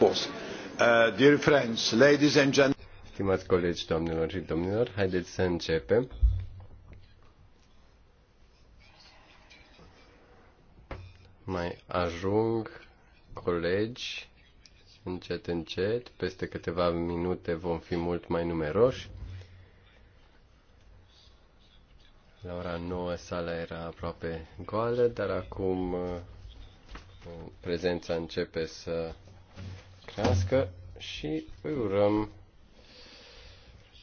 Uh, Stimați colegi, doamnelor și domnilor, haideți să începem. Mai ajung colegi încet, încet. Peste câteva minute vom fi mult mai numeroși. La ora 9 sala era aproape goală, dar acum uh, prezența începe să crească și îi urăm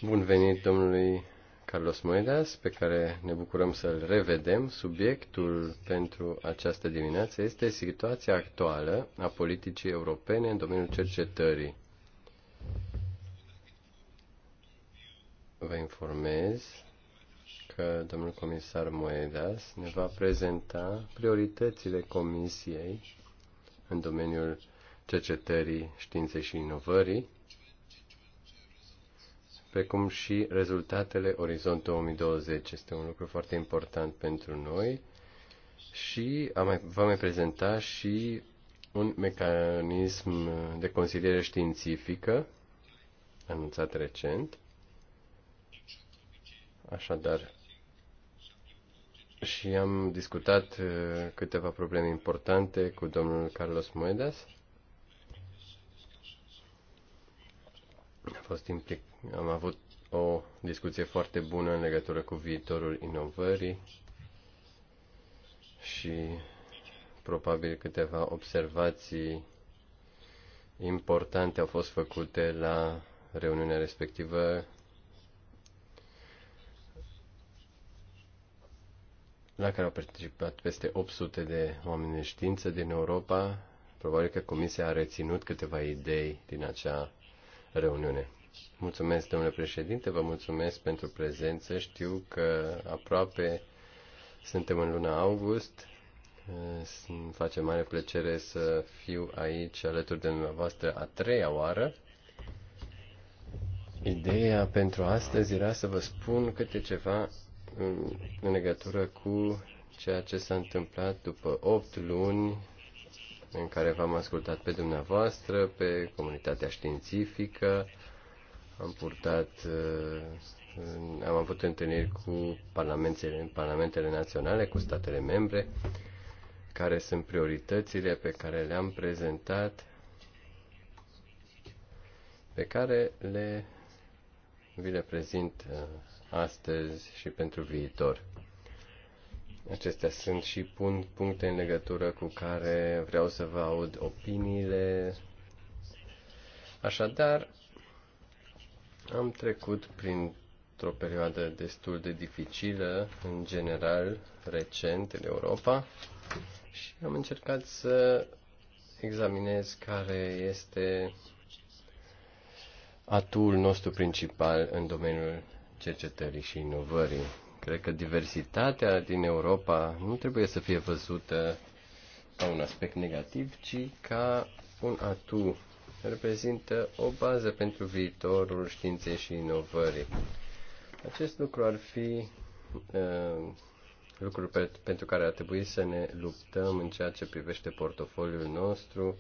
bun venit domnului Carlos Moedas, pe care ne bucurăm să-l revedem. Subiectul pentru această dimineață este situația actuală a politicii europene în domeniul cercetării. Vă informez că domnul comisar Moedas ne va prezenta prioritățile comisiei în domeniul cercetării, științei și inovării, precum și rezultatele Orizont 2020. Este un lucru foarte important pentru noi și am mai, va mai prezenta și un mecanism de consiliere științifică anunțat recent. Așadar, și am discutat uh, câteva probleme importante cu domnul Carlos Moedas fost implic... am avut o discuție foarte bună în legătură cu viitorul inovării și probabil câteva observații importante au fost făcute la reuniunea respectivă la care au participat peste 800 de oameni de știință din Europa. Probabil că Comisia a reținut câteva idei din acea reuniune. Mulțumesc, domnule președinte, vă mulțumesc pentru prezență. Știu că aproape suntem în luna august. Îmi face mare plăcere să fiu aici alături de dumneavoastră a treia oară. Ideea pentru astăzi era să vă spun câte ceva în, legătură cu ceea ce s-a întâmplat după 8 luni în care v-am ascultat pe dumneavoastră, pe comunitatea științifică, am purtat, uh, am avut întâlniri cu parlamentele, parlamentele naționale, cu statele membre, care sunt prioritățile pe care le-am prezentat, pe care le vi le prezint uh, astăzi și pentru viitor. Acestea sunt și pun puncte în legătură cu care vreau să vă aud opiniile. Așadar, am trecut printr-o perioadă destul de dificilă, în general, recent, în Europa, și am încercat să examinez care este atul nostru principal în domeniul cercetării și inovării. Cred că diversitatea din Europa nu trebuie să fie văzută ca un aspect negativ, ci ca un atu reprezintă o bază pentru viitorul științei și inovării. Acest lucru ar fi uh, lucrul pe, pentru care ar trebui să ne luptăm în ceea ce privește portofoliul nostru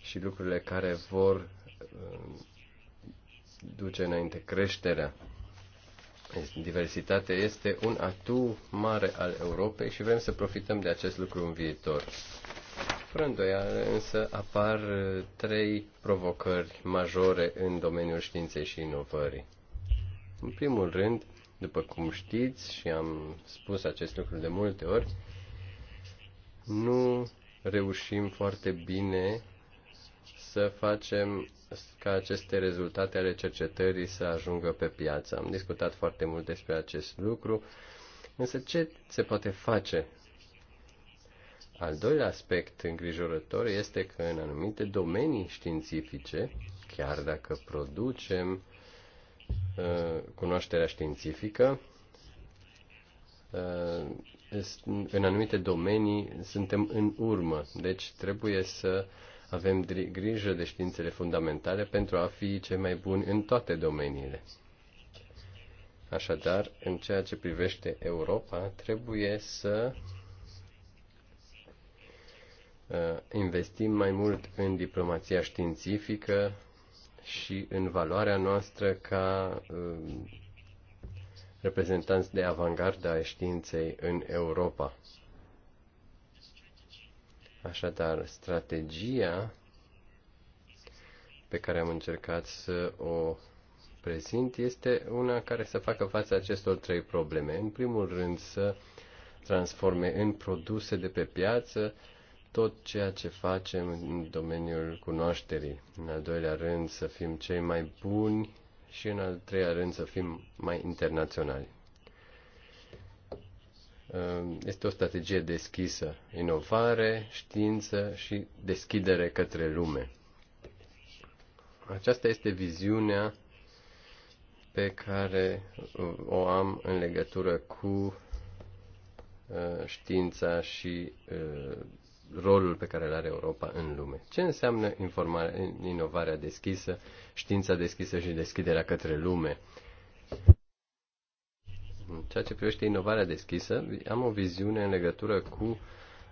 și lucrurile care vor uh, duce înainte creșterea. Diversitatea este un atu mare al Europei și vrem să profităm de acest lucru în viitor. Fără îndoială, însă, apar uh, trei provocări majore în domeniul științei și inovării. În primul rând, după cum știți și am spus acest lucru de multe ori, nu reușim foarte bine să facem ca aceste rezultate ale cercetării să ajungă pe piață. Am discutat foarte mult despre acest lucru, însă ce se poate face al doilea aspect îngrijorător este că în anumite domenii științifice, chiar dacă producem uh, cunoașterea științifică, uh, în anumite domenii suntem în urmă. Deci trebuie să avem grijă de științele fundamentale pentru a fi cei mai buni în toate domeniile. Așadar, în ceea ce privește Europa, trebuie să Uh, investim mai mult în diplomația științifică și în valoarea noastră ca uh, reprezentanți de avangarda a științei în Europa. Așadar, strategia pe care am încercat să o prezint este una care să facă față acestor trei probleme. În primul rând, să transforme în produse de pe piață uh, tot ceea ce facem în domeniul cunoașterii. În al doilea rând, să fim cei mai buni și în al treilea rând, să fim mai internaționali. Ehm, este o strategie deschisă, inovare, știință și deschidere către lume. Aceasta este viziunea pe care uh, o am în legătură cu uh, știința și uh, rolul pe care îl are Europa în lume. Ce înseamnă inovarea deschisă, știința deschisă și deschiderea către lume? În ceea ce privește inovarea deschisă, am o viziune în legătură cu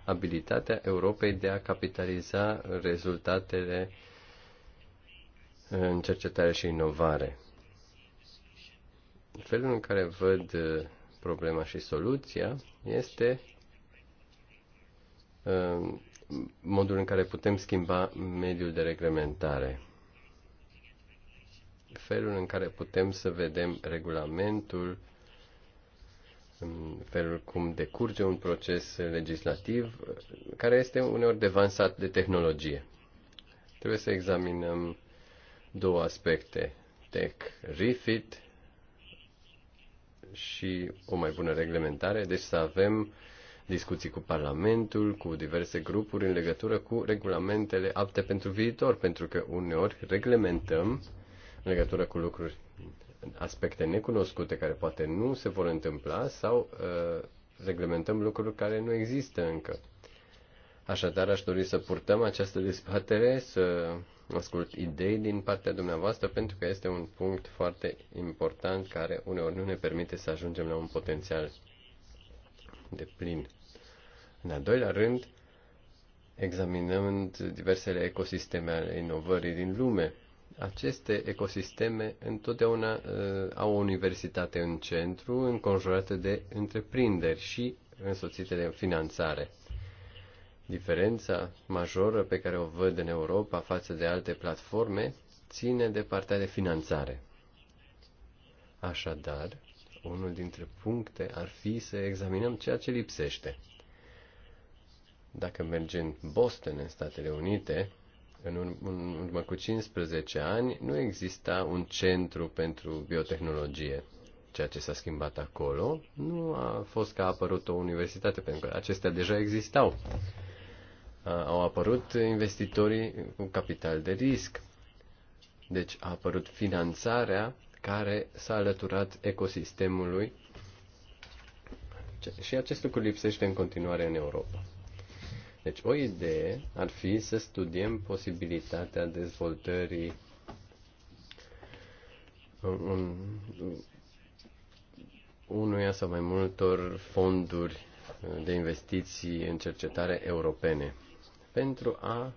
abilitatea Europei de a capitaliza rezultatele în cercetare și inovare. Felul în care văd uh, problema și soluția este Uh, modul în care putem schimba mediul de reglementare. Felul în care putem să vedem regulamentul, um, felul cum decurge un proces legislativ, uh, care este uneori devansat de tehnologie. Trebuie să examinăm două aspecte, tech refit și o mai bună reglementare, deci să avem uh, discuții cu Parlamentul, cu diverse grupuri în legătură cu regulamentele apte pentru viitor, pentru că uneori reglementăm în legătură cu lucruri, aspecte necunoscute care poate nu se vor întâmpla sau uh, reglementăm lucruri care nu există încă. Așadar, aș dori să purtăm această dezbatere, să ascult idei din partea dumneavoastră, pentru că este un punct foarte important care uneori nu ne permite să ajungem la un potențial de plin. În al doilea rând, examinând diversele ecosisteme ale inovării din lume, aceste ecosisteme întotdeauna uh, au o universitate în centru, înconjurată de întreprinderi și însoțite de finanțare. Diferența majoră pe care o văd în Europa față de alte platforme ține de partea de finanțare. Așadar, unul dintre puncte ar fi să examinăm ceea ce lipsește. Dacă mergem în Boston, în Statele Unite, în urmă cu 15 ani, nu exista un centru pentru biotehnologie. Ceea ce s-a schimbat acolo nu a fost că a apărut o universitate, pentru că acestea deja existau. Au apărut investitorii cu capital de risc. Deci a apărut finanțarea care s-a alăturat ecosistemului și acest lucru lipsește în continuare în Europa. Deci o idee ar fi să studiem posibilitatea dezvoltării un, unuia sau mai multor fonduri de investiții în cercetare europene pentru a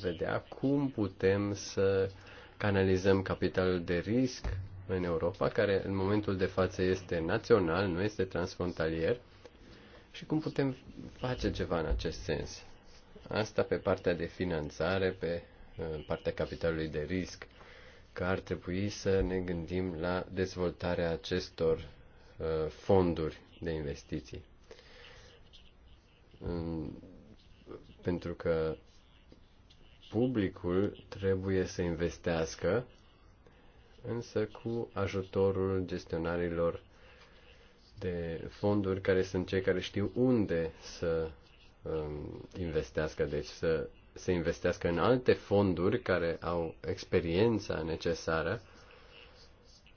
vedea cum putem să uh, canalizăm capitalul de risc în Europa, care în momentul de față este național, nu este transfrontalier, și cum putem face ceva în acest sens. Asta pe partea de finanțare, pe uh, partea capitalului de risc, că ar trebui să ne gândim la dezvoltarea acestor uh, fonduri de investiții. Pentru că publicul trebuie să investească, însă cu ajutorul gestionarilor de fonduri care sunt cei care știu unde să um, investească, deci să se investească în alte fonduri care au experiența necesară.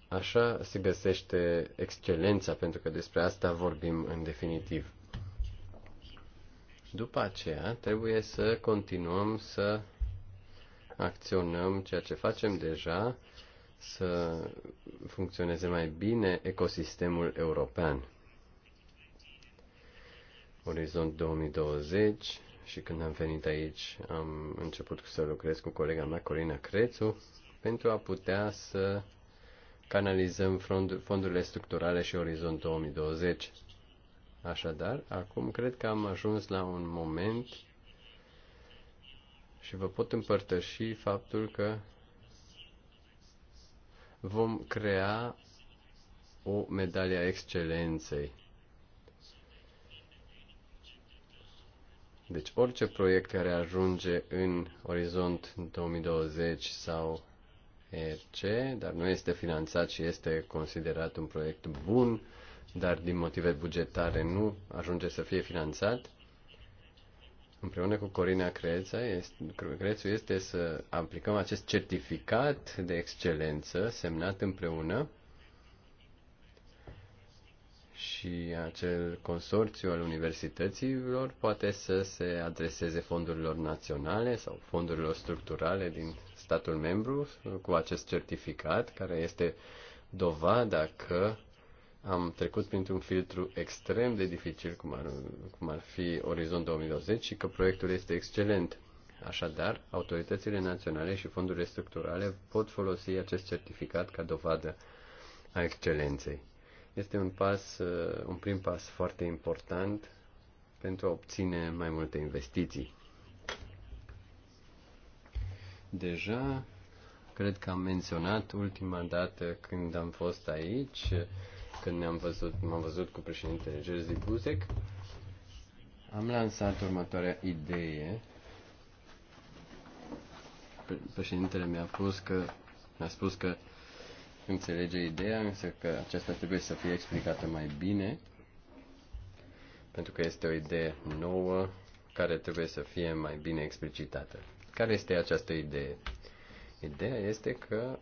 Așa se găsește excelența, pentru că despre asta vorbim în definitiv. După aceea, trebuie să continuăm să acționăm ceea ce facem deja să funcționeze mai bine ecosistemul european. Orizont 2020 și când am venit aici am început să lucrez cu colega mea, Corina Crețu, pentru a putea să canalizăm fondurile structurale și Orizont 2020. Așadar, acum cred că am ajuns la un moment și vă pot împărtăși faptul că vom crea o medalie a excelenței. Deci orice proiect care ajunge în Orizont 2020 sau ERC, dar nu este finanțat și este considerat un proiect bun, dar din motive bugetare nu ajunge să fie finanțat, împreună cu Corina Creța, este, Crețu este să aplicăm acest certificat de excelență semnat împreună și acel consorțiu al universităților poate să se adreseze fondurilor naționale sau fondurilor structurale din statul membru cu acest certificat, care este dovada că am trecut printr-un filtru extrem de dificil, cum ar, cum ar fi Orizont 2020, și că proiectul este excelent. Așadar, autoritățile naționale și fondurile structurale pot folosi acest certificat ca dovadă a excelenței. Este un pas, un prim pas foarte important pentru a obține mai multe investiții. Deja, cred că am menționat ultima dată când am fost aici, când ne-am văzut, m-am văzut cu președintele Jerzy Buzek, am lansat următoarea idee. președintele mi-a spus că mi-a spus că înțelege ideea, însă că aceasta trebuie să fie explicată mai bine, pentru că este o idee nouă care trebuie să fie mai bine explicitată. Care este această idee? Ideea este că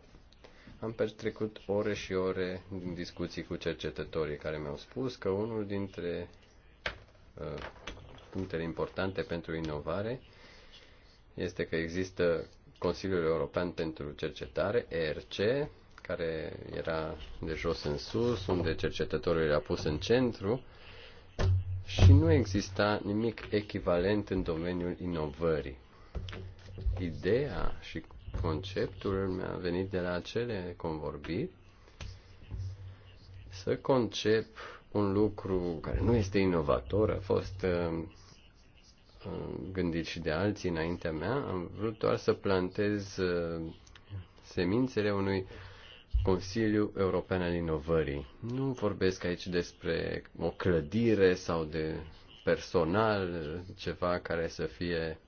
am petrecut ore și ore din discuții cu cercetătorii care mi-au spus că unul dintre uh, punctele importante pentru inovare este că există Consiliul European pentru Cercetare, ERC, care era de jos în sus, unde cercetătorul era pus în centru și nu exista nimic echivalent în domeniul inovării. Ideea și Conceptul mi-a venit de la acele convorbiri să concep un lucru care nu este inovator, a fost uh, uh, gândit și de alții înaintea mea, am vrut doar să plantez uh, semințele unui Consiliu European al Inovării. Nu vorbesc aici despre o clădire sau de personal, ceva care să fie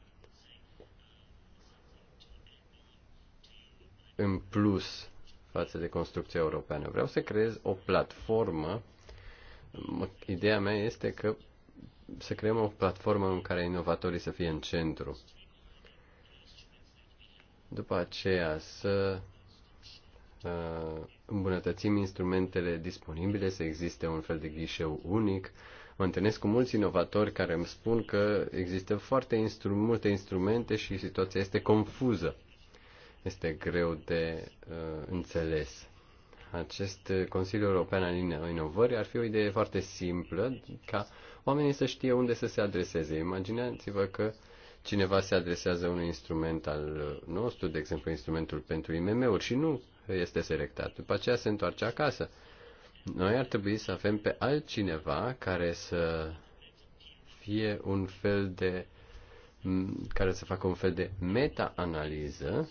în plus față de construcția europeană. Vreau să creez o platformă. Ideea mea este că să creăm o platformă în care inovatorii să fie în centru. După aceea să uh, îmbunătățim instrumentele disponibile, să existe un fel de ghișeu unic. Mă întâlnesc cu mulți inovatori care îmi spun că există foarte instru- multe instrumente și situația este confuză este greu de uh, înțeles. Acest Consiliu European al Inovării ar fi o idee foarte simplă ca oamenii să știe unde să se adreseze. Imaginați-vă că cineva se adresează unui instrument al nostru, de exemplu instrumentul pentru IMM-uri și nu este selectat. După aceea se întoarce acasă. Noi ar trebui să avem pe altcineva care să fie un fel de care să facă un fel de meta-analiză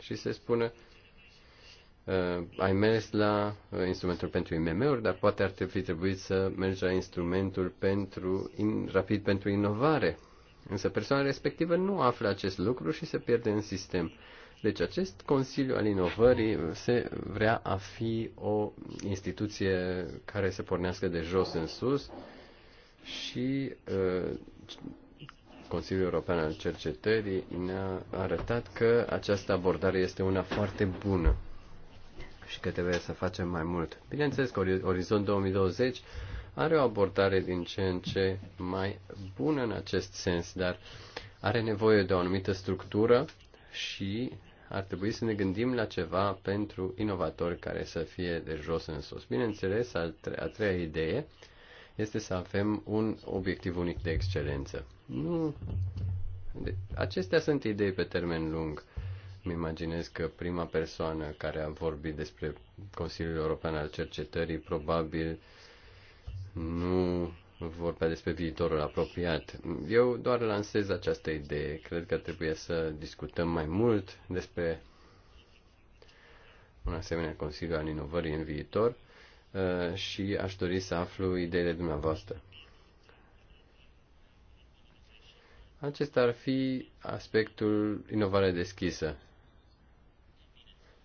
și se spune uh, ai mers la uh, instrumentul pentru IMM-uri, dar poate ar fi trebuit să mergi la instrumentul pentru in, rapid pentru inovare. Însă persoana respectivă nu află acest lucru și se pierde în sistem. Deci acest Consiliu al Inovării se vrea a fi o instituție care se pornească de jos în sus și uh, Consiliul European al Cercetării ne-a arătat că această abordare este una foarte bună și că trebuie să facem mai mult. Bineînțeles că Orizont 2020 are o abordare din ce în ce mai bună în acest sens, dar are nevoie de o anumită structură și ar trebui să ne gândim la ceva pentru inovatori care să fie de jos în sus. Bineînțeles, a treia idee este să avem un obiectiv unic de excelență. Nu. De- acestea sunt idei pe termen lung. Mi imaginez că prima persoană care a vorbit despre Consiliul European al Cercetării probabil nu vorbea despre viitorul apropiat. Eu doar lansez această idee. Cred că trebuie să discutăm mai mult despre un asemenea Consiliu al Inovării în viitor uh, și aș dori să aflu ideile dumneavoastră. Acesta ar fi aspectul inovare deschisă.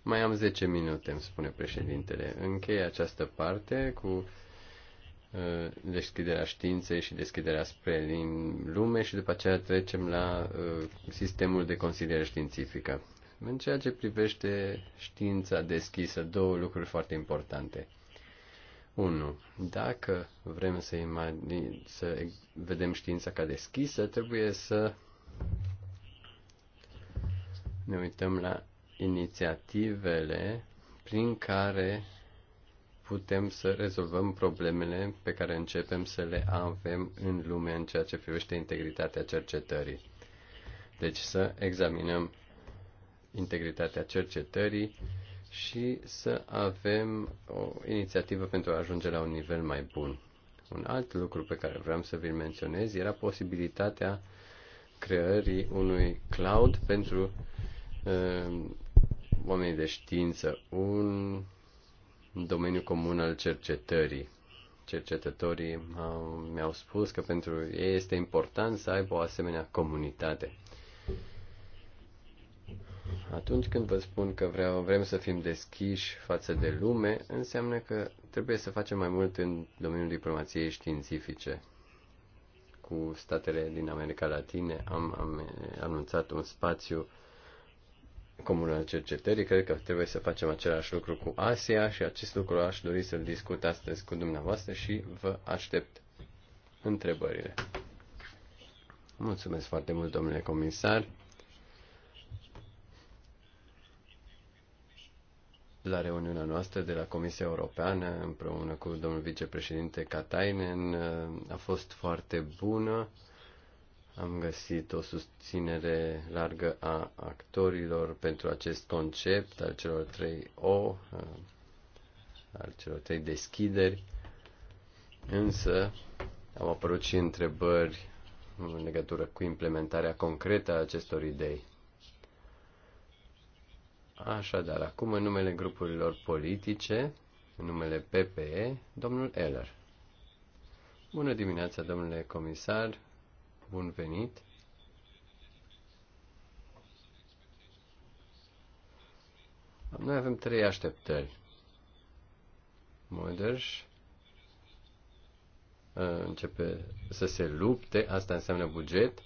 Mai am 10 minute, îmi spune președintele. Închei această parte cu uh, deschiderea științei și deschiderea spre din lume și după aceea trecem la uh, sistemul de consiliere științifică. În ceea ce privește știința deschisă, două lucruri foarte importante. 1. Dacă vrem să, imagine, să vedem știința ca deschisă, trebuie să ne uităm la inițiativele prin care putem să rezolvăm problemele pe care începem să le avem în lume în ceea ce privește integritatea cercetării. Deci să examinăm integritatea cercetării și să avem o inițiativă pentru a ajunge la un nivel mai bun. Un alt lucru pe care vreau să vi-l menționez era posibilitatea creării unui cloud pentru uh, oamenii de știință, un domeniu comun al cercetării. Cercetătorii mi-au spus că pentru ei este important să aibă o asemenea comunitate. Atunci când vă spun că vreau, vrem să fim deschiși față de lume, înseamnă că trebuie să facem mai mult în domeniul diplomației științifice. Cu statele din America Latine am, am anunțat un spațiu comun al cercetării. Cred că trebuie să facem același lucru cu Asia și acest lucru aș dori să-l discut astăzi cu dumneavoastră și vă aștept întrebările. Mulțumesc foarte mult, domnule comisar. la reuniunea noastră de la Comisia Europeană împreună cu domnul vicepreședinte Katainen a fost foarte bună. Am găsit o susținere largă a actorilor pentru acest concept al celor trei O, al celor trei deschideri. Însă au apărut și întrebări în legătură cu implementarea concretă a acestor idei. Așadar, acum în numele grupurilor politice, în numele PPE, domnul Eller. Bună dimineața, domnule comisar, bun venit. Noi avem trei așteptări. Moders uh, începe să se lupte, asta înseamnă buget,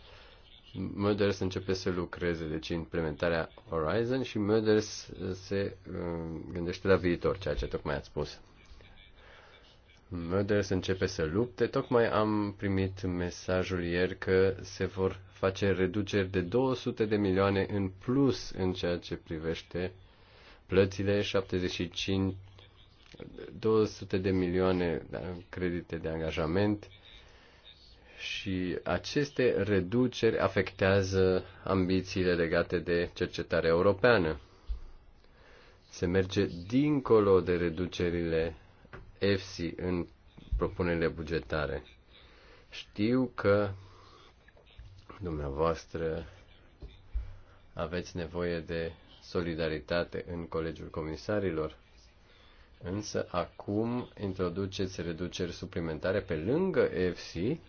Möders începe să lucreze, deci implementarea Horizon și Möders uh, se uh, gândește la viitor, ceea ce tocmai ați spus. Möders începe să lupte. Tocmai am primit mesajul ieri că se vor face reduceri de 200 de milioane în plus în ceea ce privește plățile 75 200 de milioane da, credite de angajament, și aceste reduceri afectează ambițiile legate de cercetare europeană. Se merge dincolo de reducerile EFSI în propunerile bugetare. Știu că dumneavoastră aveți nevoie de solidaritate în Colegiul Comisarilor, însă acum introduceți reduceri suplimentare pe lângă EFSI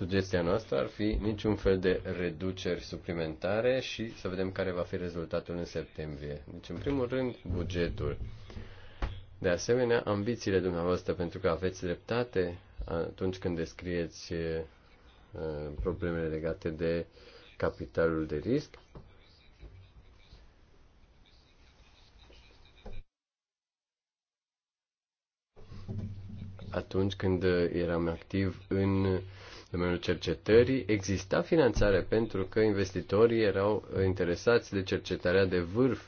Sugestia noastră ar fi niciun fel de reduceri suplimentare și să vedem care va fi rezultatul în septembrie. Deci, în primul rând, bugetul. De asemenea, ambițiile dumneavoastră, pentru că aveți dreptate atunci când descrieți eh, problemele legate de capitalul de risc. Atunci când eram activ în domeniul cercetării, exista finanțare pentru că investitorii erau interesați de cercetarea de vârf.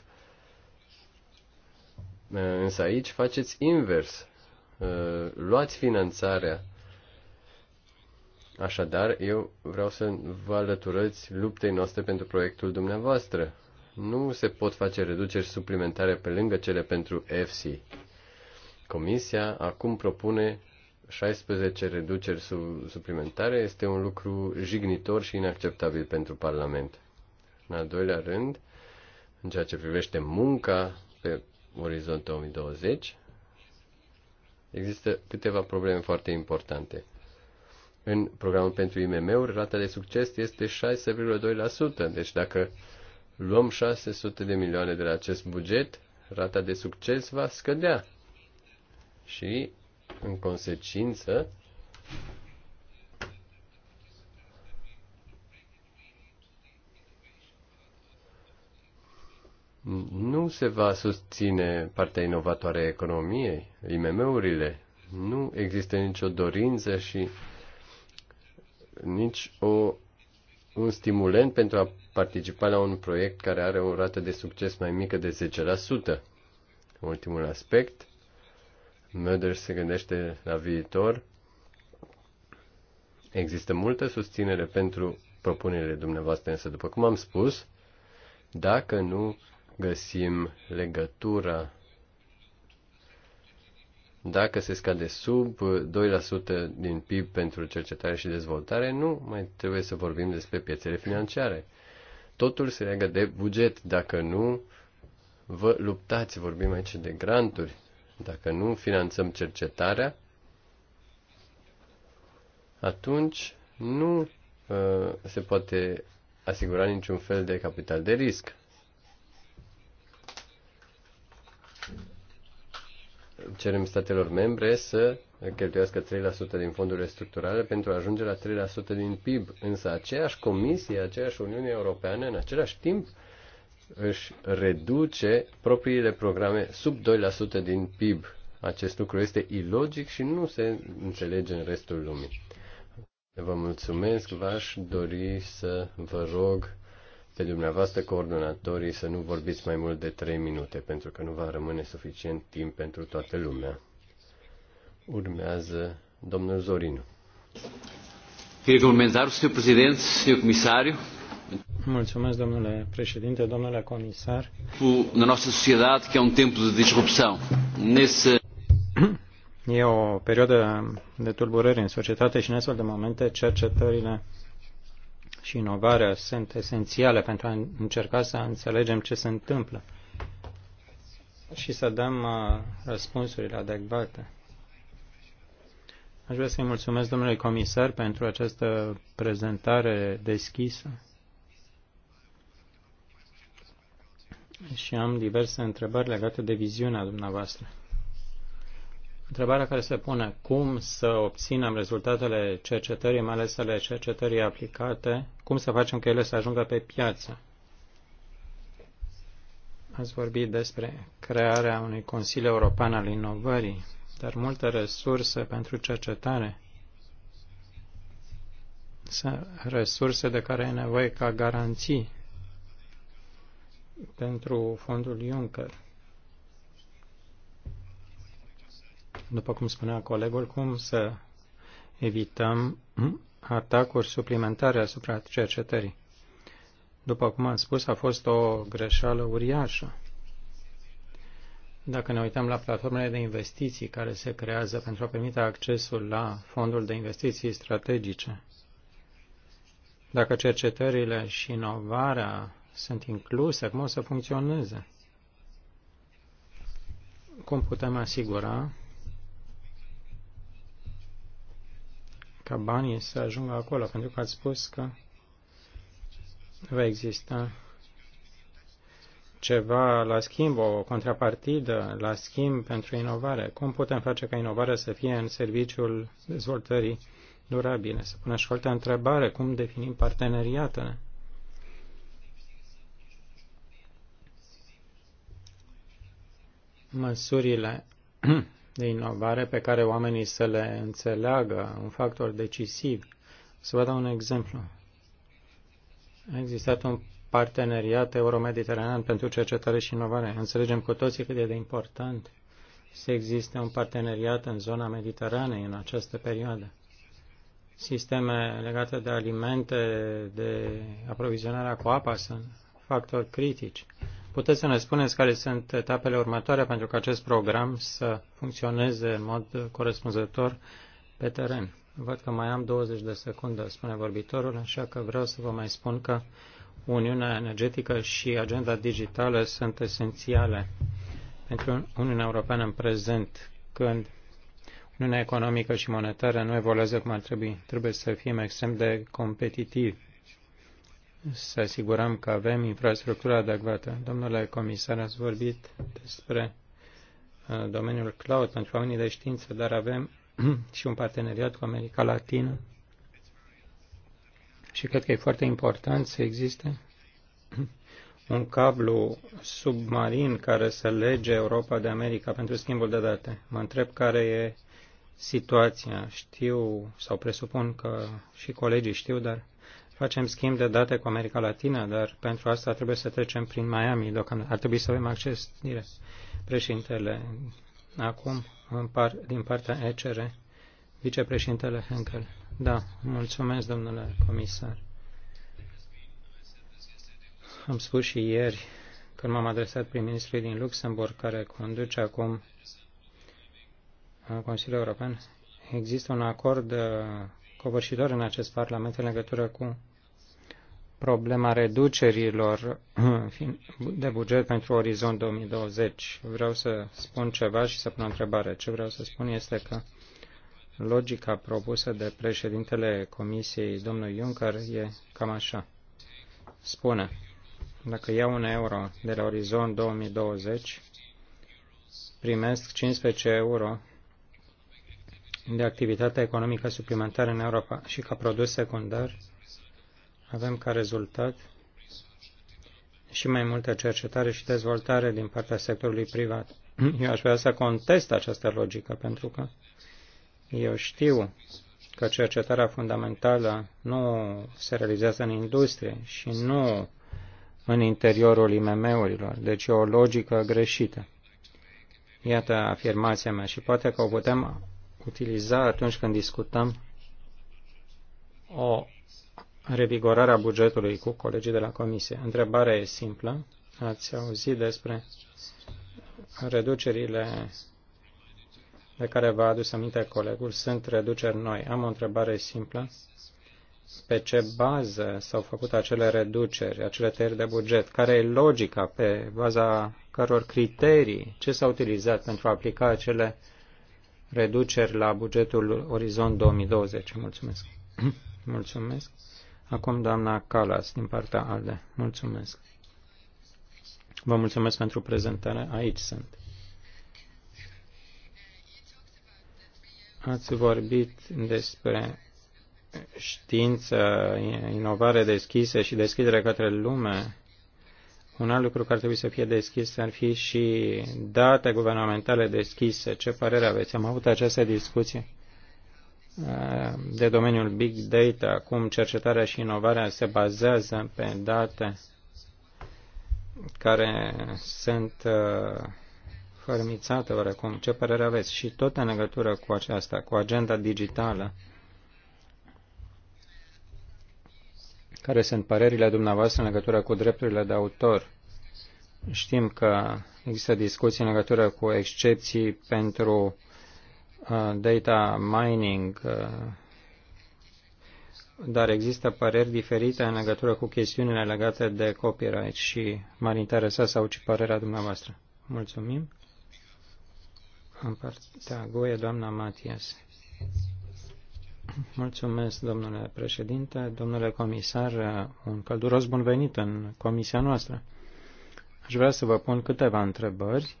Eh, însă aici faceți invers. Eh, luați finanțarea. Așadar, eu vreau să vă alăturați luptei noastre pentru proiectul dumneavoastră. Nu se pot face reduceri suplimentare pe lângă cele pentru EFSI. Comisia acum propune 16 reduceri suplimentare este un lucru jignitor și inacceptabil pentru Parlament. În al doilea rând, în ceea ce privește munca pe orizont 2020, există câteva probleme foarte importante. În programul pentru IMM-uri, rata de succes este 6,2%, deci dacă luăm 600 de milioane de la acest buget, rata de succes va scădea. Și în consecință, nu se va susține partea inovatoare a economiei, IMM-urile. Nu există nicio dorință și nici o, un stimulent pentru a participa la un proiect care are o rată de succes mai mică de 10%. Ultimul aspect Mölder se gândește la viitor. Există multă susținere pentru propunerile dumneavoastră, însă, după cum am spus, dacă nu găsim legătura, dacă se scade sub 2% din PIB pentru cercetare și dezvoltare, nu mai trebuie să vorbim despre piețele financiare. Totul se leagă de buget. Dacă nu, vă luptați, vorbim aici de granturi. Dacă nu finanțăm cercetarea, atunci nu uh, se poate asigura niciun fel de capital de risc. Cerem statelor membre să cheltuiască 3% din fondurile structurale pentru a ajunge la 3% din PIB, însă aceeași comisie, aceeași Uniune Europeană, în același timp, uh, își reduce propriile programe sub 2% din PIB. Acest lucru este ilogic și nu se înțelege în restul lumii. Vă mulțumesc, v-aș dori să vă rog pe dumneavoastră coordonatorii să nu vorbiți mai mult de 3 minute, pentru că nu va rămâne suficient timp pentru toată lumea. Urmează domnul Zorinu. Fie comentariu, o Sr. Presidente, Sr. Comissário, Mulțumesc, domnule președinte, domnule comisar. Na nossa sociedade, que é um tempo de disrupção. Nesse... E o perioadă de tulburări în societate și în astfel de momente cercetările și inovarea sunt esențiale pentru a încerca să înțelegem ce se întâmplă și să dăm uh, răspunsurile adecvate. Aș vrea să-i mulțumesc domnului comisar pentru această prezentare deschisă. și am diverse întrebări legate de viziunea dumneavoastră. Întrebarea care se pune, cum să obținem rezultatele cercetării, mai ales ale cercetării aplicate, cum să facem că ele să ajungă pe piață? Ați vorbit despre crearea unui Consiliu European al Inovării, dar multe resurse pentru cercetare sunt resurse de care e nevoie ca garanții pentru fondul Juncker. După cum spunea colegul, cum să evităm atacuri suplimentare asupra cercetării. După cum am spus, a fost o greșeală uriașă. Dacă ne uităm la platformele de investiții care se creează pentru a permite accesul la fondul de investiții strategice, dacă cercetările și inovarea sunt incluse, cum o să funcționeze. Cum putem asigura ca banii să ajungă acolo? Pentru că ați spus că va exista ceva la schimb, o contrapartidă la schimb pentru inovare. Cum putem face ca inovarea să fie în serviciul dezvoltării durabile? Să punem și o altă întrebare, cum definim parteneriatele? măsurile de inovare pe care oamenii să le înțeleagă, un factor decisiv. Să vă dau un exemplu. A existat un parteneriat euromediteranean pentru cercetare și inovare. Înțelegem cu toții cât e de important să existe un parteneriat în zona Mediteranei în această perioadă. Sisteme legate de alimente, de aprovizionarea cu apa sunt factori critici. Puteți să ne spuneți care sunt etapele următoare pentru că acest program să funcționeze în mod corespunzător pe teren? Văd că mai am 20 de secunde, spune vorbitorul, așa că vreau să vă mai spun că Uniunea Energetică și agenda digitală sunt esențiale pentru Uniunea Europeană în prezent, când Uniunea Economică și Monetară nu evoluează cum ar trebui. Trebuie să fim extrem de competitivi să asigurăm că avem infrastructura adecvată. Domnule comisar, ați vorbit despre uh, domeniul cloud pentru oamenii de știință, dar avem și un parteneriat cu America Latină și cred că e foarte important să existe un cablu submarin care să lege Europa de America pentru schimbul de date. Mă întreb care e situația. Știu sau presupun că și colegii știu, dar facem schimb de date cu America Latina, dar pentru asta trebuie să trecem prin Miami deocamdată. Ar trebui să avem acces direct. Președintele, acum, în par, din partea ECR, vicepreședintele Henkel. Da, mulțumesc, domnule comisar. Am spus și ieri, când m-am adresat prim-ministrului din Luxemburg, care conduce acum Consiliul European, există un acord uh, covârșitor în acest Parlament în legătură cu problema reducerilor de buget pentru orizont 2020. Vreau să spun ceva și să pun o întrebare. Ce vreau să spun este că logica propusă de președintele Comisiei, domnul Juncker, e cam așa. Spune, dacă iau un euro de la orizont 2020, primesc 15 euro de activitate economică suplimentară în Europa și ca produs secundar avem ca rezultat și mai multă cercetare și dezvoltare din partea sectorului privat. Eu aș vrea să contest această logică pentru că eu știu că cercetarea fundamentală nu se realizează în industrie și nu în interiorul IMM-urilor. Deci e o logică greșită. Iată afirmația mea și poate că o putem utiliza atunci când discutăm o revigorare a bugetului cu colegii de la Comisie. Întrebarea e simplă. Ați auzit despre reducerile de care v-a adus aminte colegul, sunt reduceri noi. Am o întrebare simplă. Pe ce bază s-au făcut acele reduceri, acele tăieri de buget? Care e logica pe baza căror criterii? Ce s-a utilizat pentru a aplica acele uh, reduceri la bugetul Orizont 2020. Mulțumesc. Mulțumesc. Acum doamna Calas din partea ALDE. Mulțumesc. Vă mulțumesc pentru prezentare. Aici sunt. Ați vorbit despre știință, inovare deschisă și deschidere către lume un alt lucru care trebuie să fie deschis ar fi și date guvernamentale deschise. Ce părere aveți? Am avut această discuție uh, de domeniul big data, cum cercetarea și inovarea se bazează pe date care sunt uh, fărmițate oarecum. Ce părere aveți? Și tot în legătură cu aceasta, cu agenda digitală, care sunt părerile dumneavoastră în legătură cu drepturile de autor. Știm că există discuții în legătură cu excepții pentru uh, data mining, uh, dar există păreri diferite în legătură cu chestiunile legate de copyright și m-ar interesa să auzi părerea dumneavoastră. Mulțumim. În partea goie, doamna Matias. Mulțumesc, domnule președinte, domnule comisar, un călduros bun venit în comisia noastră. Aș vrea să vă pun câteva întrebări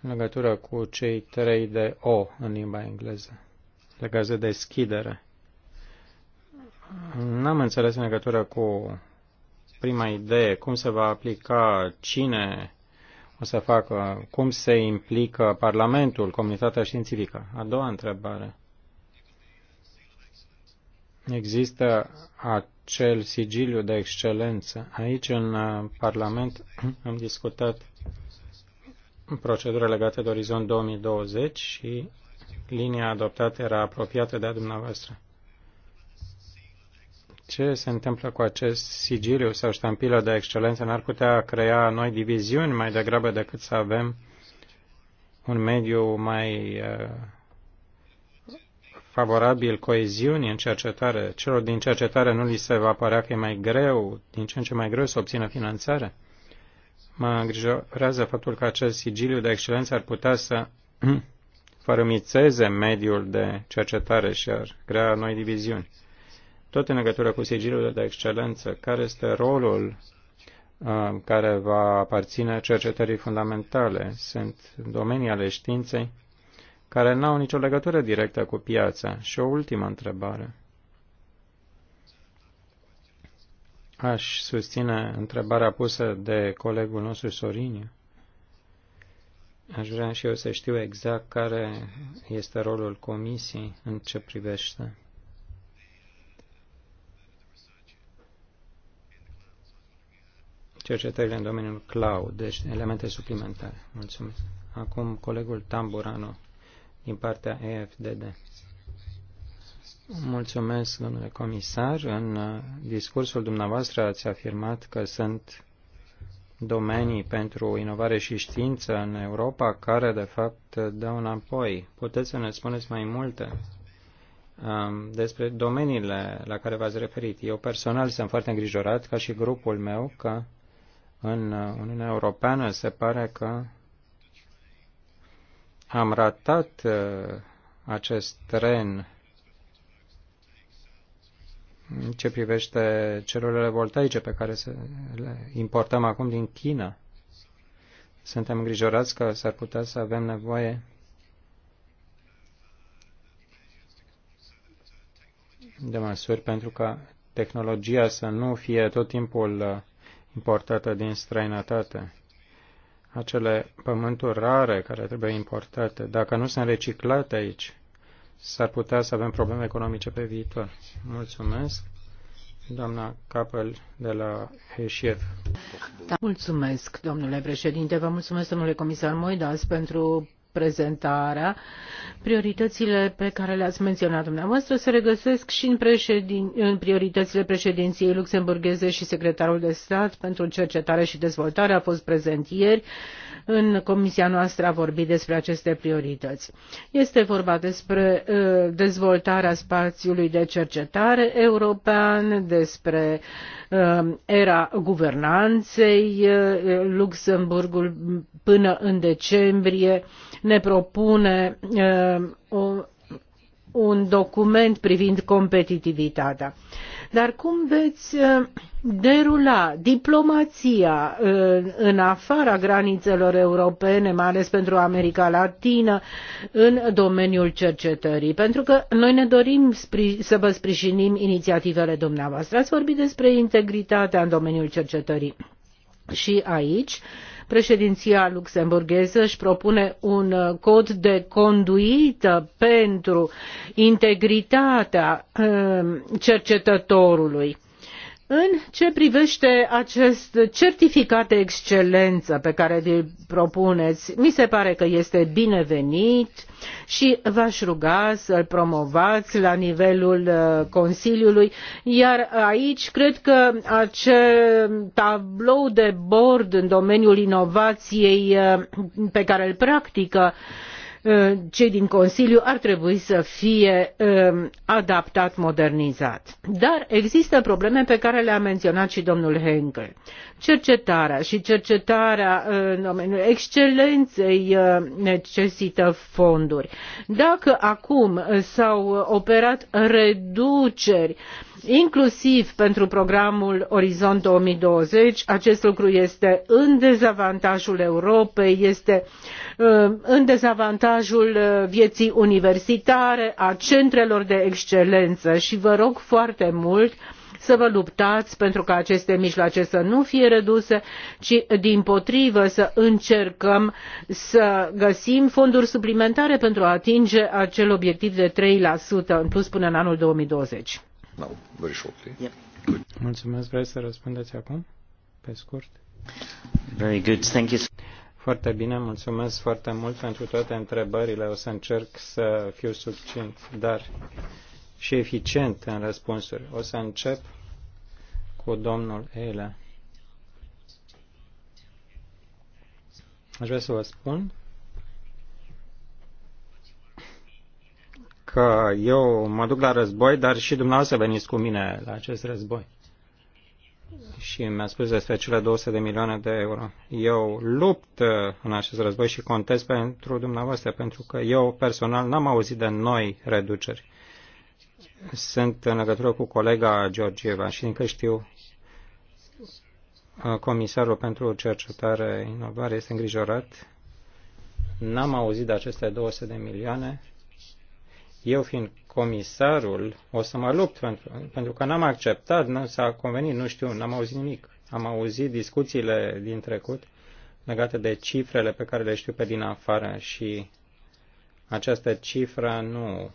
în legătură cu cei trei de O în limba engleză, legați de deschidere. N-am înțeles în legătură cu prima idee, cum se va aplica, cine o să facă, uh, cum se implică Parlamentul, comunitatea științifică. A doua întrebare. Există acel sigiliu de excelență. Aici, în uh, Parlament, am discutat procedură legată de Orizont 2020 și linia adoptată era apropiată de a dumneavoastră ce se întâmplă cu acest sigiliu sau ștampilă de excelență? N-ar putea crea noi diviziuni mai degrabă decât să avem un mediu mai uh, favorabil coeziunii în cercetare? Celor din cercetare nu li se va părea că e mai greu, din ce în ce mai greu să obțină finanțare? Mă îngrijorează faptul că acest sigiliu de excelență ar putea să fărâmițeze mediul de cercetare și ar crea noi diviziuni tot în legătură cu sigiliul de excelență, care este rolul uh, care va aparține cercetării fundamentale. Sunt domenii ale științei care n-au nicio legătură directă cu piața. Și o ultimă întrebare. Aș susține întrebarea pusă de colegul nostru Sorin. Aș vrea și eu să știu exact care este rolul comisiei în ce privește cercetările în domeniul cloud, deci elemente suplimentare. Mulțumesc. Acum colegul Tamburano din partea EFDD. Mulțumesc, domnule comisar. În uh, discursul dumneavoastră ați afirmat că sunt domenii pentru inovare și știință în Europa care, de fapt, dau înapoi. Puteți să ne spuneți mai multe um, despre domeniile la care v-ați referit. Eu personal sunt foarte îngrijorat, ca și grupul meu, că în Uniunea Europeană se pare că am ratat uh, acest tren în ce privește celulele voltaice pe care le importăm acum din China. Suntem îngrijorați că s-ar putea să avem nevoie de măsuri pentru ca tehnologia să nu fie tot timpul uh, importată din străinătate, acele pământuri rare care trebuie importate, dacă nu sunt reciclate aici, s-ar putea să avem probleme economice pe viitor. Mulțumesc, doamna Capel de la Heșiev. Da, mulțumesc, domnule președinte, vă mulțumesc, domnule comisar Moidas, pentru prezentarea. Prioritățile pe care le-ați menționat dumneavoastră se regăsesc și în, președin, în prioritățile președinției luxemburgheze și secretarul de stat pentru cercetare și dezvoltare a fost prezent ieri. În comisia noastră a vorbit despre aceste priorități. Este vorba despre uh, dezvoltarea spațiului de cercetare european, despre uh, era guvernanței. Uh, Luxemburgul până în decembrie ne propune uh, un document privind competitivitatea. Dar cum veți uh, derula diplomația uh, în afara granițelor europene, mai ales pentru America Latină, în domeniul cercetării? Pentru că noi ne dorim să vă sprijinim inițiativele dumneavoastră. Ați vorbit despre integritatea în domeniul cercetării. Și aici uh, Președinția luxemburgheză își propune un uh, cod de conduită pentru integritatea uh, cercetătorului în ce privește acest certificat de excelență pe care îl propuneți, mi se pare că este binevenit și v-aș ruga să-l promovați la nivelul uh, Consiliului, iar aici cred că acel tablou de bord în domeniul inovației uh, pe care îl practică Ă, cei din Consiliu ar trebui să fie ă, adaptat, modernizat. Dar există probleme pe care le-a menționat și domnul Henkel. Cercetarea și cercetarea ă, în domeniul excelenței necesită fonduri. Dacă acum s-au operat reduceri inclusiv pentru programul Orizont 2020. Acest lucru este în dezavantajul Europei, este uh, în dezavantajul uh, vieții universitare, a centrelor de excelență și vă rog foarte mult să vă luptați pentru ca aceste mijloace să nu fie reduse, ci dimpotrivă să încercăm să găsim fonduri suplimentare pentru a atinge acel obiectiv de 3% în plus până în anul 2020. No, very shortly. Good. Mulțumesc. Vreți să răspundeți acum? Pe scurt. Very good. Thank you. Foarte bine, mulțumesc foarte mult pentru toate întrebările. O să încerc să fiu succint, dar și eficient în răspunsuri. O să încep cu domnul Eila. Aș vrea să vă spun că eu mă duc la război, dar și dumneavoastră veniți cu mine la acest război. Și mi-a spus despre cele 200 de milioane de euro. Eu lupt uh, în acest război și contez pentru dumneavoastră, pentru că eu personal n-am auzit de noi reduceri. Sunt în legătură cu colega Georgieva și încă știu uh, comisarul pentru cercetare inovare este îngrijorat. N-am auzit de aceste 200 de milioane eu fiind comisarul, o să mă lupt pentru, pentru că n-am acceptat, nu s-a convenit, nu știu, n-am auzit nimic. Am auzit discuțiile din trecut legate de cifrele pe care le știu pe din afară și această cifră nu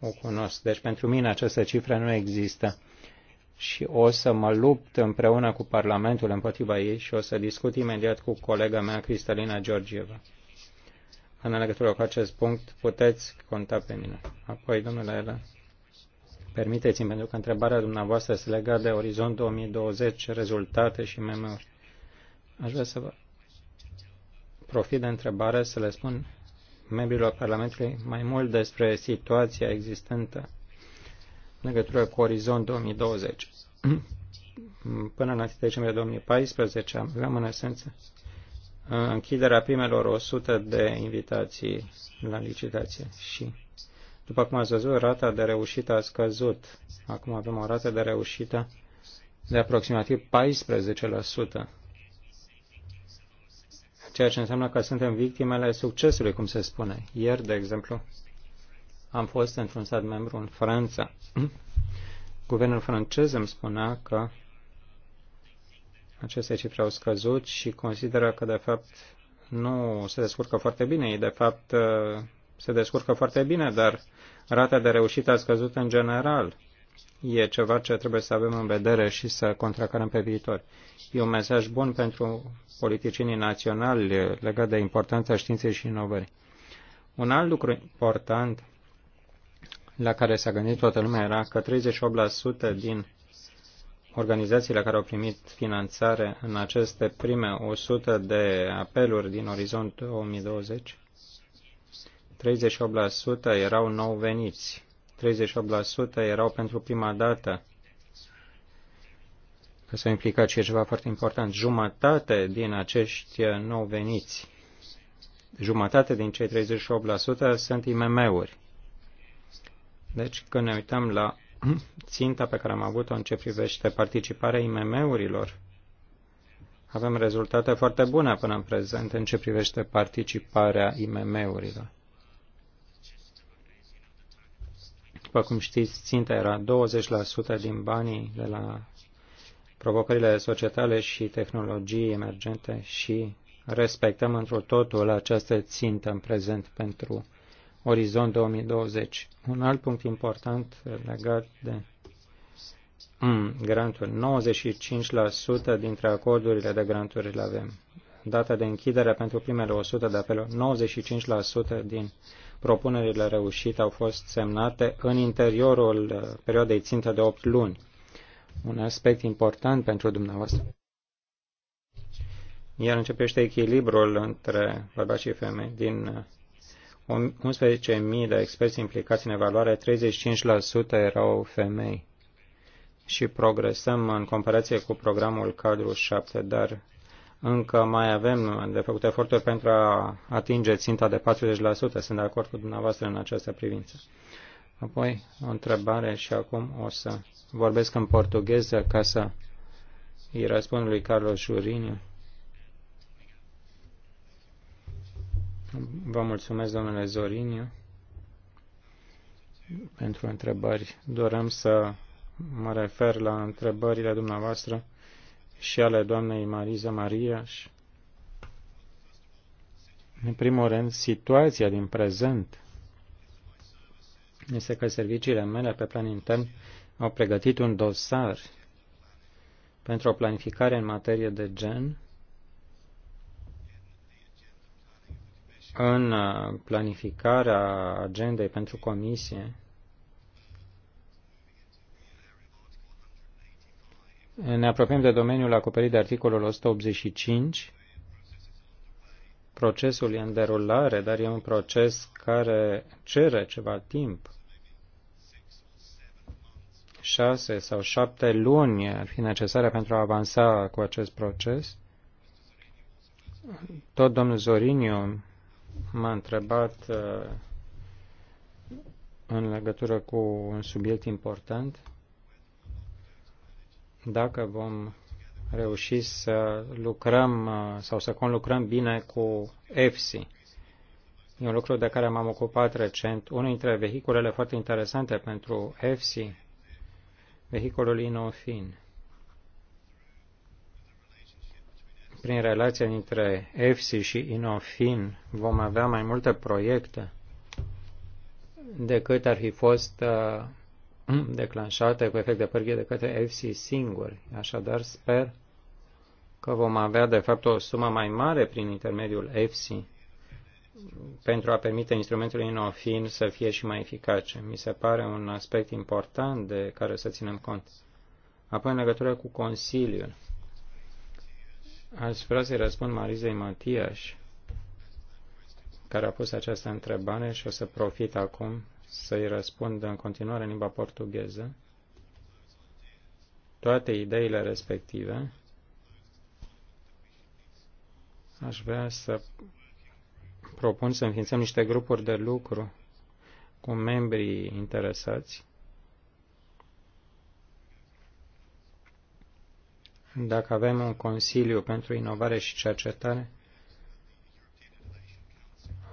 o cunosc. Deci pentru mine această cifră nu există și o să mă lupt împreună cu Parlamentul împotriva ei și o să discut imediat cu colega mea, Cristalina Georgieva în legătură cu acest punct puteți conta pe mine. Apoi, domnule Ela, permiteți-mi, pentru că întrebarea dumneavoastră este legată de Orizont 2020, rezultate și memori. Aș vrea să vă profit de întrebare să le spun membrilor Parlamentului mai mult despre situația existentă în legătură cu Orizont 2020. Până în 1 decembrie 2014 aveam în esență închiderea primelor 100 de invitații la licitație și după cum ați văzut, rata de reușită a scăzut. Acum avem o rată de reușită de aproximativ 14%, ceea ce înseamnă că suntem victimele succesului, cum se spune. Ieri, de exemplu, am fost într-un stat membru în Franța. Guvernul francez îmi spunea că aceste cifre au scăzut și consideră că, de fapt, nu se descurcă foarte bine. Ei, de fapt, uh, se descurcă foarte bine, dar rata de reușită a scăzut în general. E ceva ce trebuie să avem în vedere și să contracarăm pe viitor. E un mesaj bun pentru politicienii naționali legat de importanța științei și inovării. Un alt lucru important la care s-a gândit toată lumea era că 38% din organizațiile care au primit finanțare în aceste prime 100 de apeluri din orizont 2020, 38% erau nou veniți, 38% erau pentru prima dată că s a implicat și ceva foarte important. Jumătate din acești nou veniți, jumătate din cei 38% sunt IMM-uri. Deci când ne uităm la ținta pe care am avut-o în ce privește participarea IMM-urilor. Avem rezultate foarte bune până în prezent în ce privește participarea IMM-urilor. După cum știți, ținta era 20% din banii de la provocările societale și tehnologii emergente și respectăm într totul această țintă în prezent pentru Orizont 2020. Un alt punct important legat de mm, granturi. 95% dintre acordurile de granturi le avem. Data de închidere pentru primele 100 de apeluri, 95% din propunerile reușite au fost semnate în interiorul uh, perioadei țintă de 8 luni. Un aspect important pentru dumneavoastră. Iar începește echilibrul între bărbați și femei din uh, 11.000 de experți implicați în evaluare, 35% erau femei. Și progresăm în comparație cu programul cadru 7, dar încă mai avem de făcut eforturi pentru a atinge ținta de 40%. Sunt de acord cu dumneavoastră în această privință. Apoi, o întrebare și acum o să vorbesc în portugheză ca să îi răspund lui Carlos Juriniu Vă mulțumesc, domnule Zoriniu, pentru întrebări. Doream să mă refer la întrebările dumneavoastră și ale doamnei Mariza Maria. În primul rând, situația din prezent este că serviciile mele pe plan intern au pregătit un dosar pentru o planificare în materie de gen în uh, planificarea agendei pentru comisie ne apropiem de domeniul acoperit de articolul 185. Procesul e în derulare, dar e un proces care cere ceva timp. Șase sau șapte luni ar fi necesare pentru a avansa cu acest proces. Tot domnul Zoriniu m-a întrebat uh, în legătură cu un subiect important, dacă vom reuși să lucrăm uh, sau să conlucrăm bine cu EFSI. E un lucru de care m-am ocupat recent. Unul dintre vehiculele foarte interesante pentru EFSI, vehiculul Inofin. prin relația dintre EFSI și Inofin vom avea mai multe proiecte decât ar fi fost uh, declanșate cu efect de pârghie de către EFSI singuri. Așadar, sper că vom avea, de fapt, o sumă mai mare prin intermediul EFSI pentru a permite instrumentului Inofin să fie și mai eficace. Mi se pare un aspect important de care să ținem cont. Apoi, în legătură cu Consiliul Aș vrea să-i răspund Marizei Matiaș, care a pus această întrebare și o să profit acum să-i răspund în continuare în limba portugheză. Toate ideile respective aș vrea să propun să înființăm niște grupuri de lucru cu membrii interesați dacă avem un Consiliu pentru Inovare și Cercetare,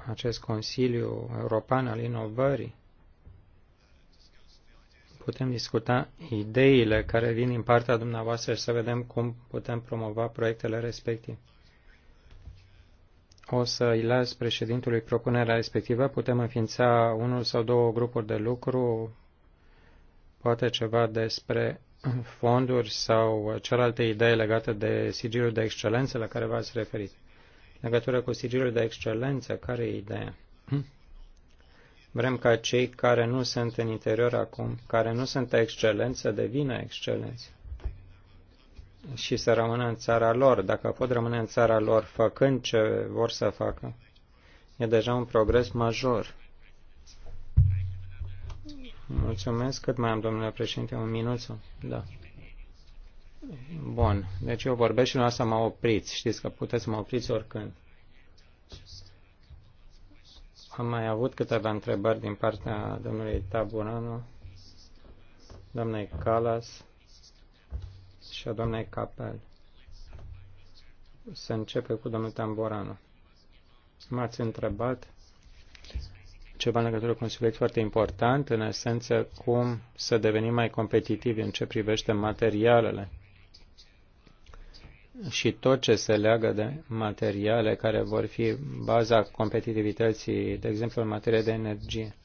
acest Consiliu European al Inovării, putem discuta ideile care vin din partea dumneavoastră și să vedem cum putem promova proiectele respective. O să îi las președintului propunerea respectivă, putem înființa unul sau două grupuri de lucru, poate ceva despre fonduri sau cealaltă idee legată de sigiliul de excelență la care v-ați referit. În legătură cu sigiliul de excelență, care e ideea? Vrem ca cei care nu sunt în interior acum, care nu sunt excelenți, să devină excelenți și să rămână în țara lor. Dacă pot rămâne în țara lor făcând ce vor să facă, e deja un progres major. Mulțumesc. Cât mai am, domnule președinte? Un minut sau? Da. Bun. Deci eu vorbesc și dumneavoastră mă opriți. Știți că puteți să mă opriți oricând. Am mai avut câteva întrebări din partea domnului Taburano, doamnei Calas și a doamnei Capel. Să începe cu domnul Tamborano. M-ați întrebat ceva în legătură cu un subiect foarte important, în esență cum să devenim mai competitivi în ce privește materialele și tot ce se leagă de materiale care vor fi baza competitivității, de exemplu în materie de energie.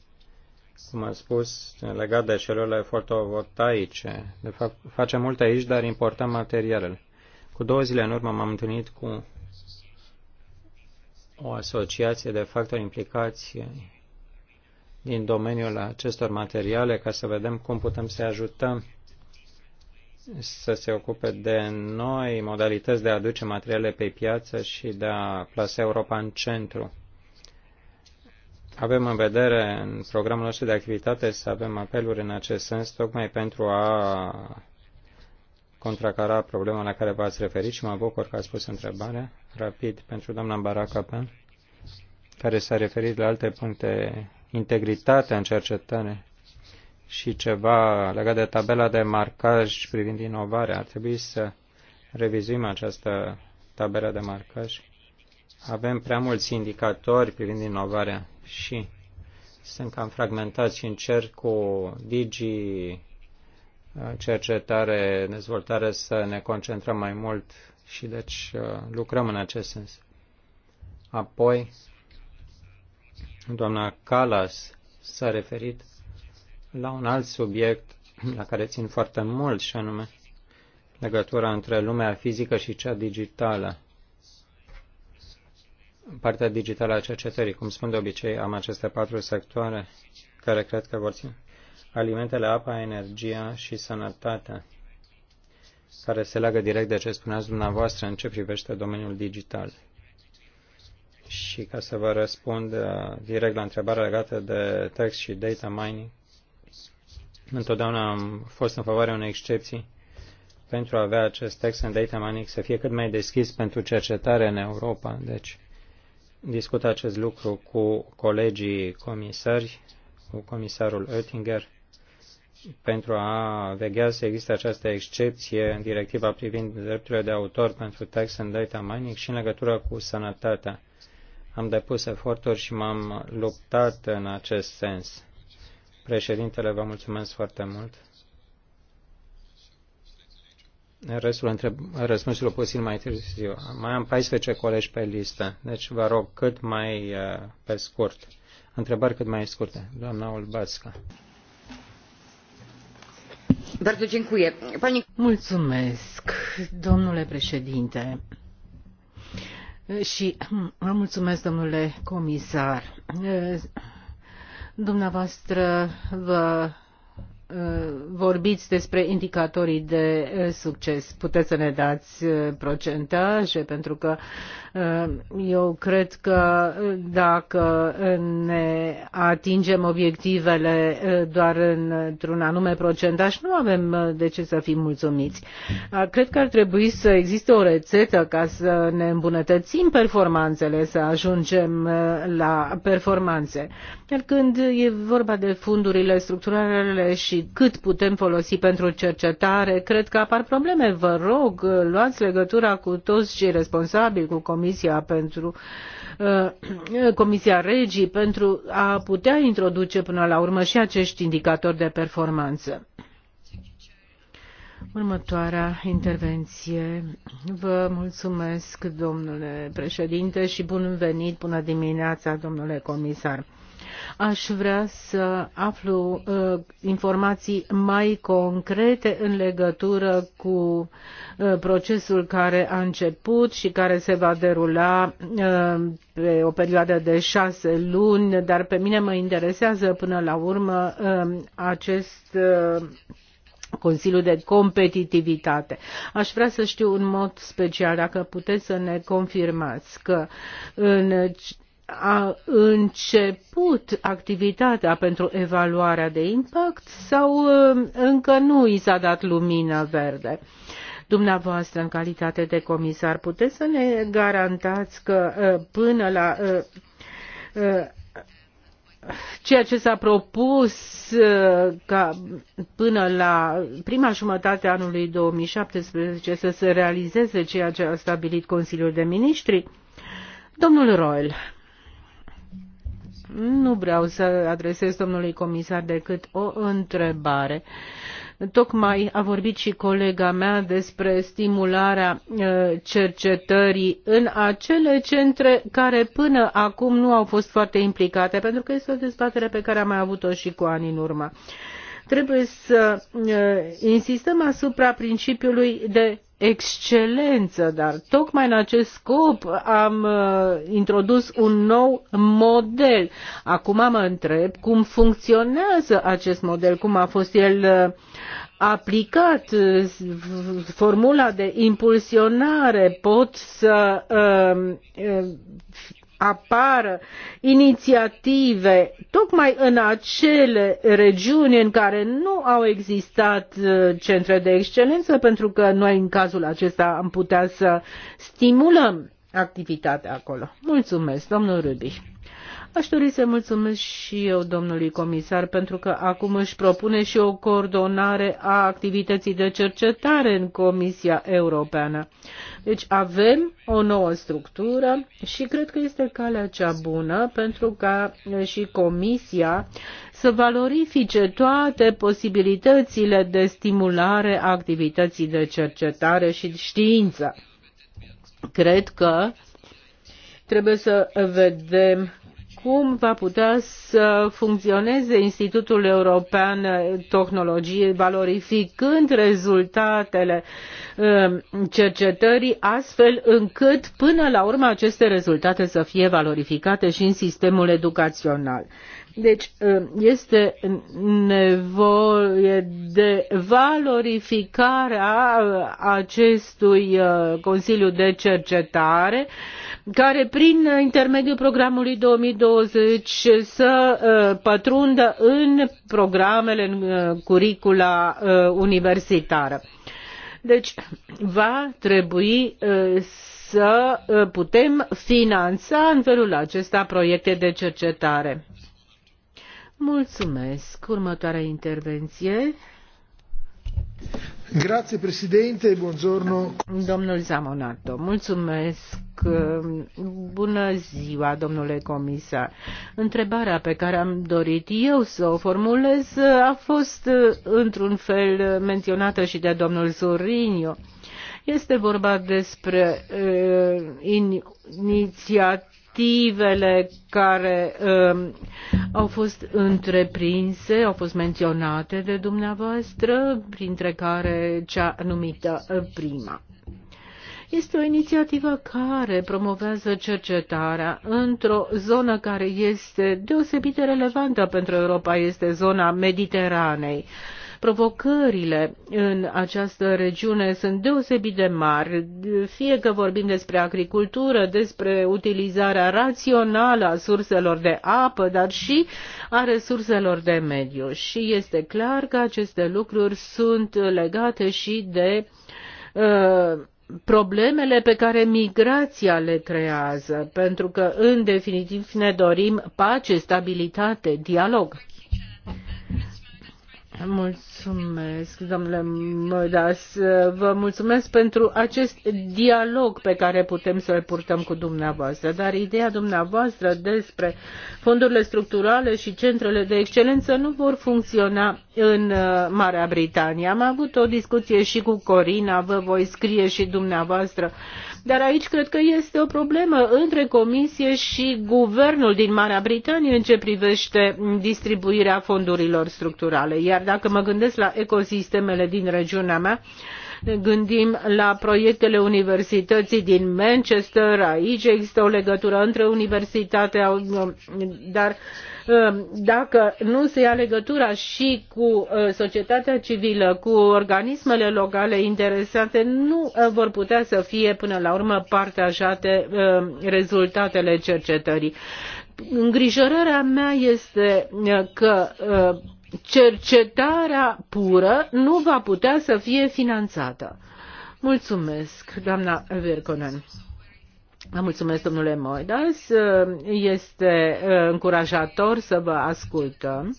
Cum am spus, legat de celulele fotovoltaice, de fapt facem multe aici, dar importăm materialele. Cu două zile în urmă m-am întâlnit cu o asociație de factori implicați din domeniul acestor materiale ca să vedem cum putem să ajutăm să se ocupe de noi modalități de a aduce materiale pe piață și de a plasa Europa în centru. Avem în vedere în programul nostru de activitate să avem apeluri în acest sens, tocmai pentru a contracara problema la care v-ați referit și mă bucur că ați pus întrebarea rapid pentru doamna Baracapen, care s-a referit la alte puncte integritate în cercetare și ceva legat de tabela de marcaj privind inovarea. Ar trebui să revizuim această tabelă de marcaj. Avem prea mulți indicatori privind inovarea și sunt cam fragmentați și încerc cu Digi uh, cercetare, dezvoltare să ne concentrăm mai mult și deci uh, lucrăm în acest sens. Apoi, Doamna Calas s-a referit la un alt subiect la care țin foarte mult, și anume legătura între lumea fizică și cea digitală. Partea digitală a cercetării, cum spun de obicei, am aceste patru sectoare care cred că vor ține. Alimentele, apa, energia și sănătatea, care se leagă direct de ce spuneați dumneavoastră în ce privește domeniul digital. Și ca să vă răspund uh, direct la întrebarea legată de text și data mining, întotdeauna am fost în favoarea unei excepții pentru a avea acest text în data mining să fie cât mai deschis pentru cercetare în Europa. Deci discut acest lucru cu colegii comisari, cu comisarul Oettinger, pentru a vegea să există această excepție în directiva privind drepturile de autor pentru text în data mining și în legătură cu sănătatea. Am depus eforturi și m-am luptat în acest sens. Președintele, vă mulțumesc foarte mult. Restul întreb, răspunsul puțin mai târziu. Mai am 14 colegi pe listă, deci vă rog cât mai uh, pe scurt. Întrebări cât mai scurte. Doamna Olbasca. Mulțumesc, domnule președinte. Și vă mulțumesc, domnule comisar. Dumneavoastră vă Uh, vorbiți despre indicatorii de uh, succes. Puteți să ne dați uh, procentaje, pentru că eu cred că dacă ne atingem obiectivele doar într-un anume procentaj, nu avem de ce să fim mulțumiți. Cred că ar trebui să existe o rețetă ca să ne îmbunătățim performanțele, să ajungem la performanțe. Iar când e vorba de fundurile structurale și și cât putem folosi pentru cercetare. Cred că apar probleme. Vă rog, luați legătura cu toți cei responsabili, cu Comisia pentru uh, Comisia Regii, pentru a putea introduce până la urmă și acești indicatori de performanță. Următoarea intervenție. Vă mulțumesc, domnule președinte, și bun venit, bună dimineața, domnule comisar. Aș vrea să aflu uh, informații mai concrete în legătură cu uh, procesul care a început și care se va derula uh, pe o perioadă de șase luni, dar pe mine mă interesează până la urmă uh, acest. Uh, Consiliul de Competitivitate. Aș vrea să știu în mod special dacă puteți să ne confirmați că în a început activitatea pentru evaluarea de impact sau uh, încă nu i s-a dat lumină verde? Dumneavoastră, în calitate de comisar, puteți să ne garantați că uh, până la uh, ceea ce s-a propus ca până la prima jumătate a anului 2017 să se realizeze ceea ce a stabilit Consiliul de Ministri? Domnul Roel. Nu vreau să adresez domnului comisar decât o întrebare. Tocmai a vorbit și colega mea despre stimularea uh, cercetării în acele centre care până acum nu au fost foarte implicate, pentru că este o dezbatere pe care am mai avut-o și cu ani în urmă. Trebuie să insistăm asupra principiului de excelență, dar tocmai în acest scop am introdus un nou model. Acum mă întreb cum funcționează acest model, cum a fost el aplicat formula de impulsionare pot să apară inițiative tocmai în acele regiuni în care nu au existat uh, centre de excelență, pentru că noi în cazul acesta am putea să stimulăm activitatea acolo. Mulțumesc, domnul Rubi. Aș dori să mulțumesc și eu domnului comisar pentru că acum își propune și o coordonare a activității de cercetare în Comisia Europeană. Deci avem o nouă structură și cred că este calea cea bună pentru ca și Comisia să valorifice toate posibilitățile de stimulare a activității de cercetare și știință. Cred că trebuie să vedem cum va putea să funcționeze Institutul European Tehnologiei, valorificând rezultatele um, cercetării, astfel încât până la urmă aceste rezultate să fie valorificate și în sistemul educațional. Deci ă, este nevoie de valorificarea ă, acestui ă, Consiliu de Cercetare, care prin intermediul programului 2020 să pătrundă în programele, în curicula universitară. Deci va trebui să putem finanța în felul acesta proiecte de cercetare. Mulțumesc. Următoarea intervenție. Grazie Presidente, buongiorno. Domnul Zamonato, mulțumesc. Bună ziua, domnule comisar. Întrebarea pe care am dorit eu să o formulez a fost într-un fel menționată și de domnul Zorinio. Este vorba despre uh, inițiativele care uh, au fost întreprinse, au fost menționate de dumneavoastră, printre care cea numită uh, prima. Este o inițiativă care promovează cercetarea într-o zonă care este deosebit de relevantă pentru Europa, este zona Mediteranei. Uh, Provocările în această regiune sunt deosebit de mari, fie că vorbim despre agricultură, despre utilizarea rațională a surselor de apă, dar și a resurselor de mediu. Și este clar că aceste lucruri sunt legate și de uh, problemele pe care migrația le creează, pentru că, în definitiv, ne dorim pace, stabilitate, dialog. Mulțumesc, domnule Mădas. Vă mulțumesc pentru acest dialog pe care putem să-l purtăm cu dumneavoastră. Dar ideea dumneavoastră despre fondurile structurale și centrele de excelență nu vor funcționa în uh, Marea Britanie. Am avut o discuție și cu Corina, vă voi scrie și dumneavoastră dar aici cred că este o problemă între Comisie și Guvernul din Marea Britanie în ce privește distribuirea fondurilor structurale. Iar dacă mă gândesc la ecosistemele din regiunea mea, gândim la proiectele universității din Manchester, aici există o legătură între universitatea, dar uh, dacă nu se ia legătura și cu uh, societatea civilă, cu organismele locale interesate, nu uh, vor putea să fie până la urmă partajate uh, rezultatele cercetării. Îngrijorarea mea este că cercetarea pură nu va putea să fie finanțată. Mulțumesc, doamna Verconen. Vă mulțumesc, domnule Moedas. Este uh, încurajator să vă ascultăm.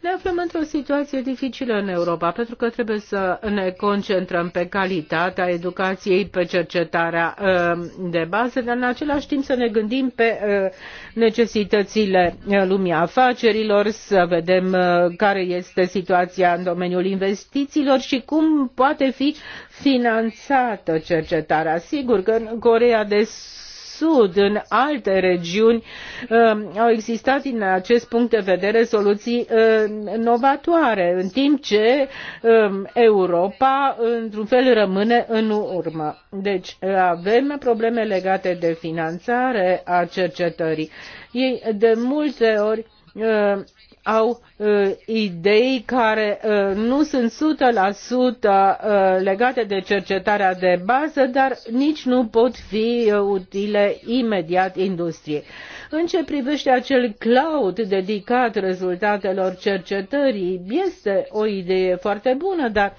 Ne aflăm într-o situație dificilă în Europa, pentru că trebuie să ne concentrăm pe calitatea educației, pe cercetarea uh, de bază, dar în același timp să ne gândim pe uh, necesitățile uh, lumii afacerilor, să vedem care este situația în domeniul investițiilor și cum poate fi finanțată cercetarea. Sigur că în Corea de Sud sud, în alte regiuni, um, au existat din acest punct de vedere soluții um, novatoare, în timp ce um, Europa, într-un fel, rămâne în urmă. Deci avem probleme legate de finanțare a cercetării. Ei de multe ori au uh, idei care uh, nu sunt 100% uh, legate de cercetarea de bază, dar nici nu pot fi uh, utile imediat industriei. În ce privește acel cloud dedicat rezultatelor cercetării, este o idee foarte bună, dar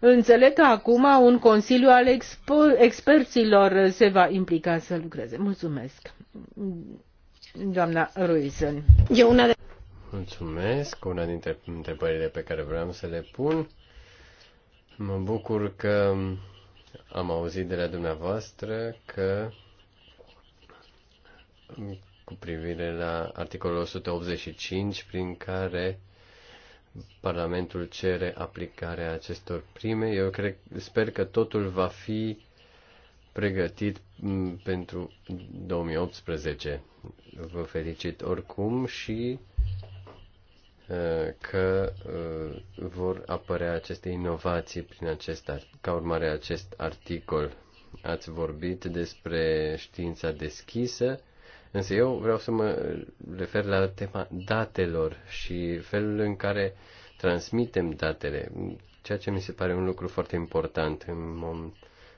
înțeleg că acum un consiliu al experților se va implica să lucreze. Mulțumesc. Doamna Ruizen. Eu una de Mulțumesc. Una dintre întrebările pe care vreau să le pun. Mă bucur că am auzit de la dumneavoastră că cu privire la articolul 185 prin care Parlamentul cere aplicarea acestor prime. Eu cred, sper că totul va fi pregătit mm, pentru 2018. Vă felicit oricum și că uh, vor apărea aceste inovații prin acest, ca urmare a acest articol. Ați vorbit despre știința deschisă, însă eu vreau să mă refer la tema datelor și felul în care transmitem datele, ceea ce mi se pare un lucru foarte important în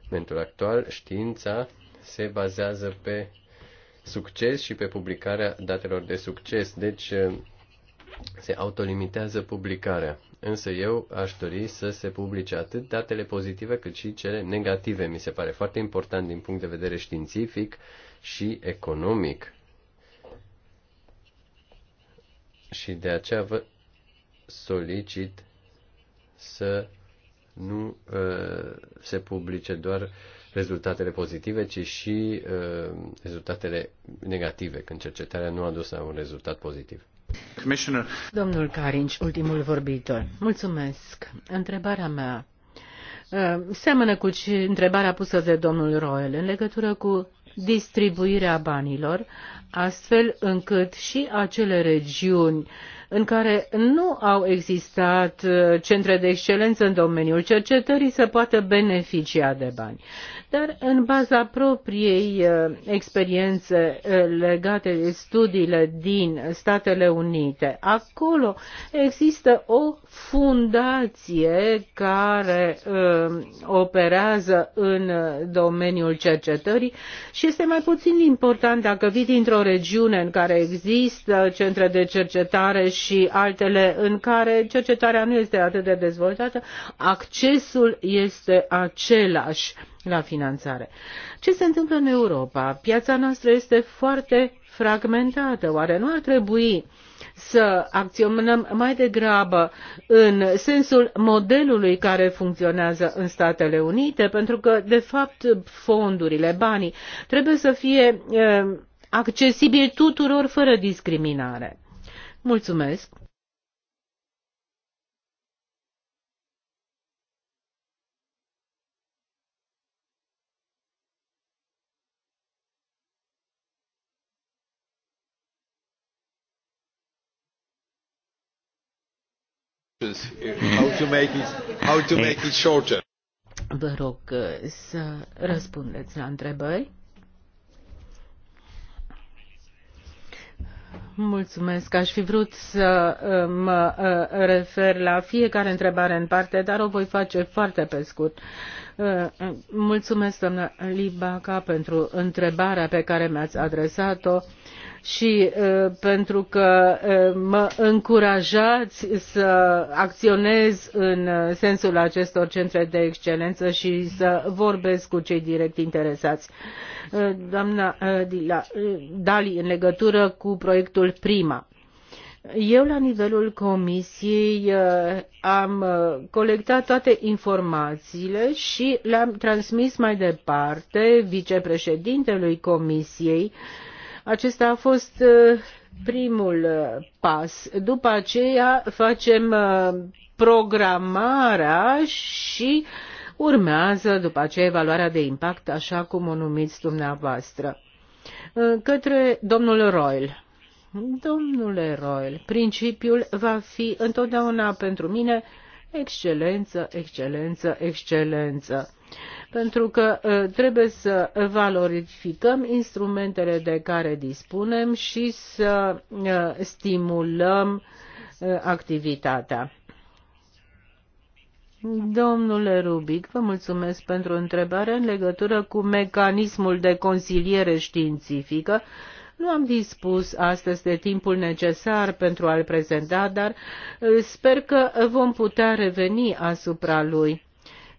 momentul actual. Știința se bazează pe succes și pe publicarea datelor de succes. Deci se autolimitează publicarea. Însă eu aș dori să se publice atât datele pozitive cât și cele negative. Mi se pare foarte important din punct de vedere științific și economic. Și de aceea vă solicit să nu uh, se publice doar rezultatele pozitive, ci și uh, rezultatele negative, când cercetarea nu a dus la un rezultat pozitiv. Domnul Carinci, ultimul vorbitor. Mulțumesc. Întrebarea mea uh, seamănă cu întrebarea pusă de domnul Roel în legătură cu distribuirea banilor, astfel încât și acele regiuni în care nu au existat uh, centre de excelență în domeniul cercetării să poată beneficia de bani dar în baza propriei uh, experiențe uh, legate de studiile din Statele Unite. Acolo există o fundație care uh, operează în domeniul cercetării și este mai puțin important dacă vii dintr-o regiune în care există centre de cercetare și altele în care cercetarea nu este atât de dezvoltată, accesul este același la finanțare. Ce se întâmplă în Europa? Piața noastră este foarte fragmentată. Oare nu ar trebui să acționăm mai degrabă în sensul modelului care funcționează în Statele Unite, pentru că, de fapt, fondurile, banii trebuie să fie eh, accesibili tuturor fără discriminare. Mulțumesc! Vă rog uh, să răspundeți la întrebări. Mulțumesc. Aș fi vrut să uh, mă uh, refer la fiecare întrebare în parte, dar o voi face foarte pe scurt. Uh, uh, mulțumesc, doamna Libaca, pentru întrebarea pe care mi-ați adresat-o și uh, pentru că mă încurajați să acționez în sensul acestor centre de excelență și să vorbesc cu cei direct interesați. Doamna Dali, în legătură cu proiectul Prima eu, la nivelul comisiei, uh, am uh, colectat toate informațiile și le-am transmis mai departe vicepreședintelui comisiei. Acesta a fost uh, primul pas. După aceea facem programarea și urmează după aceea evaluarea de impact, așa cum o numiți dumneavoastră. Către domnul Royle. Domnule Royal, principiul va fi întotdeauna pentru mine excelență, excelență, excelență. Pentru că ă, trebuie să valorificăm instrumentele de care dispunem și să ă, stimulăm ă, activitatea. Domnule Rubic, vă mulțumesc pentru întrebare în legătură cu mecanismul de consiliere științifică nu am dispus astăzi de timpul necesar pentru a-l prezenta, dar uh, sper că vom putea reveni asupra lui.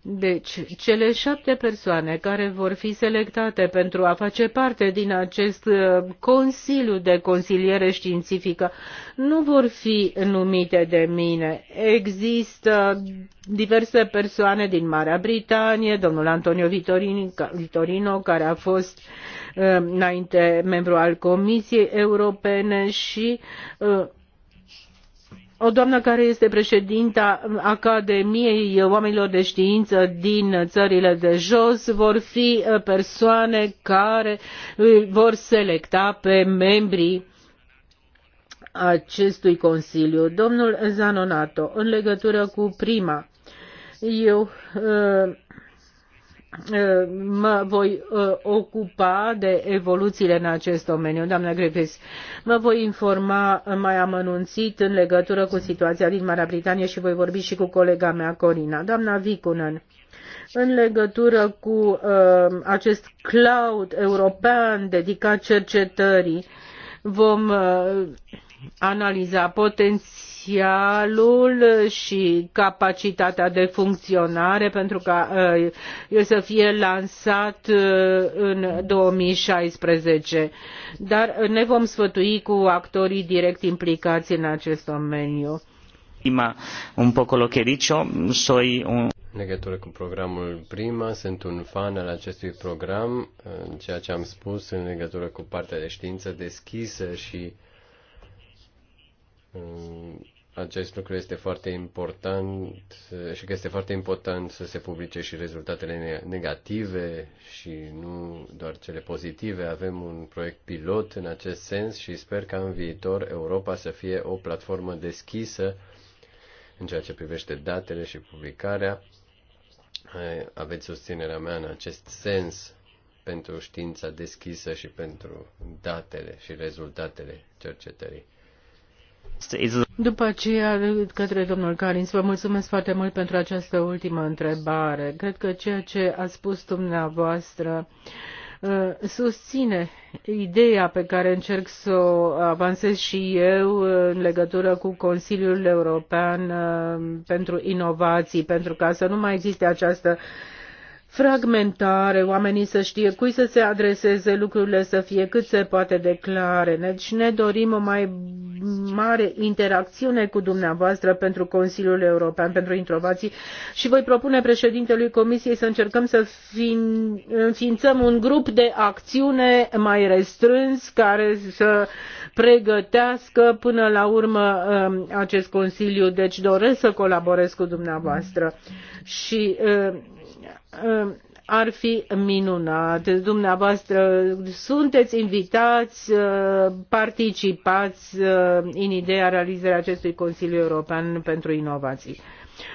Deci, cele șapte persoane care vor fi selectate pentru a face parte din acest uh, Consiliu de Consiliere Științifică nu vor fi numite de mine. Există diverse persoane din Marea Britanie, domnul Antonio Vitorino, care a fost uh, înainte membru al Comisiei Europene și uh, o doamnă care este președinta Academiei Oamenilor de Știință din țările de jos, vor fi uh, persoane care uh, vor selecta pe membrii acestui Consiliu. Domnul Zanonato, în legătură cu prima, eu uh, mă voi ă, ocupa de evoluțiile în acest domeniu. Doamna Griffiths, mă voi informa mai amănunțit în legătură cu situația din Marea Britanie și voi vorbi și cu colega mea, Corina. Doamna Vicunen, în legătură cu uh, acest cloud european dedicat cercetării, vom uh, analiza potențial potențialul și capacitatea de funcționare pentru ca el uh, să fie lansat uh, în 2016. Dar ne vom sfătui cu actorii direct implicați în acest domeniu. Prima, un poco lo que he dicho, soy un în legătură cu programul Prima, sunt un fan al acestui program, ceea ce am spus în legătură cu partea de știință deschisă și uh, acest lucru este foarte important eh, și că este foarte important să se publice și rezultatele negative și nu doar cele pozitive. Avem un proiect pilot în acest sens și sper ca în viitor Europa să fie o platformă deschisă în ceea ce privește datele și publicarea. Eh, aveți susținerea mea în acest sens pentru știința deschisă și pentru datele și rezultatele cercetării. După aceea, către domnul Carins, vă mulțumesc foarte mult pentru această ultimă întrebare. Cred că ceea ce a spus dumneavoastră uh, susține ideea pe care încerc să o avansez și eu uh, în legătură cu Consiliul European uh, pentru Inovații, pentru ca să nu mai existe această fragmentare, oamenii să știe cui să se adreseze lucrurile, să fie cât se poate de clare. Deci ne dorim o mai mare interacțiune cu dumneavoastră pentru Consiliul European pentru Introvații și voi propune președintelui Comisiei să încercăm să înființăm un grup de acțiune mai restrâns care să pregătească până la urmă um, acest Consiliu. Deci doresc să colaborez cu dumneavoastră și um, Ehm, ar fi minunat. Dumneavoastră sunteți invitați, ehm, participați ehm, în ideea realizării acestui Consiliu European pentru Inovații.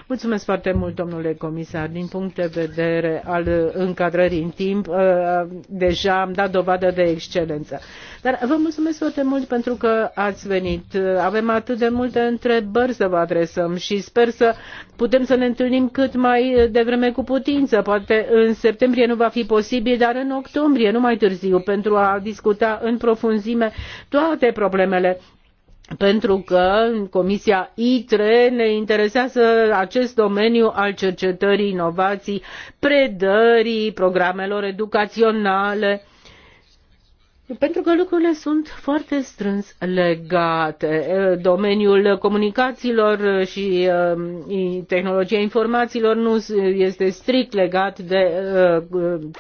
Mulțumesc foarte mult, domnule comisar. Din punct de vedere al încadrării în timp, uh, deja am dat dovadă de excelență. Dar vă mulțumesc foarte mult pentru că ați venit. Avem atât de multe întrebări să vă adresăm și sper să putem să ne întâlnim cât mai devreme cu putință. Poate în septembrie nu va fi posibil, dar în octombrie, nu mai târziu, pentru a discuta în profunzime toate problemele pentru că în Comisia ITRE ne interesează acest domeniu al cercetării, inovației predării, programelor educaționale uh, pentru că lucrurile sunt foarte strâns legate. Domeniul comunicațiilor și tehnologia informațiilor nu este strict legat de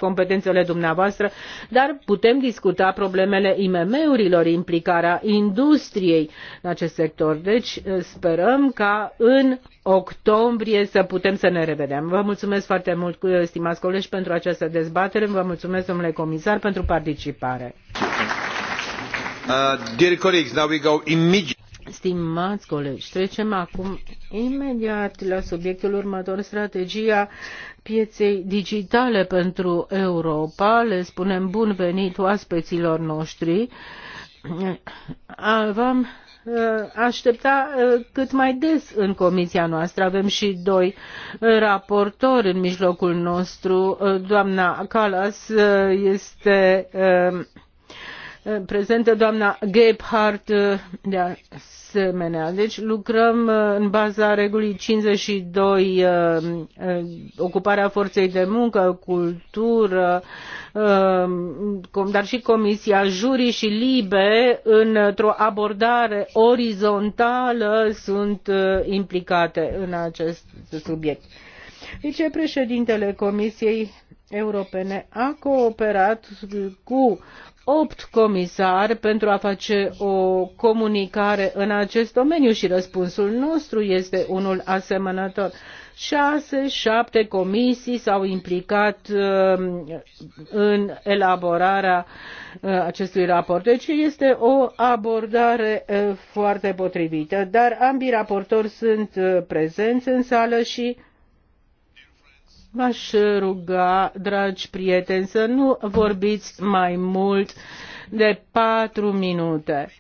competențele dumneavoastră, dar putem discuta problemele IMM-urilor, implicarea industriei în acest sector. Deci sperăm ca în octombrie să putem să ne revedem. Vă mulțumesc foarte mult, stimați colegi, pentru această dezbatere. Vă mulțumesc, domnule comisar, pentru participare. Uh, dear colleagues, now we go Stimați colegi, trecem acum imediat la subiectul următor, strategia pieței digitale pentru Europa. Le spunem bun venit oaspeților noștri. Uh, Avem Uh, aștepta uh, cât mai des în comisia noastră. Avem și doi uh, raportori în mijlocul nostru. Doamna Calas este prezentă, doamna Gebhardt de asemenea. Deci lucrăm uh, în baza regulii 52, uh, uh, ocuparea forței de muncă, cultură, dar și Comisia Jurii și Libe, într-o abordare orizontală, sunt implicate în acest subiect. Vicepreședintele Comisiei europene a cooperat cu opt comisari pentru a face o comunicare în acest domeniu și răspunsul nostru este unul asemănător. Șase, șapte comisii s-au implicat um, în elaborarea uh, acestui raport. Deci este o abordare uh, foarte potrivită. Dar ambii raportori sunt uh, prezenți în sală și V-aș ruga, dragi prieteni, să nu vorbiți mai mult de patru minute.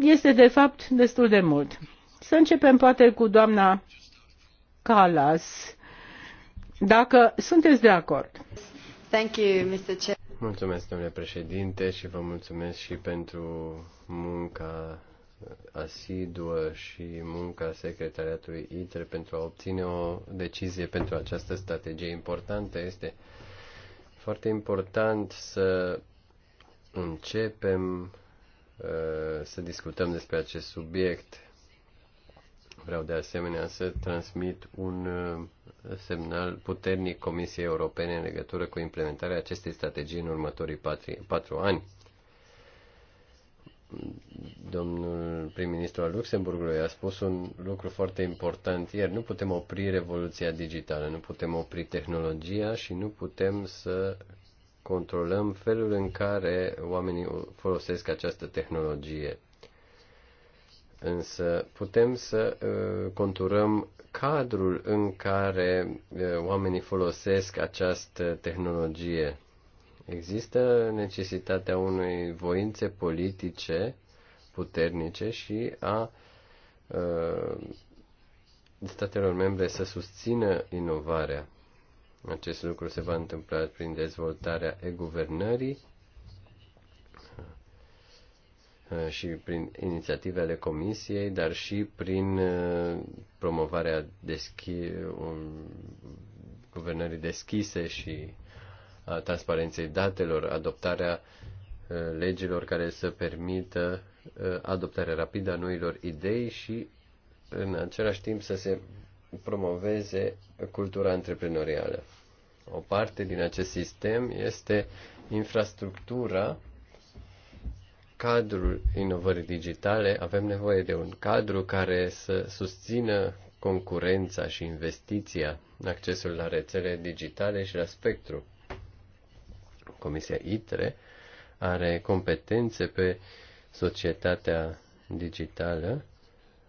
Este, de fapt, destul de mult. Să începem, poate, cu doamna Calas, dacă sunteți de acord. Thank you, Mr. Chair. Mulțumesc, domnule președinte, și vă mulțumesc și pentru munca asiduă și munca secretariatului ITRE pentru a obține o decizie pentru această strategie importantă. Este foarte important să începem uh, să discutăm despre acest subiect. Vreau de asemenea să transmit un uh, semnal puternic Comisiei Europene în legătură cu implementarea acestei strategii în următorii patru ani Domnul prim-ministru al Luxemburgului a spus un lucru foarte important ieri. Nu putem opri revoluția digitală, nu putem opri tehnologia și nu putem să controlăm felul în care oamenii folosesc această tehnologie. Însă putem să uh, conturăm cadrul în care uh, oamenii folosesc această tehnologie. Există necesitatea unei voințe politice puternice și a uh, statelor membre să susțină inovarea. Acest lucru se va întâmpla prin dezvoltarea e-guvernării uh, și prin inițiativele Comisiei, dar și prin uh, promovarea deschi, um, guvernării deschise și a transparenței datelor, adoptarea legilor care să permită Uh, adoptare rapidă a noilor idei și în același timp să se promoveze cultura antreprenorială. O parte din acest sistem este infrastructura, cadrul inovării digitale. Avem nevoie de un cadru care să susțină concurența și investiția, în accesul la rețele digitale și la spectru. Comisia ITRE are competențe pe uh, societatea digitală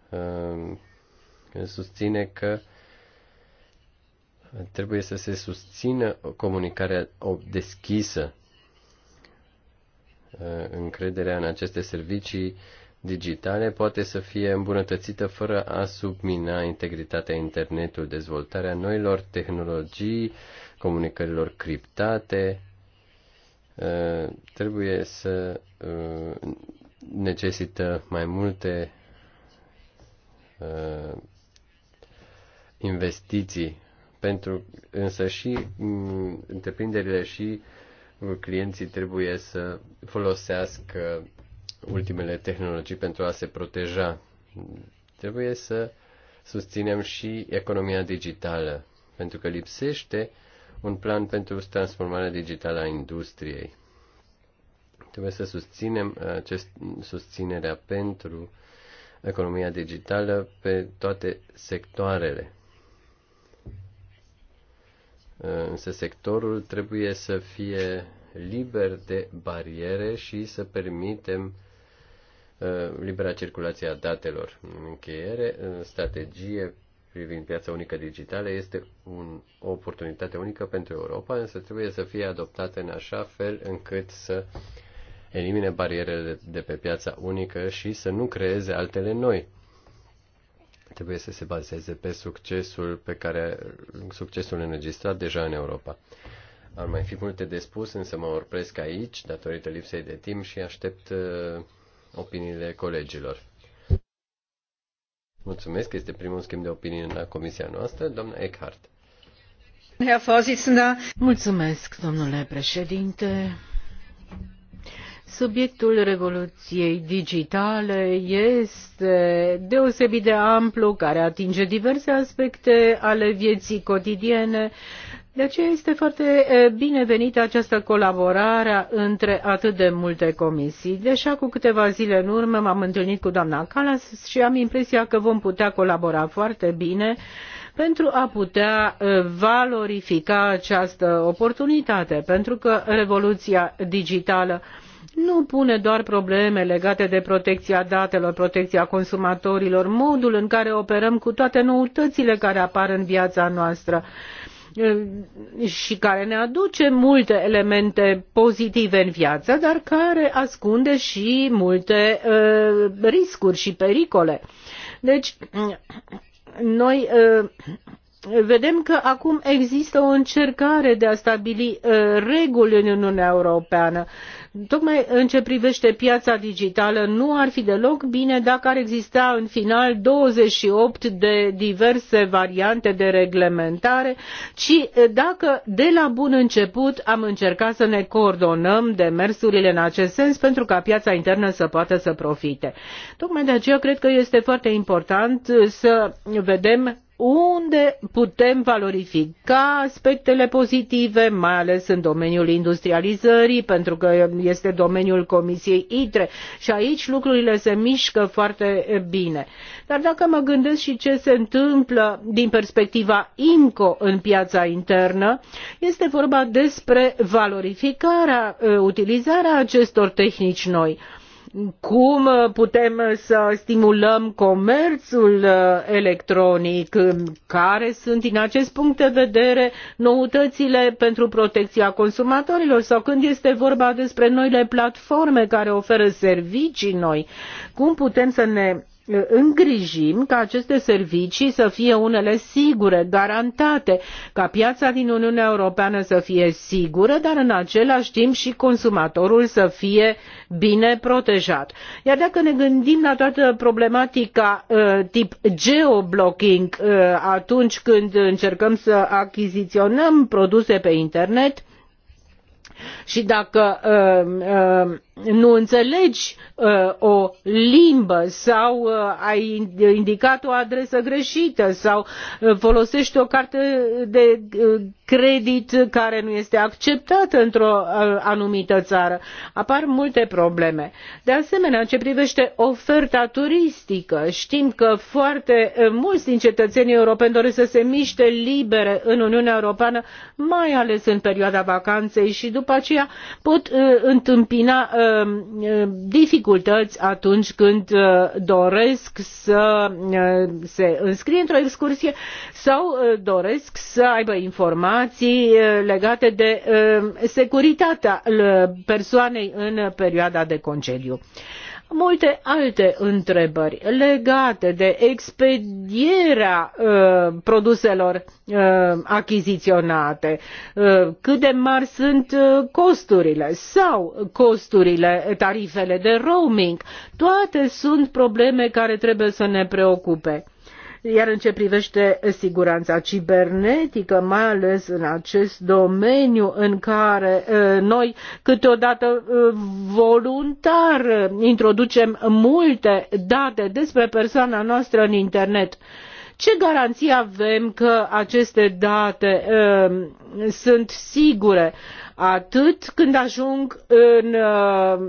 um, susține că trebuie să se susțină o comunicare deschisă. Uh, încrederea în aceste servicii digitale poate să fie îmbunătățită fără a submina integritatea internetului, dezvoltarea noilor tehnologii, comunicărilor criptate. Uh, trebuie să uh, necesită mai multe uh, investiții pentru însă și mm, întreprinderile și clienții trebuie să folosească ultimele tehnologii pentru a se proteja. Trebuie să susținem și economia digitală, pentru că lipsește un plan pentru transformarea digitală a industriei. Trebuie să susținem uh, acest, susținerea pentru economia digitală pe toate sectoarele. Uh, însă sectorul trebuie să fie liber de bariere și să permitem uh, libera circulație a datelor. În încheiere, strategie privind piața unică digitală este un, o oportunitate unică pentru Europa, însă trebuie să fie adoptată în așa fel încât să elimine barierele de pe piața unică și să nu creeze altele noi. Trebuie să se bazeze pe succesul pe care succesul înregistrat deja în Europa. Ar mai fi multe de spus, însă mă opresc aici datorită lipsei de timp și aștept uh, opiniile colegilor. Mulțumesc, este primul schimb de opinie la comisia noastră, doamna Eckhart. Mulțumesc, domnule președinte. Subiectul revoluției digitale este deosebit de amplu, care atinge diverse aspecte ale vieții cotidiene. De aceea este foarte binevenită această colaborare între atât de multe comisii. Deja cu câteva zile în urmă m-am întâlnit cu doamna Calas și am impresia că vom putea colabora foarte bine pentru a putea valorifica această oportunitate, pentru că revoluția digitală nu pune doar probleme legate de protecția datelor, protecția consumatorilor, modul în care operăm cu toate noutățile care apar în viața noastră eh, și care ne aduce multe elemente pozitive în viață, dar care ascunde și multe uh, riscuri și pericole. Deci, noi uh, vedem că acum există o încercare de a stabili uh, reguli în Uniunea Europeană Tocmai în ce privește piața digitală, nu ar fi deloc bine dacă ar exista în final 28 de diverse variante de reglementare, ci eh, dacă de la bun început am încercat să ne coordonăm demersurile în acest sens pentru ca piața internă să poată să profite. Tocmai de aceea cred că este foarte important eh, să vedem unde putem valorifica aspectele pozitive, mai ales în domeniul industrializării, pentru că este domeniul Comisiei ITRE și aici lucrurile se mișcă foarte bine. Dar dacă mă gândesc și ce se întâmplă din perspectiva IMCO în piața internă, este vorba despre valorificarea, utilizarea acestor tehnici noi cum uh, putem uh, să stimulăm comerțul uh, electronic, care sunt din acest punct de vedere noutățile pentru protecția consumatorilor sau când este vorba despre noile platforme care oferă servicii noi, cum putem să ne îngrijim ca aceste servicii să fie unele sigure, garantate, ca piața din Uniunea Europeană să fie sigură, dar în același timp și consumatorul să fie bine protejat. Iar dacă ne gândim la toată problematica uh, tip geoblocking uh, atunci când încercăm să achiziționăm produse pe internet, și dacă uh, uh, nu înțelegi uh, o limbă sau ai indicat o adresă greșită sau folosești o carte de credit care nu este acceptată într-o anumită țară, apar multe probleme. De asemenea, în ce privește oferta turistică, știm că foarte mulți din cetățenii europeni doresc să se miște libere în Uniunea Europeană, mai ales în perioada vacanței și după după aceea pot uh, întâmpina uh, uh, dificultăți atunci când doresc să se înscrie într-o excursie sau doresc să aibă informații legate de securitatea persoanei în perioada de concediu multe alte întrebări legate de expedierea uh, produselor uh, achiziționate, uh, cât de mari sunt uh, costurile sau costurile, tarifele de roaming. Toate sunt probleme care trebuie să ne preocupe. Iar în ce privește siguranța cibernetică, mai ales în acest domeniu în care noi câteodată voluntar introducem multe date despre persoana noastră în internet, ce garanții avem că aceste date uh, sunt sigure atât când ajung în uh,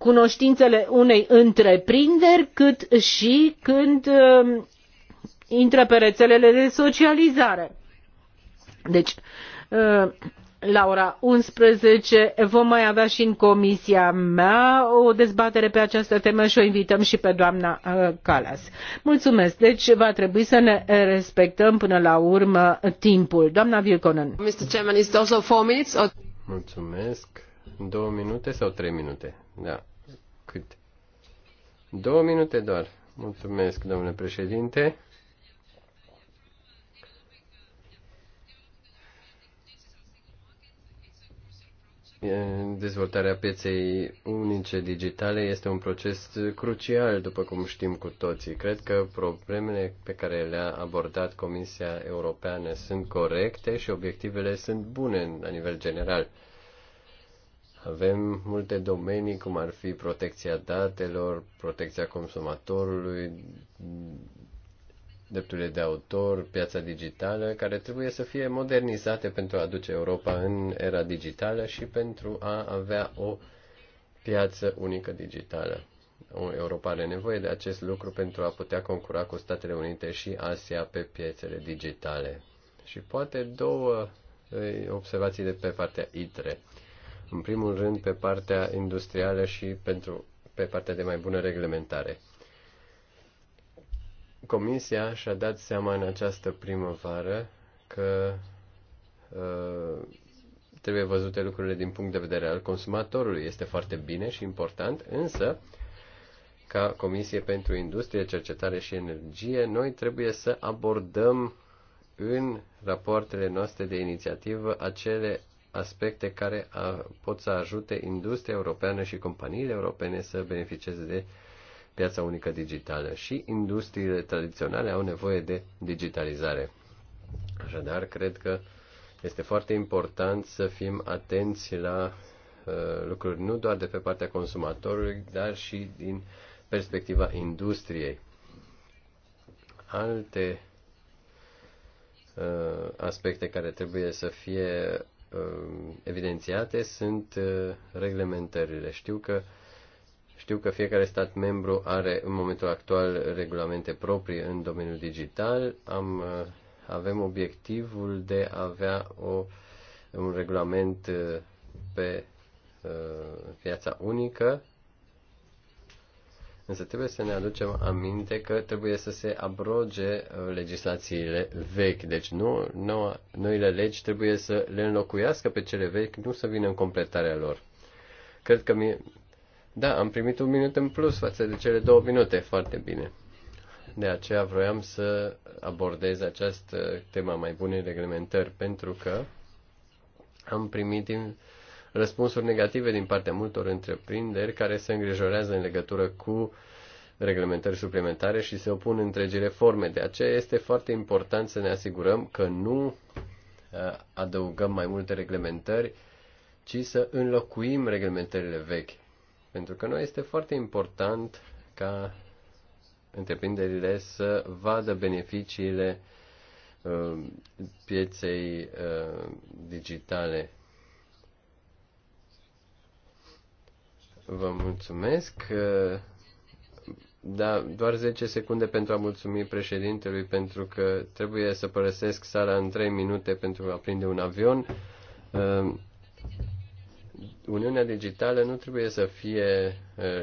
cunoștințele unei întreprinderi, cât și când um, intră pe rețelele de socializare. Deci, uh, la ora 11 vom mai avea și în comisia mea o dezbatere pe această temă și o invităm și pe doamna uh, Calas. Mulțumesc. Deci va trebui să ne respectăm până la urmă timpul. Doamna Vilconen. Mr. Chairman, is also four minutes or... Mulțumesc. Două minute sau trei minute? Da. Două minute doar. Mulțumesc, domnule președinte. Dezvoltarea pieței unice digitale este un proces crucial, după cum știm cu toții. Cred că problemele pe care le-a abordat Comisia Europeană sunt corecte și obiectivele sunt bune la nivel general. Avem multe domenii, cum ar fi protecția datelor, protecția consumatorului, drepturile de autor, piața digitală, care trebuie să fie modernizate pentru a aduce Europa în era digitală și pentru a avea o piață unică digitală. Europa are nevoie de acest lucru pentru a putea concura cu Statele Unite și Asia pe piețele digitale. Și poate două eh, observații de pe partea ITRE în primul rând pe partea industrială și pentru, pe partea de mai bună reglementare. Comisia și-a dat seama în această primăvară că uh, trebuie văzute lucrurile din punct de vedere al consumatorului. Este foarte bine și important, însă, ca Comisie pentru Industrie, Cercetare și Energie, noi trebuie să abordăm în rapoartele noastre de inițiativă acele aspecte care a, pot să ajute industria europeană și companiile europene să beneficieze de piața unică digitală și industriile tradiționale au nevoie de digitalizare. Așadar, cred că este foarte important să fim atenți la uh, lucruri nu doar de pe partea consumatorului, dar și din perspectiva industriei. Alte uh, aspecte care trebuie să fie Uh, evidențiate sunt uh, reglementările. Știu că știu că fiecare stat membru are în momentul actual regulamente proprii în domeniul digital. Am, uh, avem obiectivul de a avea o, un regulament pe piața unică Însă trebuie să ne aducem aminte că trebuie să se abroge uh, legislațiile vechi. Deci nu, noua, noile legi trebuie să le înlocuiască pe cele vechi, nu să vină în completarea lor. Cred că mi- Da, am primit un minut în plus față de cele două minute. Foarte bine. De aceea vroiam să abordez această tema mai bune reglementări, pentru că am primit din răspunsuri negative din partea multor întreprinderi care se îngrijorează în legătură cu reglementări suplimentare și se opun întregii reforme. De aceea este foarte important să ne asigurăm că nu uh, adăugăm mai multe reglementări, ci să înlocuim reglementările vechi. Pentru că noi este foarte important ca întreprinderile să vadă beneficiile uh, pieței uh, digitale. Vă mulțumesc. Da, doar 10 secunde pentru a mulțumi președintelui pentru că trebuie să părăsesc sala în 3 minute pentru a prinde un avion. Ehm, Uniunea digitală nu trebuie să fie eh,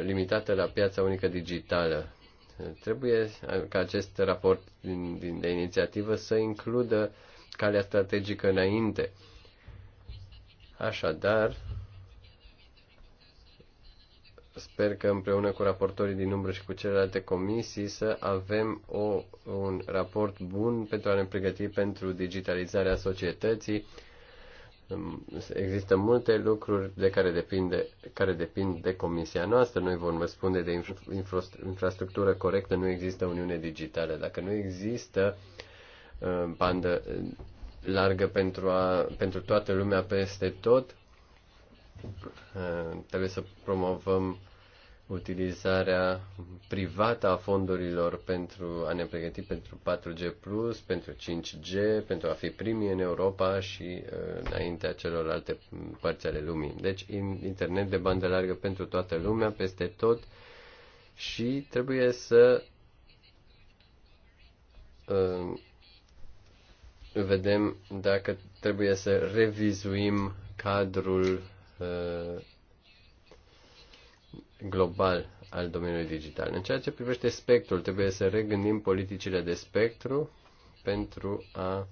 limitată la piața unică digitală. Trebuie eh, ca acest raport din, din, de inițiativă să includă calea strategică înainte. Așadar, Sper că împreună cu raportorii din umbră și cu celelalte comisii să avem o, un raport bun pentru a ne pregăti pentru digitalizarea societății. Există multe lucruri de care, depinde, care depind de comisia noastră. Noi vom răspunde de infra, infrastructură corectă, nu există Uniune Digitală. Dacă nu există uh, bandă uh, largă pentru, a, pentru toată lumea peste tot, Eh, trebuie să promovăm utilizarea privată a fondurilor pentru a ne pregăti pentru 4G+, pentru 5G, pentru a fi primii în Europa și eh, înaintea celorlalte părți ale lumii. Deci internet de bandă largă pentru toată lumea, peste tot și trebuie să uh, vedem dacă trebuie să revizuim cadrul Uh, global al domeniului digital. În ceea ce privește spectrul, trebuie să regândim politicile de spectru pentru a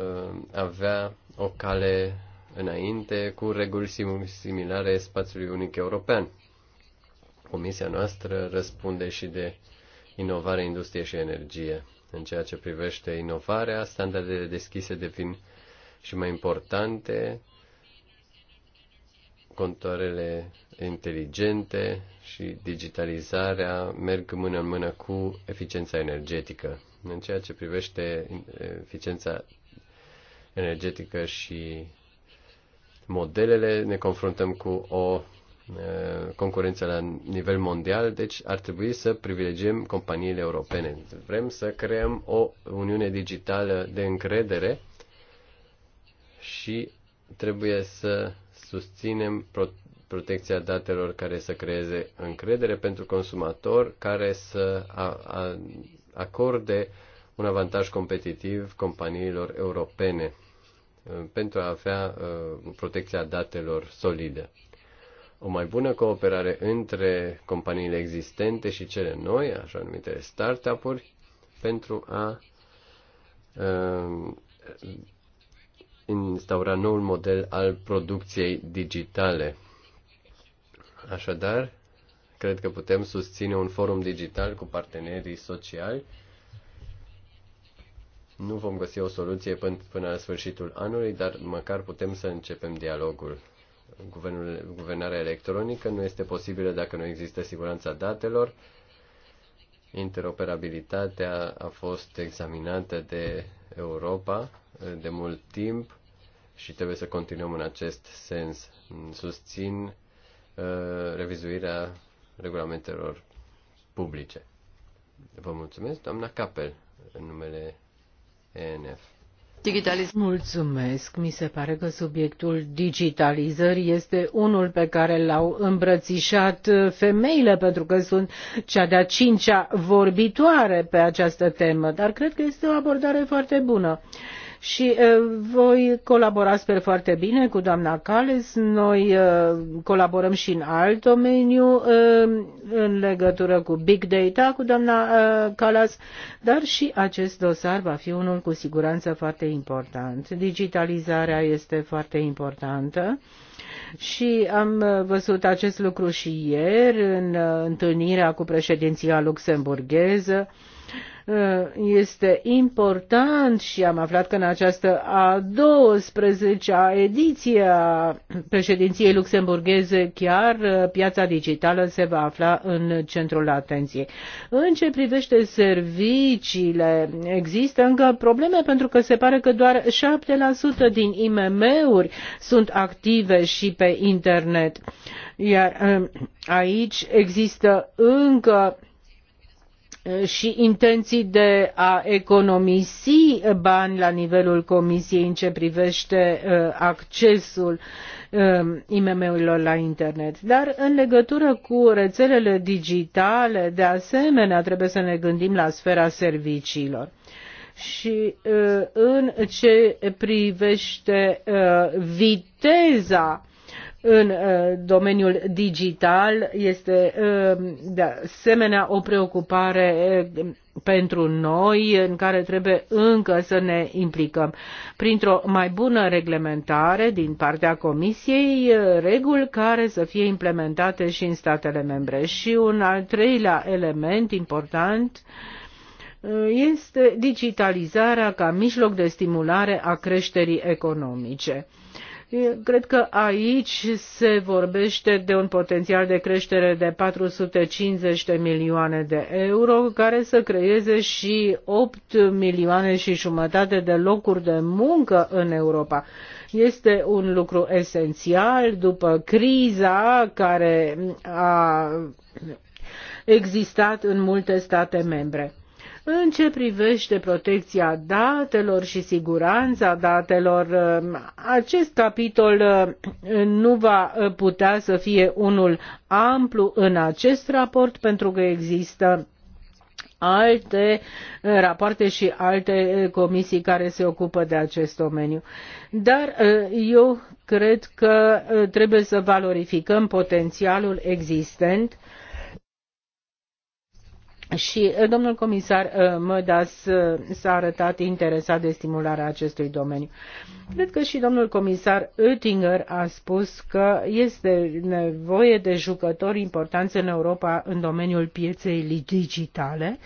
uh, avea o cale înainte cu reguli similare spațiului unic european. Comisia noastră răspunde și de inovare, industrie și energie. În ceea ce privește inovarea, standardele deschise devin și mai importante contoarele inteligente și digitalizarea merg mână în mână cu eficiența energetică. În ceea ce privește eh, eficiența energetică și modelele, ne confruntăm cu o eh, concurență la nivel mondial, deci ar trebui să privilegiem companiile europene. Vrem să creăm o uniune digitală de încredere și trebuie să susținem pro- protecția datelor care să creeze încredere pentru consumator, care să a- a- acorde un avantaj competitiv companiilor europene uh, pentru a avea uh, protecția datelor solidă. O mai bună cooperare între companiile existente și cele noi, așa numitele startup-uri, pentru a uh, instaura noul model al producției digitale. Așadar, cred că putem susține un forum digital cu partenerii sociali. Nu vom găsi o soluție până, la sfârșitul anului, dar măcar putem să începem dialogul. Guvernul, guvernarea electronică nu este posibilă dacă nu există siguranța datelor. Interoperabilitatea a fost examinată de Europa de mult timp și trebuie să continuăm în acest sens. Susțin uh, revizuirea regulamentelor publice. Vă mulțumesc, doamna Capel, în numele ENF. Digitaliz. Mulțumesc. Mi se pare că subiectul digitalizării este unul pe care l-au îmbrățișat uh, femeile, pentru că sunt cea de-a cincea vorbitoare pe această temă, dar cred că este o abordare foarte bună. Uh, și voi colabora, sper, foarte bine cu doamna Cales. Noi colaborăm și în alt domeniu în legătură cu Big Data cu doamna Cales, dar și acest dosar va fi unul cu siguranță foarte important. Digitalizarea este foarte importantă. Și am văzut acest lucru și ieri în întâlnirea cu președinția luxemburgheză. Uh, este important și am aflat că în această a 12-a ediție a președinției luxemburgheze chiar uh, piața digitală se va afla în centrul atenției. În ce privește serviciile, există încă probleme pentru că se pare că doar 7% din IMM-uri sunt active și pe internet. Iar uh, aici există încă și intenții de a economisi bani la nivelul Comisiei în ce privește uh, accesul um, IMM-urilor la internet. Dar în legătură cu rețelele digitale, de asemenea, trebuie să ne gândim la sfera serviciilor și uh, în ce privește uh, viteza în uh, domeniul digital este uh, de asemenea o preocupare uh, pentru noi în care trebuie încă să ne implicăm. Printr-o mai bună reglementare din partea Comisiei, reguli care să fie implementate și în statele membre. Și un al treilea element important este digitalizarea ca mijloc de stimulare a creșterii economice Cred că aici se vorbește de un potențial de creștere de 450 de milioane de euro, care să creeze și 8 milioane și jumătate de locuri de muncă în Europa. Este un lucru esențial după criza care a existat în multe state membre. În ce privește protecția datelor și siguranța datelor, um, acest capitol um, nu va uh, putea să fie unul amplu în acest raport pentru că există alte uh, rapoarte și alte uh, comisii care se ocupă de acest domeniu. Dar eu cred că trebuie să valorificăm potențialul existent uh, și uh, domnul comisar uh, Mădas uh, s-a arătat interesat de stimularea acestui domeniu. Cred că și domnul comisar Oettinger a spus că este nevoie de jucători importanți în Europa în domeniul pieței digitale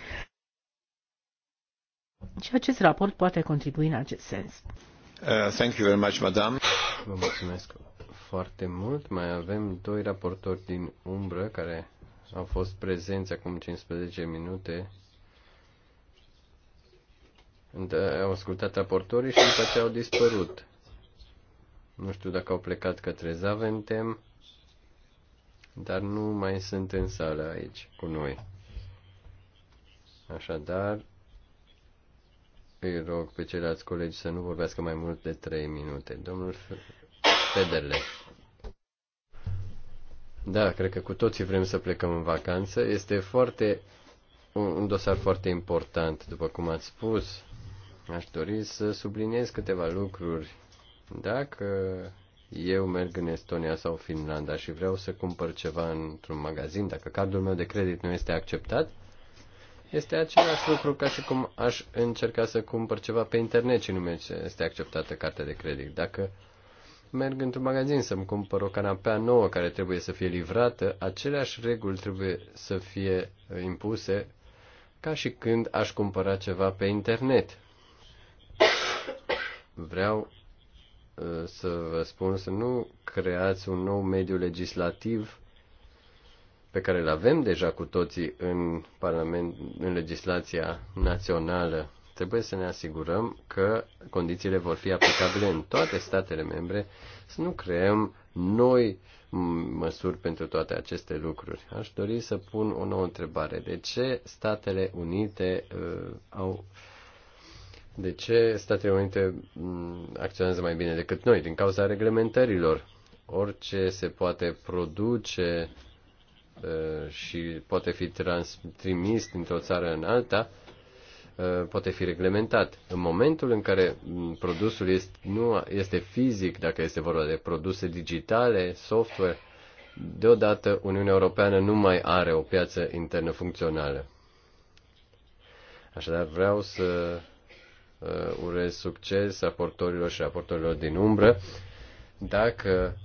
și acest raport poate contribui în acest sens. Uh, thank you very much, madam. Vă mulțumesc foarte mult. Mai avem doi raportori din umbră care au fost prezenți acum 15 minute. Au ascultat raportorii și după ce au dispărut. Nu știu dacă au plecat către Zaventem, dar nu mai sunt în sală aici cu noi. Așadar, îi rog pe ceilalți colegi să nu vorbească mai mult de 3 minute. Domnul Federle. Da, cred că cu toții vrem să plecăm în vacanță. Este foarte un dosar foarte important, după cum ați spus. Aș dori să subliniez câteva lucruri. Dacă eu merg în Estonia sau Finlanda și vreau să cumpăr ceva într-un magazin, dacă cardul meu de credit nu este acceptat, este același lucru ca și cum aș încerca să cumpăr ceva pe internet și nu este acceptată cartea de credit. Dacă uh, merg într-un magazin să-mi cumpăr o canapea nouă care trebuie să fie livrată, aceleași reguli trebuie să fie uh, impuse ca și când aș cumpăra ceva pe internet. Vreau uh, să vă spun să nu creați un nou mediu legislativ pe care îl avem deja cu toții în, parlament, în legislația națională Trebuie să ne asigurăm că condițiile vor fi aplicabile în toate statele membre, să nu creăm noi măsuri pentru toate aceste lucruri. Aș dori să pun o nouă întrebare. De ce Statele Unite uh, au de ce Statele Unite mm, acționează mai bine decât noi? Din cauza reglementărilor. Orice se poate produce uh, și poate fi trans, trimis dintr-o țară în alta, Uh, poate fi reglementat. În momentul în care mm, produsul este, nu este fizic, dacă este vorba de produse digitale, software, deodată Uniunea Europeană nu mai are o piață internă funcțională. Așadar vreau să uh, urez succes raportorilor și raportorilor din umbră. Dacă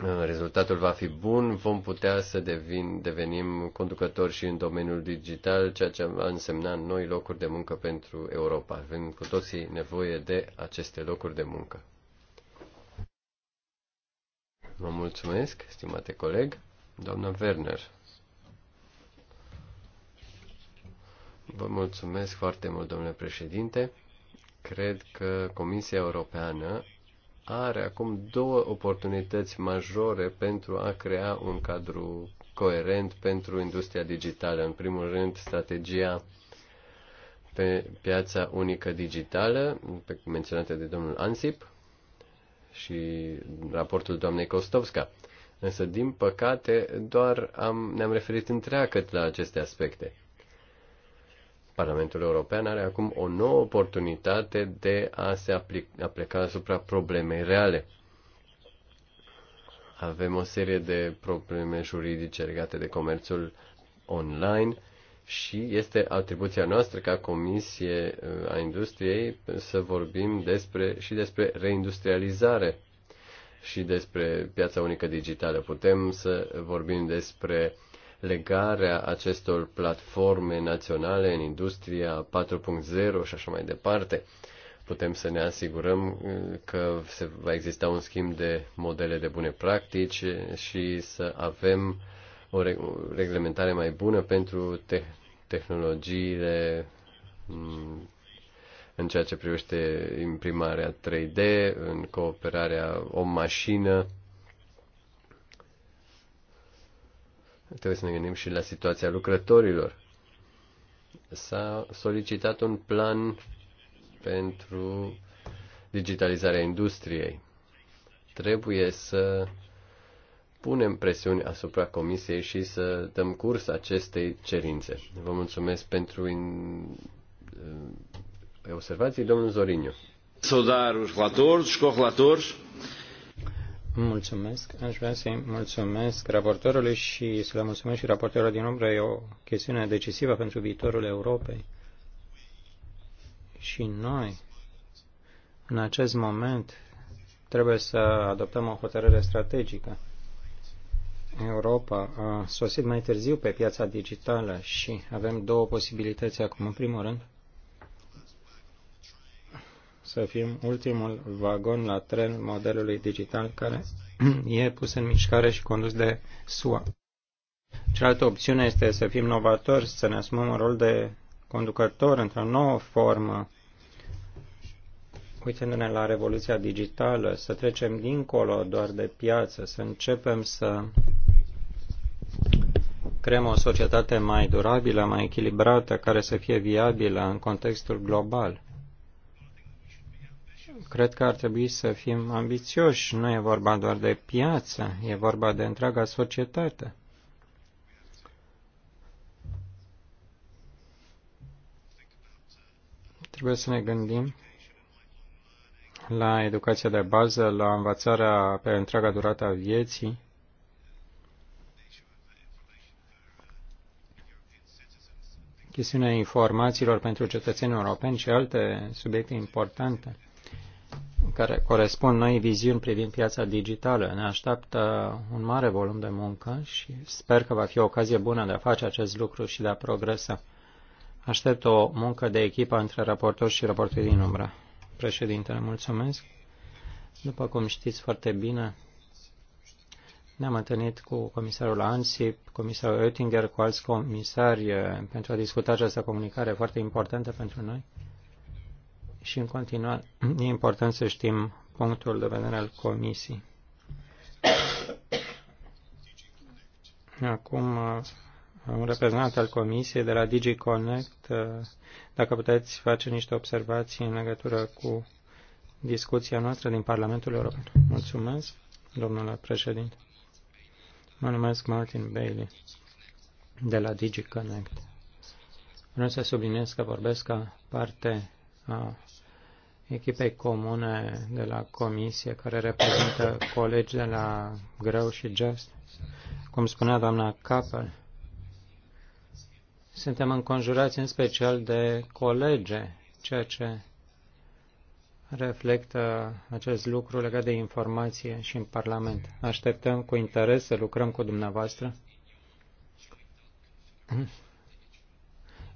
Uh, rezultatul va fi bun, vom putea să devin, devenim conducători și în domeniul digital, ceea ce va însemna noi locuri de muncă pentru Europa. Avem cu toții nevoie de aceste locuri de muncă. Vă mulțumesc, stimate coleg. Doamna Werner. Vă mulțumesc foarte mult, domnule președinte. Cred că Comisia Europeană are acum două oportunități majore pentru a crea un cadru coerent pentru industria digitală. În primul rând, strategia pe piața unică digitală, menționată de domnul Ansip și raportul doamnei Kostovska. Însă, din păcate, doar am, ne-am referit întreagăt la aceste aspecte. Parlamentul European are acum o nouă oportunitate de a se aplica, aplica asupra problemei reale. Avem o serie de probleme juridice legate de comerțul online și este atribuția noastră ca Comisie uh, a Industriei să vorbim despre, și despre reindustrializare și despre piața unică digitală. Putem să vorbim despre uh, legarea acestor platforme naționale în industria 4.0 și așa mai departe. Putem să ne asigurăm uh, că se va exista un schimb de modele de bune practici și să avem o reglementare mai bună pentru te- tehnologiile mm, în ceea ce privește imprimarea 3D, în cooperarea o mașină Trebuie să ne gândim și la situația lucrătorilor. S-a solicitat un plan pentru digitalizarea industriei. Trebuie să punem presiuni asupra Comisiei și să dăm curs acestei cerințe. Vă mulțumesc pentru in... Uh, observații, domnul Zoriniu. Saudar os relatores, os Mulțumesc. Aș vrea să-i mulțumesc raportorului și să le mulțumesc și raportorul din umbră. E o chestiune decisivă pentru viitorul Europei. Și noi, în acest moment, trebuie să adoptăm o hotărâre strategică. Europa a sosit mai târziu pe piața digitală și avem două posibilități acum. În primul rând, să fim ultimul vagon la tren modelului digital care e pus în mișcare și condus de SUA. Cealaltă opțiune este să fim novatori, să ne asumăm un rol de conducător într-o nouă formă, uitându-ne la revoluția digitală, să trecem dincolo doar de piață, să începem să creăm o societate mai durabilă, mai echilibrată, care să fie viabilă în contextul global cred că ar trebui să fim ambițioși. Nu e vorba doar de piață, e vorba de întreaga societate. Trebuie să ne gândim la educația de bază, la învățarea pe întreaga durată a vieții, chestiunea informațiilor pentru cetățenii europeni și alte subiecte importante care corespund noi viziuni privind piața digitală. Ne așteaptă un mare volum de muncă și sper că va fi o ocazie bună de a face acest lucru și de a progresa. Aștept o muncă de echipă între raportori și raportori din umbră. Președintele, mulțumesc. După cum știți foarte bine, ne-am întâlnit cu comisarul Ansip, comisarul Oettinger, cu alți comisari pentru a discuta această comunicare foarte importantă pentru noi și în continuare e important să știm punctul de vedere al comisiei. Acum, uh, un reprezentant al comisiei de la DigiConnect, uh, dacă puteți face niște observații în legătură cu discuția noastră din Parlamentul European. Mulțumesc, domnule președinte. Mă numesc Martin Bailey de la DigiConnect. Vreau să subliniez că vorbesc ca parte a echipei comune de la comisie care reprezintă colegi de la Grău și Just. Cum spunea doamna Capel, suntem înconjurați în special de colege, ceea ce reflectă acest lucru legat de informație și în Parlament. Așteptăm cu interes să lucrăm cu dumneavoastră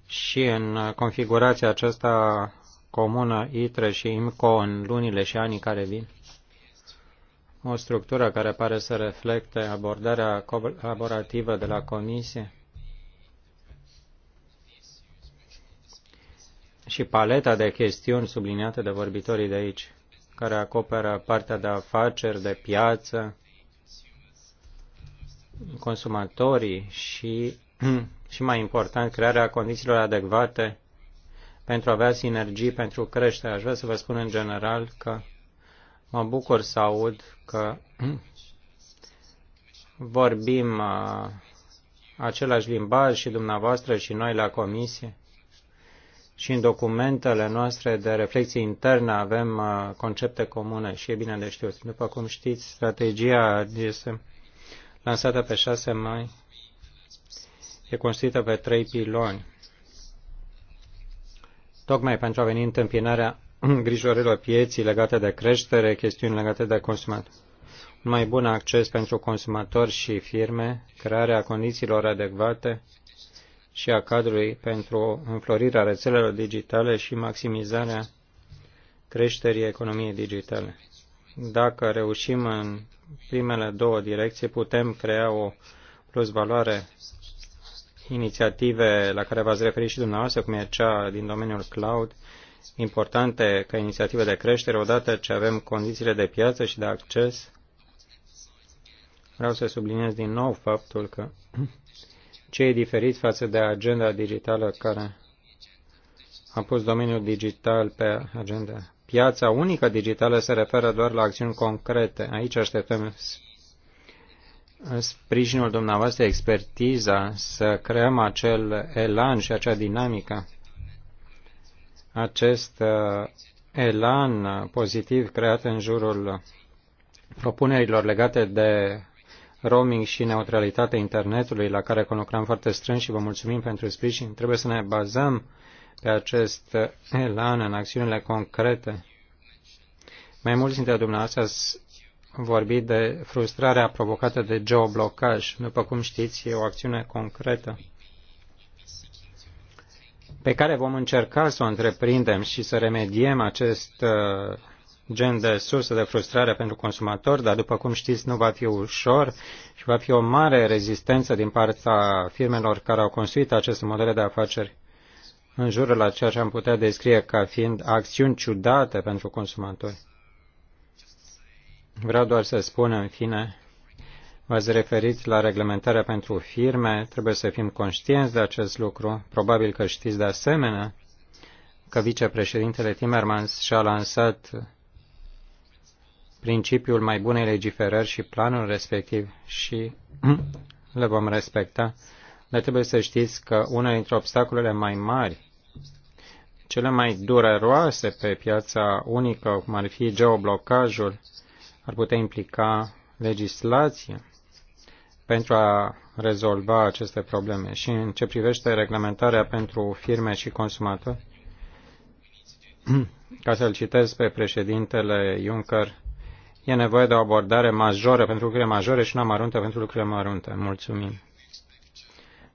și în configurația aceasta comună ITRE și IMCO în lunile și anii care vin? O structură care pare să reflecte abordarea colaborativă de la Comisie? și paleta de chestiuni subliniate de vorbitorii de aici, care acoperă partea de afaceri, de piață, consumatorii și, și mai important, crearea condițiilor adecvate pentru a avea sinergii pentru creștere. Aș vrea să vă spun în general că mă bucur să aud că vorbim a uh, același limbaj și dumneavoastră și noi la comisie și în documentele noastre de reflexie internă avem uh, concepte comune și e bine de știut. După cum știți, strategia este lansată pe 6 mai e constituită pe trei piloni tocmai pentru a veni întâmpinarea grijorilor pieții legate de creștere, chestiuni legate de consumat. Un mai bun acces pentru consumatori și firme, crearea condițiilor adecvate și a cadrului pentru înflorirea rețelelor digitale și maximizarea creșterii economiei digitale. Dacă reușim în primele două direcții, putem crea o plusvaloare inițiative la care v-ați referit și dumneavoastră, cum e cea din domeniul cloud, importante ca inițiative de creștere, odată ce avem condițiile de piață și de acces. Vreau să subliniez din nou faptul că ce e diferit față de agenda digitală care a pus domeniul digital pe agenda. Piața unică digitală se referă doar la acțiuni concrete. Aici așteptăm sprijinul dumneavoastră, expertiza, să creăm acel elan și acea dinamică, acest uh, elan pozitiv creat în jurul propunerilor legate de roaming și neutralitatea internetului, la care conlucrăm foarte strâns și vă mulțumim pentru sprijin. Trebuie să ne bazăm pe acest elan în acțiunile concrete. Mai mulți dintre dumneavoastră ați vorbit de frustrarea provocată de geoblocaj. După cum știți, e o acțiune concretă pe care vom încerca să o întreprindem și să remediem acest uh, gen de sursă de frustrare pentru consumator, dar după cum știți nu va fi ușor și va fi o mare rezistență din partea firmelor care au construit aceste modele de afaceri în jurul la ceea ce am putea descrie ca fiind acțiuni ciudate pentru consumatori. Vreau doar să spun în fine, v-ați referit la reglementarea pentru firme, trebuie să fim conștienți de acest lucru. Probabil că știți de asemenea că vicepreședintele Timmermans și-a lansat principiul mai bunei legiferări și planul respectiv și le vom respecta. Dar trebuie să știți că una dintre obstacolele mai mari, cele mai dureroase pe piața unică, cum ar fi geoblocajul, ar putea implica legislație pentru a rezolva aceste probleme. Și în ce privește reglementarea pentru firme și consumatori, ca să-l citez pe președintele Juncker, e nevoie de o abordare majoră pentru lucrurile majore și una măruntă pentru lucrurile mărunte. Mulțumim.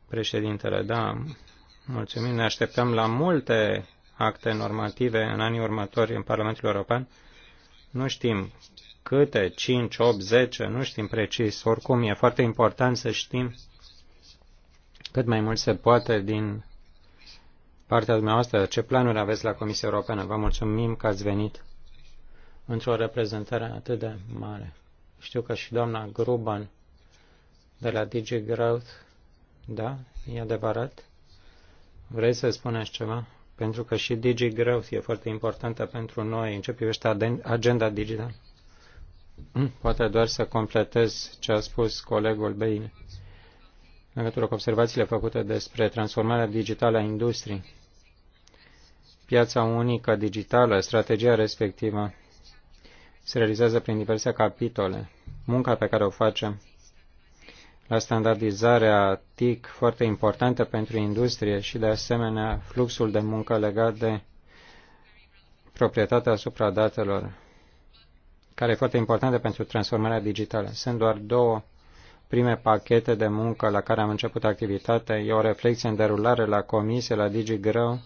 Președintele, da, mulțumim. Ne așteptăm la multe acte normative în anii următori în Parlamentul European. Nu știm câte, 5, 8, 10, nu știm precis. Oricum, e foarte important să știm cât mai mult se poate din partea dumneavoastră. Ce planuri aveți la Comisia Europeană? Vă mulțumim că ați venit într-o reprezentare atât de mare. Știu că și doamna Gruban de la Digigrowth, da, e adevărat? Vrei să spuneți ceva? Pentru că și Digigrowth e foarte importantă pentru noi în ce privește agenda digitală. Hmm, poate doar să completez ce a spus colegul Bain în legătură cu observațiile făcute despre transformarea digitală a industriei. Piața unică digitală, strategia respectivă, se realizează prin diverse capitole. Munca pe care o facem la standardizarea TIC foarte importantă pentru industrie și de asemenea fluxul de muncă legat de proprietatea asupra datelor care e foarte importantă pentru transformarea digitală. Sunt doar două prime pachete de muncă la care am început activitatea. E o reflexie în derulare la comisie, la DigiGrow, în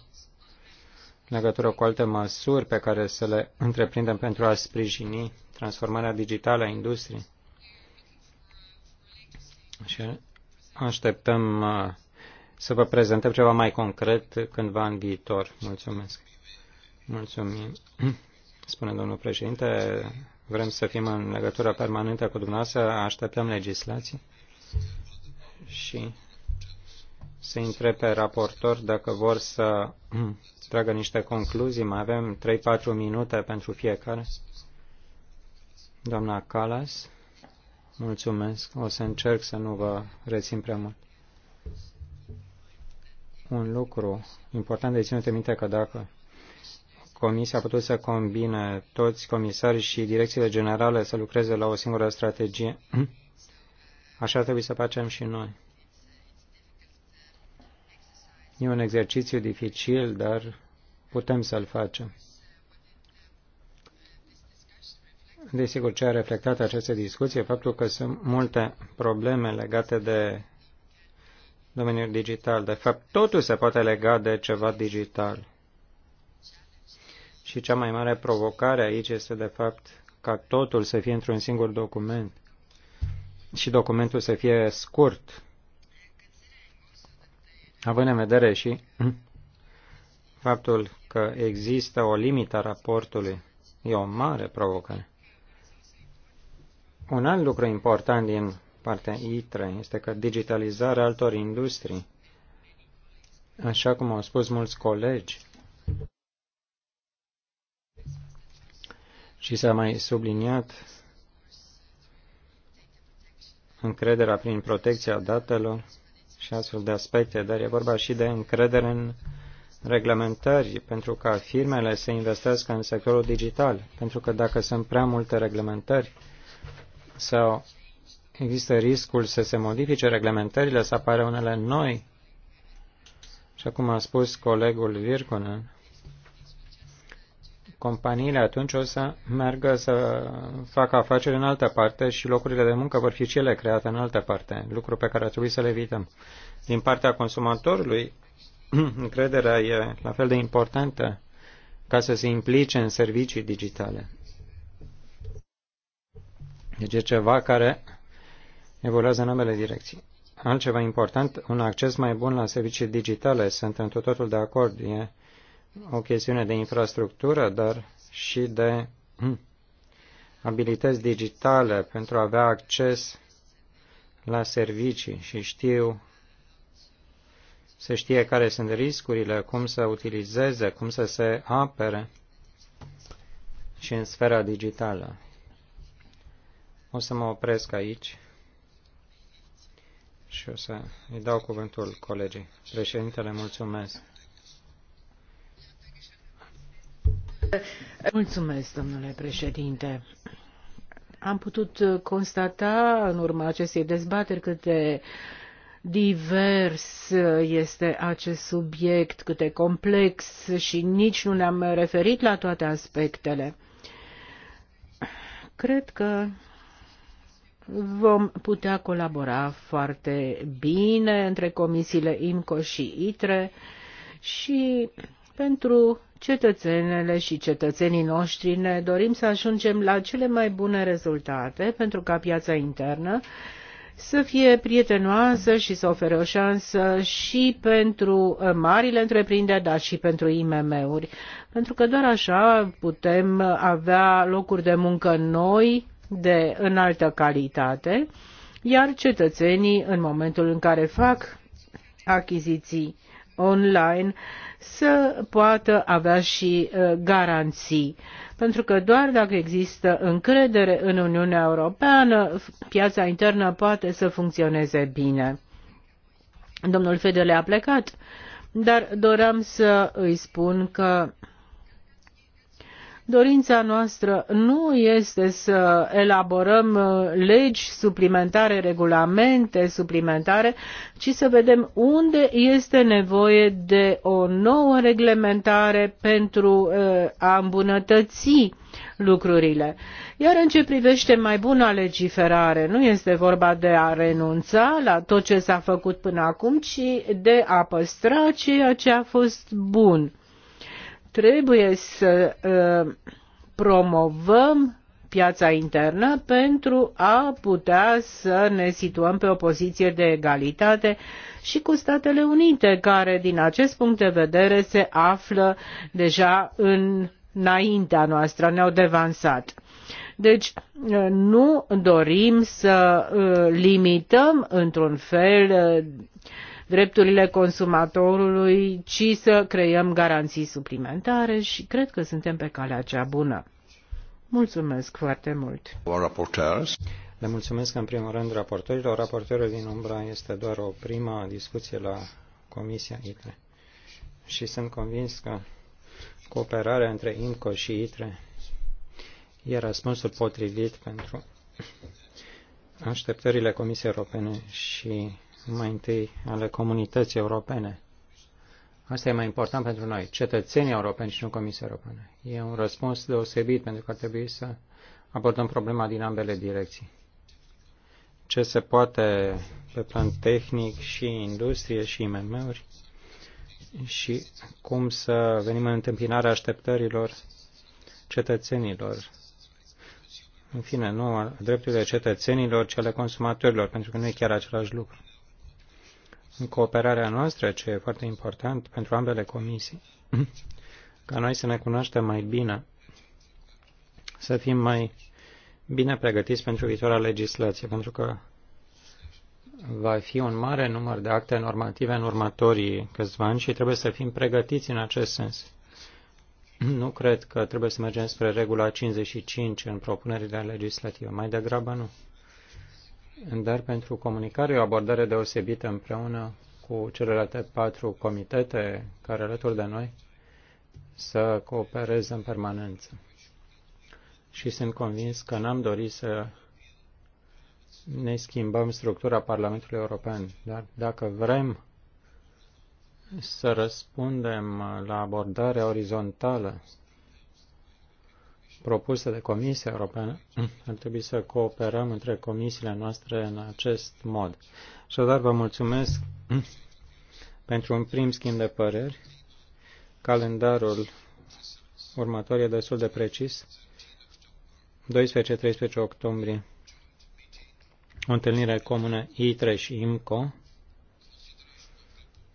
legătură cu alte măsuri pe care să le întreprindem pentru a sprijini transformarea digitală a industriei. Și așteptăm uh, să vă prezentăm ceva mai concret cândva în viitor. Mulțumesc. Mulțumim, spune domnul președinte. Vrem să fim în legătură permanentă cu dumneavoastră, așteptăm legislații și să intre pe raportor dacă vor să tragă niște concluzii. Mai avem 3-4 minute pentru fiecare. Doamna Calas, mulțumesc. O să încerc să nu vă rețin prea mult. Un lucru important de ținut minte că dacă Comisia a putut să combine toți comisarii și direcțiile generale să lucreze la o singură strategie. Așa trebuie să facem și noi. E un exercițiu dificil, dar putem să-l facem. Desigur, ce a reflectat această discuție, faptul că sunt multe probleme legate de domeniul digital. De fapt, totul se poate lega de ceva digital. Și cea mai mare provocare aici este, de fapt, ca totul să fie într-un singur document și documentul să fie scurt, având în vedere și faptul că există o limită a raportului. E o mare provocare. Un alt lucru important din partea ITRE este că digitalizarea altor industrii, așa cum au spus mulți colegi, și s-a mai subliniat încrederea prin protecția datelor și astfel de aspecte, dar e vorba și de încredere în reglementări pentru ca firmele să investească în sectorul digital, pentru că dacă sunt prea multe reglementări sau există riscul să se modifice reglementările, să apară unele noi. Și acum a spus colegul Virconen, companiile atunci o să meargă să facă afaceri în altă parte și locurile de muncă vor fi cele create în altă parte, lucru pe care ar trebui să le evităm. Din partea consumatorului, încrederea e la fel de importantă ca să se implice în servicii digitale. Deci e ceva care evoluează în ambele direcții. Altceva important, un acces mai bun la servicii digitale. Sunt în totul de acord. E o chestiune de infrastructură, dar și de hmm, abilități digitale pentru a avea acces la servicii și știu să știe care sunt riscurile, cum să utilizeze, cum să se apere și în sfera digitală. O să mă opresc aici și o să îi dau cuvântul colegii. Președintele, mulțumesc. Mulțumesc, domnule președinte. Am putut constata în urma acestei dezbateri cât de divers este acest subiect, cât de complex și nici nu ne-am referit la toate aspectele. Cred că vom putea colabora foarte bine între comisiile IMCO și ITRE și pentru Cetățenele și cetățenii noștri ne dorim să ajungem la cele mai bune rezultate pentru ca piața internă să fie prietenoasă și să ofere o șansă și pentru uh, marile întreprinderi, dar și pentru IMM-uri. Pentru că doar așa putem avea locuri de muncă noi, de înaltă calitate, iar cetățenii, în momentul în care fac achiziții online, să poată avea și uh, garanții. Pentru că doar dacă există încredere în Uniunea Europeană, piața internă poate să funcționeze bine. Domnul Fedele a plecat, dar doream să îi spun că Dorința noastră nu este să elaborăm uh, legi suplimentare, regulamente suplimentare, ci să vedem unde este nevoie de o nouă reglementare pentru uh, a îmbunătăți lucrurile. Iar în ce privește mai buna legiferare, nu este vorba de a renunța la tot ce s-a făcut până acum, ci de a păstra ceea ce a fost bun. Trebuie să ă, promovăm piața internă pentru a putea să ne situăm pe o poziție de egalitate și cu Statele Unite, care din acest punct de vedere se află deja în înaintea noastră, ne-au devansat. Deci ă, nu dorim să ă, limităm într-un fel drepturile consumatorului, ci să creăm garanții suplimentare și cred că suntem pe calea cea bună. Mulțumesc foarte mult! Le mulțumesc în primul rând raportorilor. Raportorul din Umbra este doar o prima discuție la Comisia ITRE. Și sunt convins că cooperarea între IMCO și ITRE e răspunsul potrivit pentru așteptările Comisiei Europene și mai întâi ale comunității europene. Asta e mai important pentru noi, cetățenii europeni și nu Comisia Europeană. E un răspuns deosebit pentru că ar trebui să abordăm problema din ambele direcții. Ce se poate pe plan tehnic și industrie și IMM-uri și cum să venim în întâmpinarea așteptărilor cetățenilor. În fine, nu drepturile cetățenilor, ci ale consumatorilor, pentru că nu e chiar același lucru în cooperarea noastră, ce e foarte important pentru ambele comisii, ca noi să ne cunoaștem mai bine, să fim mai bine pregătiți pentru viitoarea legislație, pentru că va fi un mare număr de acte normative în următorii câțiva ani și trebuie să fim pregătiți în acest sens. Nu cred că trebuie să mergem spre regula 55 în propunerile legislative, mai degrabă nu dar pentru comunicare o abordare deosebită împreună cu celelalte patru comitete care alături de noi să coopereze în permanență. Și sunt convins că n-am dorit să ne schimbăm structura Parlamentului European, dar dacă vrem să răspundem la abordarea orizontală propusă de Comisia Europeană, ar trebui să cooperăm între comisiile noastre în acest mod. Și dar vă mulțumesc pentru un prim schimb de păreri. Calendarul următor e destul de precis. 12-13 octombrie, o întâlnire comună ITRE și IMCO,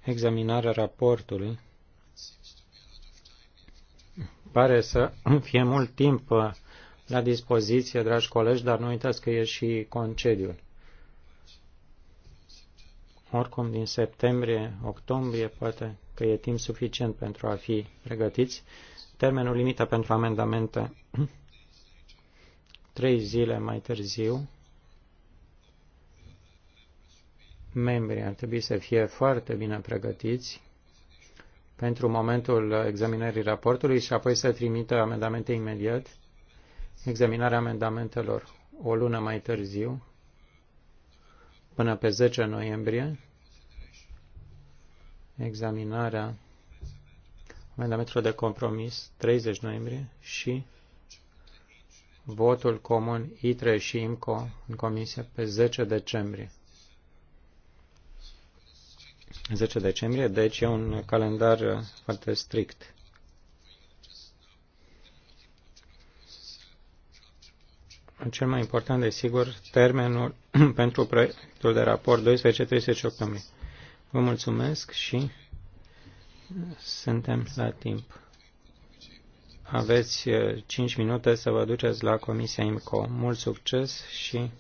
examinarea raportului pare să fie mult timp uh, la dispoziție, dragi colegi, dar nu uitați că e și concediul. Oricum, din septembrie, octombrie, poate că e timp suficient pentru a fi pregătiți. Termenul limită pentru amendamente trei zile mai târziu. Membrii ar trebui să fie foarte bine pregătiți pentru momentul examinării raportului și apoi să trimită amendamente imediat, examinarea amendamentelor o lună mai târziu, până pe 10 noiembrie, examinarea amendamentelor de compromis 30 noiembrie și votul comun ITRE și IMCO în comisie pe 10 decembrie. 10 decembrie, deci e un calendar uh, foarte strict. Cel mai important, desigur, termenul pentru proiectul de raport 12-13 octombrie. Vă mulțumesc și uh, suntem la timp. Aveți 5 uh, minute să vă duceți la Comisia IMCO. Mult succes și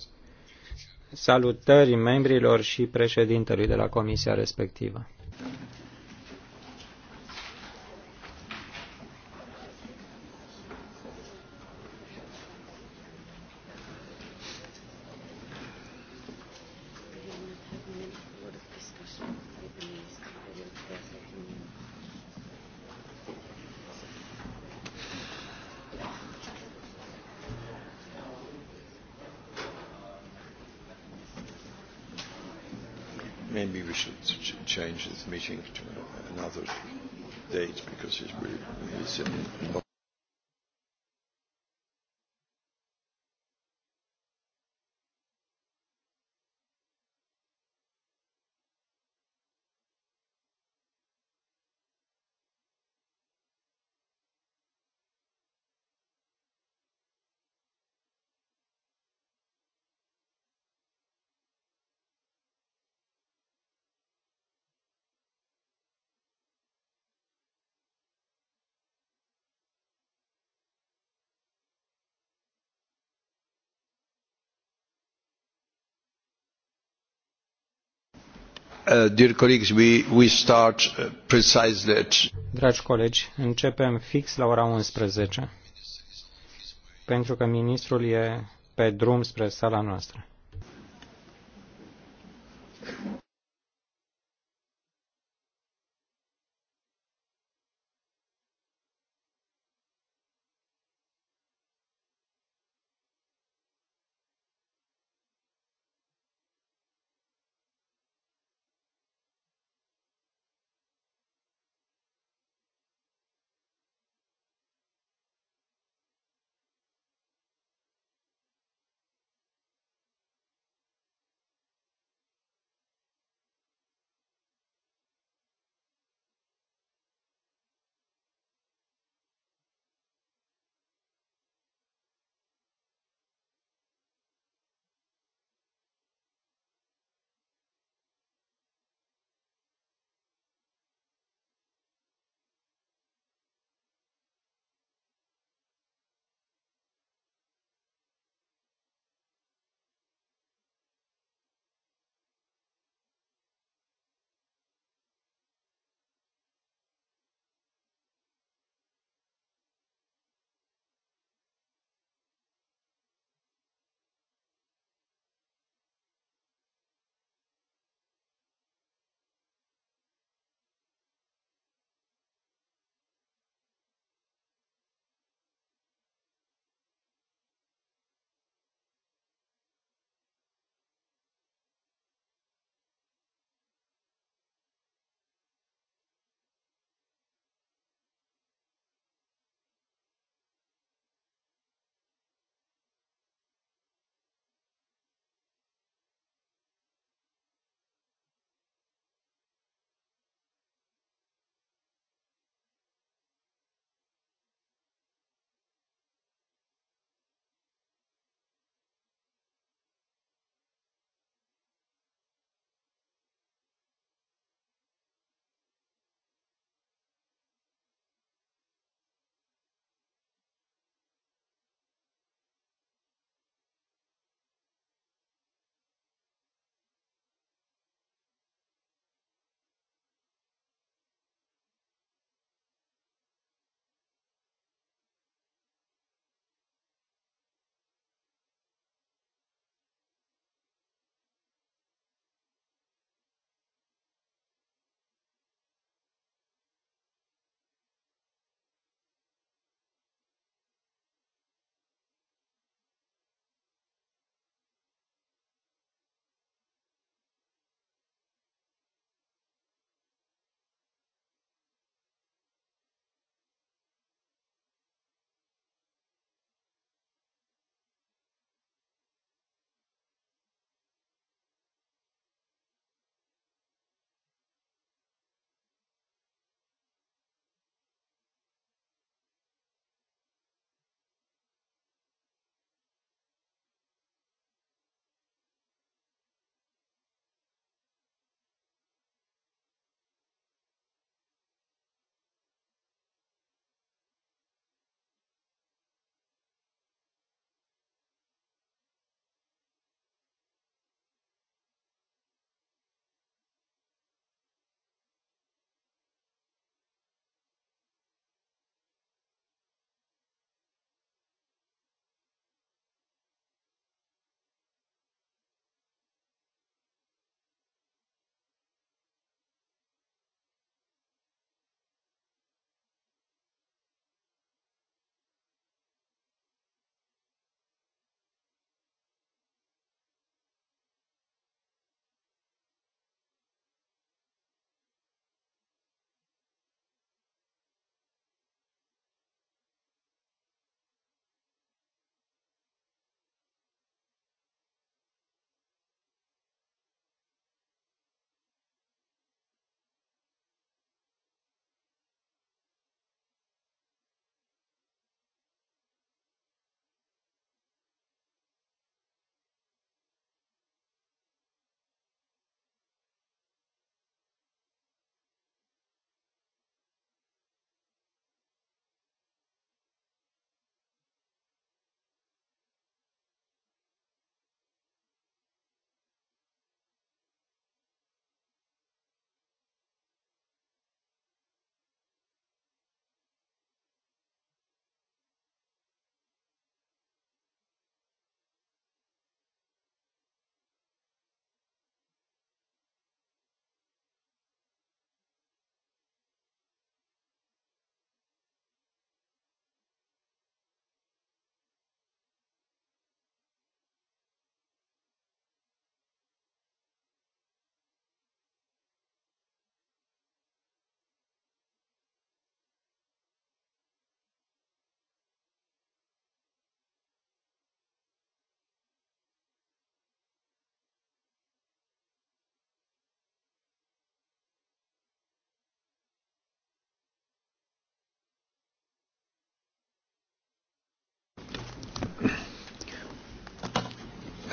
salutări membrilor și președintelui de la comisia respectivă. teaching to another date because he's really, he's in Uh, uh, Dragi colegi, începem fix la ora 11, pentru că ministrul e pe drum spre sala noastră.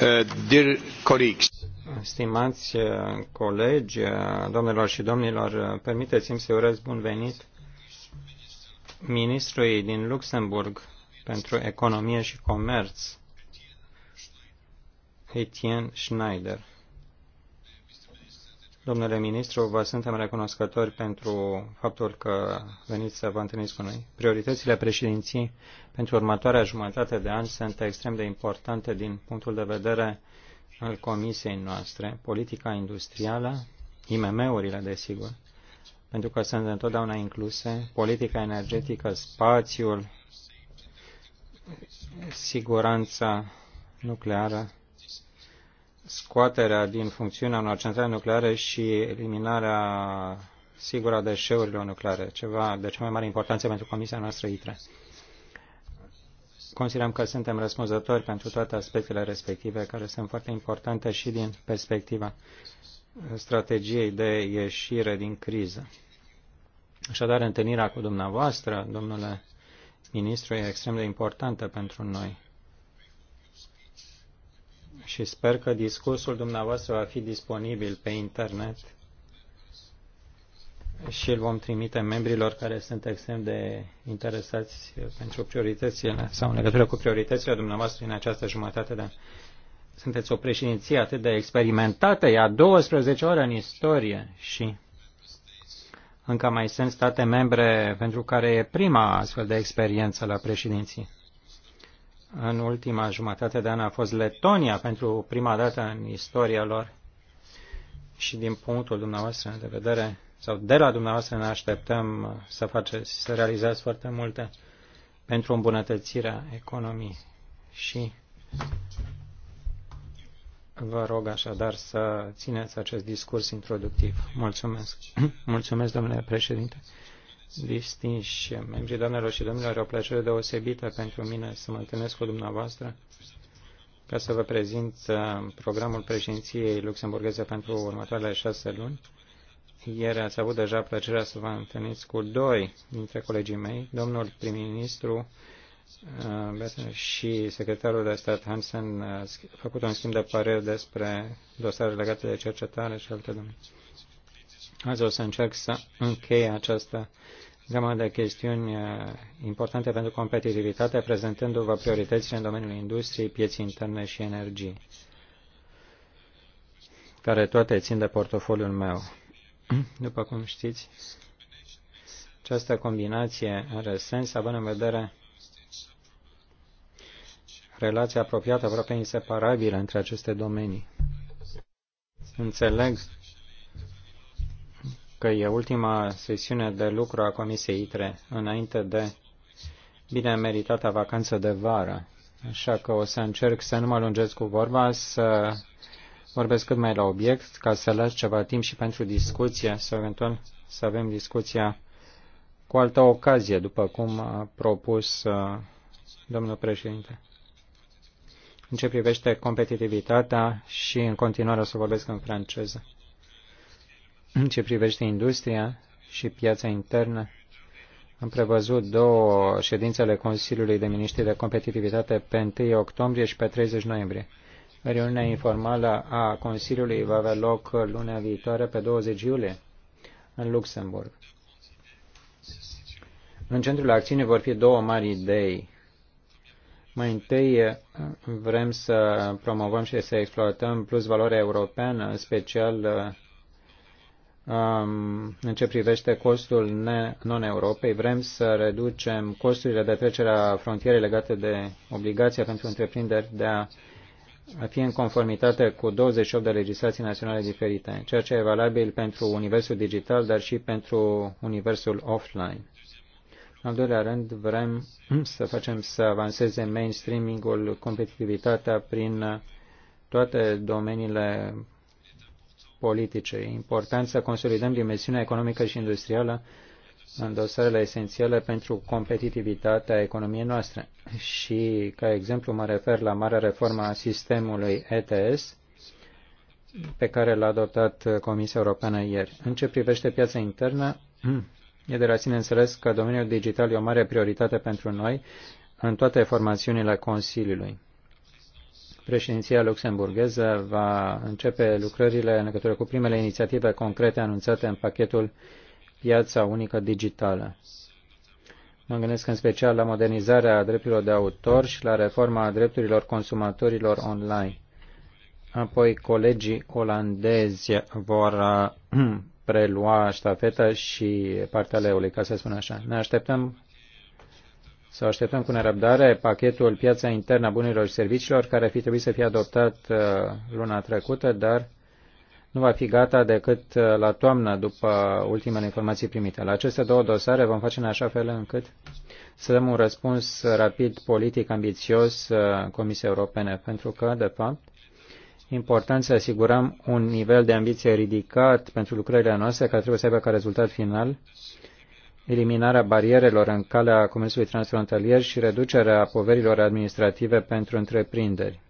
Uh, dear colleagues. Stimați uh, colegi, uh, domnilor și domnilor, permiteți-mi să urez bun venit ministrului din Luxemburg pentru Economie și Comerț, Etienne Schneider. Domnule ministru, vă suntem recunoscători pentru faptul că veniți să vă întâlniți cu noi. Prioritățile președinției pentru următoarea jumătate de an sunt extrem de importante din punctul de vedere al comisiei noastre, politica industrială, IMM-urile, desigur, pentru că sunt întotdeauna incluse, politica energetică, spațiul, siguranța nucleară, scoaterea din funcțiunea unor centrale nucleare și eliminarea sigură a deșeurilor nucleare, ceva de cea mai mare importanță pentru Comisia noastră ITRE. Considerăm că suntem răspunzători pentru toate aspectele respective, care sunt foarte importante și din perspectiva strategiei de ieșire din criză. Așadar, întâlnirea cu dumneavoastră, domnule ministru, e extrem de importantă pentru noi și sper că discursul dumneavoastră va fi disponibil pe internet și îl vom trimite membrilor care sunt extrem de interesați pentru prioritățile sau în legătură cu prioritățile dumneavoastră în această jumătate de an. Sunteți o președinție atât de experimentată, ea 12 ore în istorie și încă mai sunt state membre pentru care e prima astfel de experiență la președinție în ultima jumătate de an a fost Letonia pentru prima dată în istoria lor și din punctul dumneavoastră de vedere sau de la dumneavoastră ne așteptăm să faceți, să realizați foarte multe pentru îmbunătățirea economiei și vă rog așadar să țineți acest discurs introductiv. Mulțumesc. Mulțumesc, domnule președinte distinși membrii doamnelor și domnilor, e o plăcere deosebită pentru mine să mă întâlnesc cu dumneavoastră ca să vă prezint uh, programul președinției luxemburgheze pentru următoarele șase luni. Ieri ați avut deja plăcerea să vă întâlniți cu doi dintre colegii mei, domnul prim-ministru uh, și secretarul de stat Hansen uh, a făcut un schimb de păreri despre dosare legate de cercetare și alte domenii. Azi o să încerc să închei această gamă de chestiuni eh, importante pentru competitivitate, prezentându-vă prioritățile în domeniul industriei, pieții interne și energii, care toate țin de portofoliul meu. După cum știți, această combinație are sens, având în vedere relația apropiată, aproape inseparabilă între aceste domenii. Înțeleg că e ultima sesiune de lucru a Comisiei ITRE înainte de bine meritata vacanță de vară. Așa că o să încerc să nu mă lungesc cu vorba, să vorbesc cât mai la obiect, ca să las ceva timp și pentru discuție, să eventual să avem discuția cu altă ocazie, după cum a propus uh, domnul președinte. În ce privește competitivitatea și în continuare o să vorbesc în franceză. În ce privește industria și piața internă, am prevăzut două ședințe ale Consiliului de Ministri de Competitivitate pe 1 octombrie și pe 30 noiembrie. Reuniunea informală a Consiliului va avea loc lunea viitoare pe 20 iulie în Luxemburg. În centrul acțiunii vor fi două mari idei. Mai întâi vrem să promovăm și să exploatăm plus valoarea europeană, în special în ce privește costul non-Europei. Vrem să reducem costurile de trecere a frontierei legate de obligația pentru întreprinderi de a fi în conformitate cu 28 de legislații naționale diferite, ceea ce e valabil pentru universul digital, dar și pentru universul offline. În al doilea rând, vrem să facem să avanseze mainstreaming-ul, competitivitatea prin toate domeniile politice. E important să consolidăm dimensiunea economică și industrială în dosarele esențiale pentru competitivitatea economiei noastre. Și, ca exemplu, mă refer la marea reformă a sistemului ETS pe care l-a adoptat Comisia Europeană ieri. În ce privește piața internă, e de la sine înțeles că domeniul digital e o mare prioritate pentru noi în toate formațiunile Consiliului. Președinția luxemburgheză va începe lucrările în legătură cu primele inițiative concrete anunțate în pachetul Piața Unică Digitală. Mă gândesc în special la modernizarea drepturilor de autor și la reforma drepturilor consumatorilor online. Apoi colegii olandezi vor uh, prelua ștafeta și partea leului, ca să spun așa. Ne așteptăm să așteptăm cu nerăbdare pachetul piața internă a bunurilor și serviciilor, care ar fi trebuit să fie adoptat uh, luna trecută, dar nu va fi gata decât uh, la toamnă, după ultimele informații primite. La aceste două dosare vom face în așa fel încât să dăm un răspuns rapid, politic, ambițios uh, Comisiei Europene, pentru că, de fapt, important să asigurăm un nivel de ambiție ridicat pentru lucrările noastre, care trebuie să aibă ca rezultat final eliminarea barierelor în calea comerțului transfrontalier și reducerea poverilor administrative pentru întreprinderi,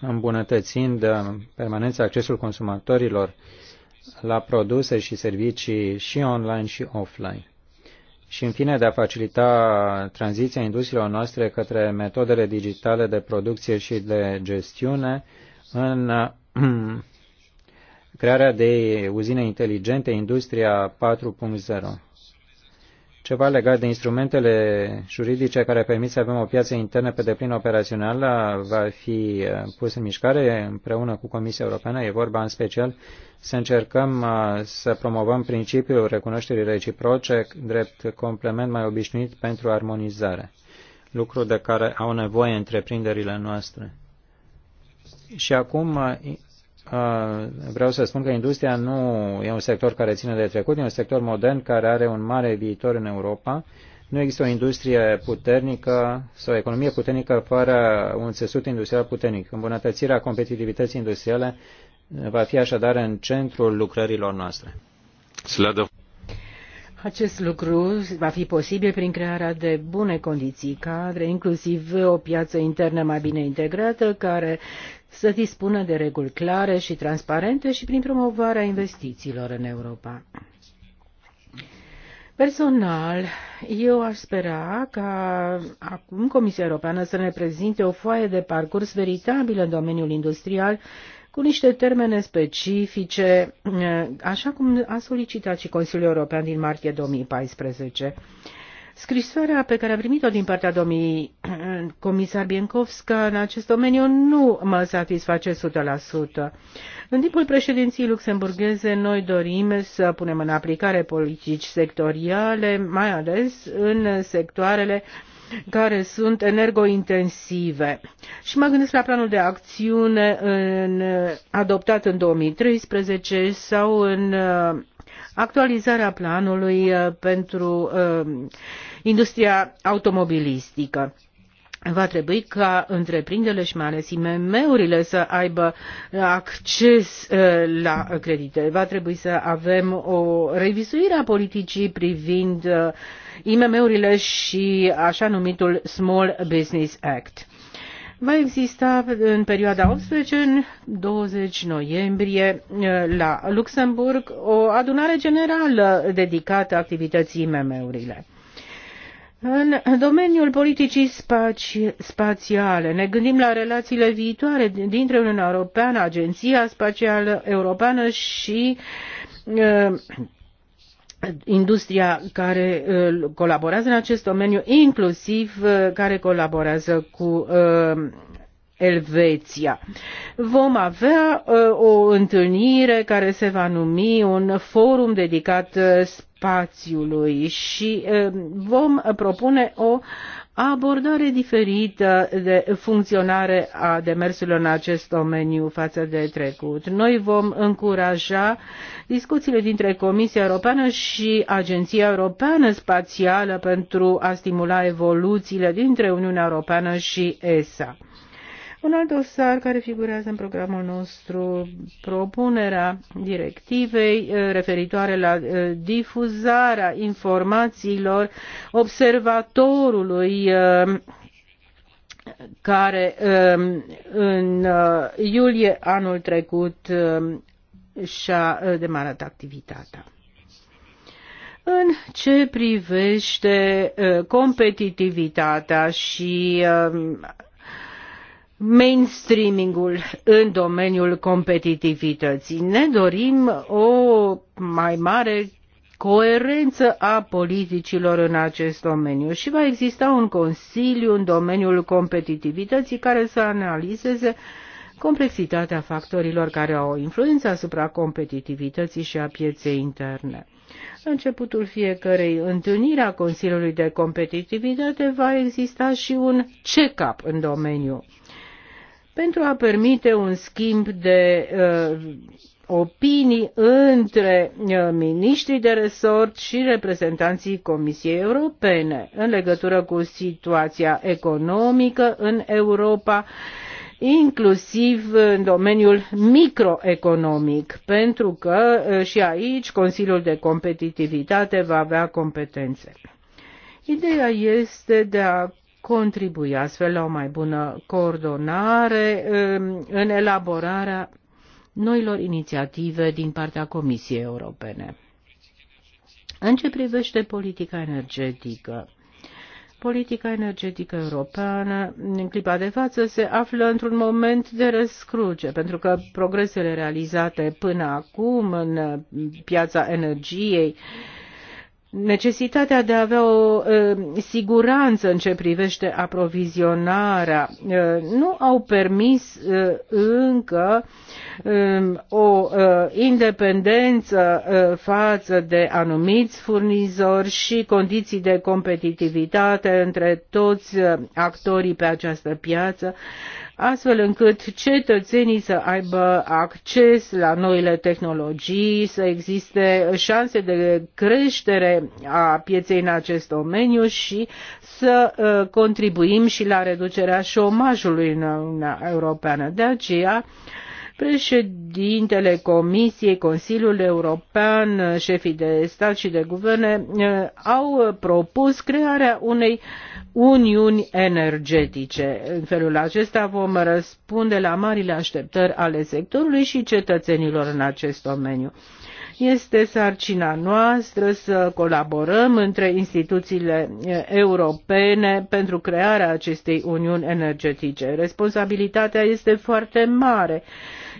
îmbunătățind uh, permanența accesul consumatorilor la produse și servicii și online și offline. Și în fine de a facilita tranziția industriilor noastre către metodele digitale de producție și de gestiune în uh, crearea de uzine inteligente, industria 4.0. Ceva legat de instrumentele juridice care permit să avem o piață internă pe deplin operațională va fi uh, pus în mișcare împreună cu Comisia Europeană. E vorba în special să încercăm uh, să promovăm principiul recunoșterii reciproce drept complement mai obișnuit pentru armonizare, lucru de care au nevoie întreprinderile noastre. Și acum uh, Uh, vreau să spun că industria nu e un sector care ține de trecut, e un sector modern care are un mare viitor în Europa. Nu există o industrie puternică sau o economie puternică fără un țesut industrial puternic. Îmbunătățirea competitivității industriale va fi așadar în centrul lucrărilor noastre. Acest lucru va fi posibil prin crearea de bune condiții cadre, inclusiv o piață internă mai bine integrată, care să dispună de reguli clare și transparente și prin promovarea investițiilor în Europa. Personal, eu aș spera ca acum Comisia Europeană să ne prezinte o foaie de parcurs veritabilă în domeniul industrial cu niște termene specifice, eh, așa cum a solicitat și Consiliul European din martie 2014. Scrisoarea pe care am primit-o din partea domnului comisar Biencovska în acest domeniu nu mă satisface 100%. În timpul președinției luxemburgheze noi dorim să punem în aplicare politici sectoriale, mai ales în sectoarele care sunt energointensive. Și mă gândesc la planul de acțiune în, adoptat în 2013 sau în actualizarea planului uh, pentru uh, industria automobilistică. Va trebui ca întreprinderile și mai ales IMM-urile să aibă acces uh, la credite. Va trebui să avem o revizuire a politicii privind IMM-urile și așa numitul Small Business Act Va exista în perioada 18-20 noiembrie eh, la Luxemburg o adunare generală dedicată activității mm urile În domeniul politicii spaci, spațiale ne gândim la relațiile viitoare dintre Uniunea Europeană, Agenția Spațială Europeană și uh, industria care uh, colaborează în acest domeniu, inclusiv uh, care colaborează cu uh, Elveția. Vom avea o întâlnire care se va numi un forum dedicat spațiului și vom propune o abordare diferită de funcționare a demersurilor în acest domeniu față de trecut. Noi vom încuraja discuțiile dintre Comisia Europeană și Agenția Europeană Spațială pentru a stimula evoluțiile dintre Uniunea Europeană și ESA. Un alt dosar care figurează în programul nostru, propunerea directivei eh, referitoare la eh, difuzarea informațiilor observatorului eh, care în iulie anul trecut și-a demarat activitatea. În ce privește competitivitatea și mainstreamingul în domeniul competitivității. Ne dorim o mai mare coerență a politicilor în acest domeniu și va exista un consiliu în domeniul competitivității care să analizeze complexitatea factorilor care au influență asupra competitivității și a pieței interne. La începutul fiecărei întâlniri a Consiliului de Competitivitate va exista și un check-up în domeniu pentru a permite un schimb de uh, opinii între uh, miniștrii de resort și reprezentanții Comisiei Europene în legătură cu situația economică în Europa, inclusiv în domeniul microeconomic, pentru că uh, și aici Consiliul de Competitivitate va avea competențe. Ideea este de a contribui astfel la o mai bună coordonare um, în elaborarea noilor inițiative din partea Comisiei Europene. În ce privește politica energetică, politica energetică europeană în clipa de față se află într-un moment de răscruce, pentru că progresele realizate până acum în piața energiei uh, necesitatea de a avea o siguranță în ce privește aprovizionarea nu au permis încă o independență față de anumiți furnizori și condiții de competitivitate între toți actorii pe această piață astfel încât cetățenii să aibă acces la noile tehnologii, să existe șanse de creștere a pieței în acest domeniu și să uh, contribuim și la reducerea șomajului în Uniunea Europeană. De aceea, Președintele Comisiei, Consiliul European, șefii de stat și de guverne eh, au propus crearea unei uniuni energetice. În felul acesta vom răspunde la marile așteptări ale sectorului și cetățenilor în acest domeniu. Este sarcina noastră să colaborăm între instituțiile europene pentru crearea acestei uniuni energetice. Responsabilitatea este foarte mare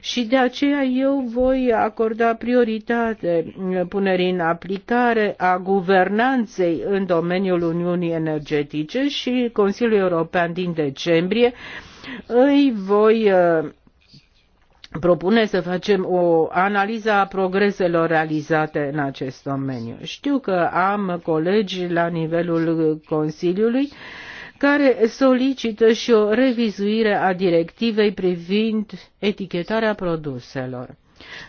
și de aceea eu voi acorda prioritate punerii în aplicare a guvernanței în domeniul Uniunii Energetice și Consiliul European din decembrie îi voi propune să facem o analiză a progreselor realizate în acest domeniu. Știu că am colegi la nivelul Consiliului care solicită și o revizuire a directivei privind etichetarea produselor.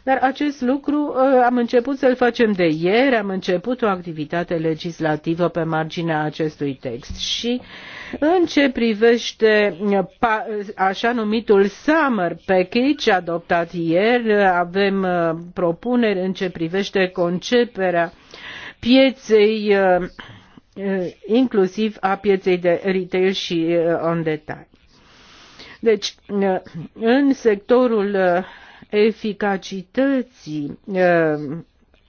Dar acest lucru uh, am început să-l facem de ieri, am început o activitate legislativă pe marginea acestui text și uh, în ce privește uh, uh, așa numitul Summer Package adoptat ieri, avem uh, propuneri în ce privește conceperea pieței inclusiv a pieței de retail și on detail. Deci, în sectorul eficacității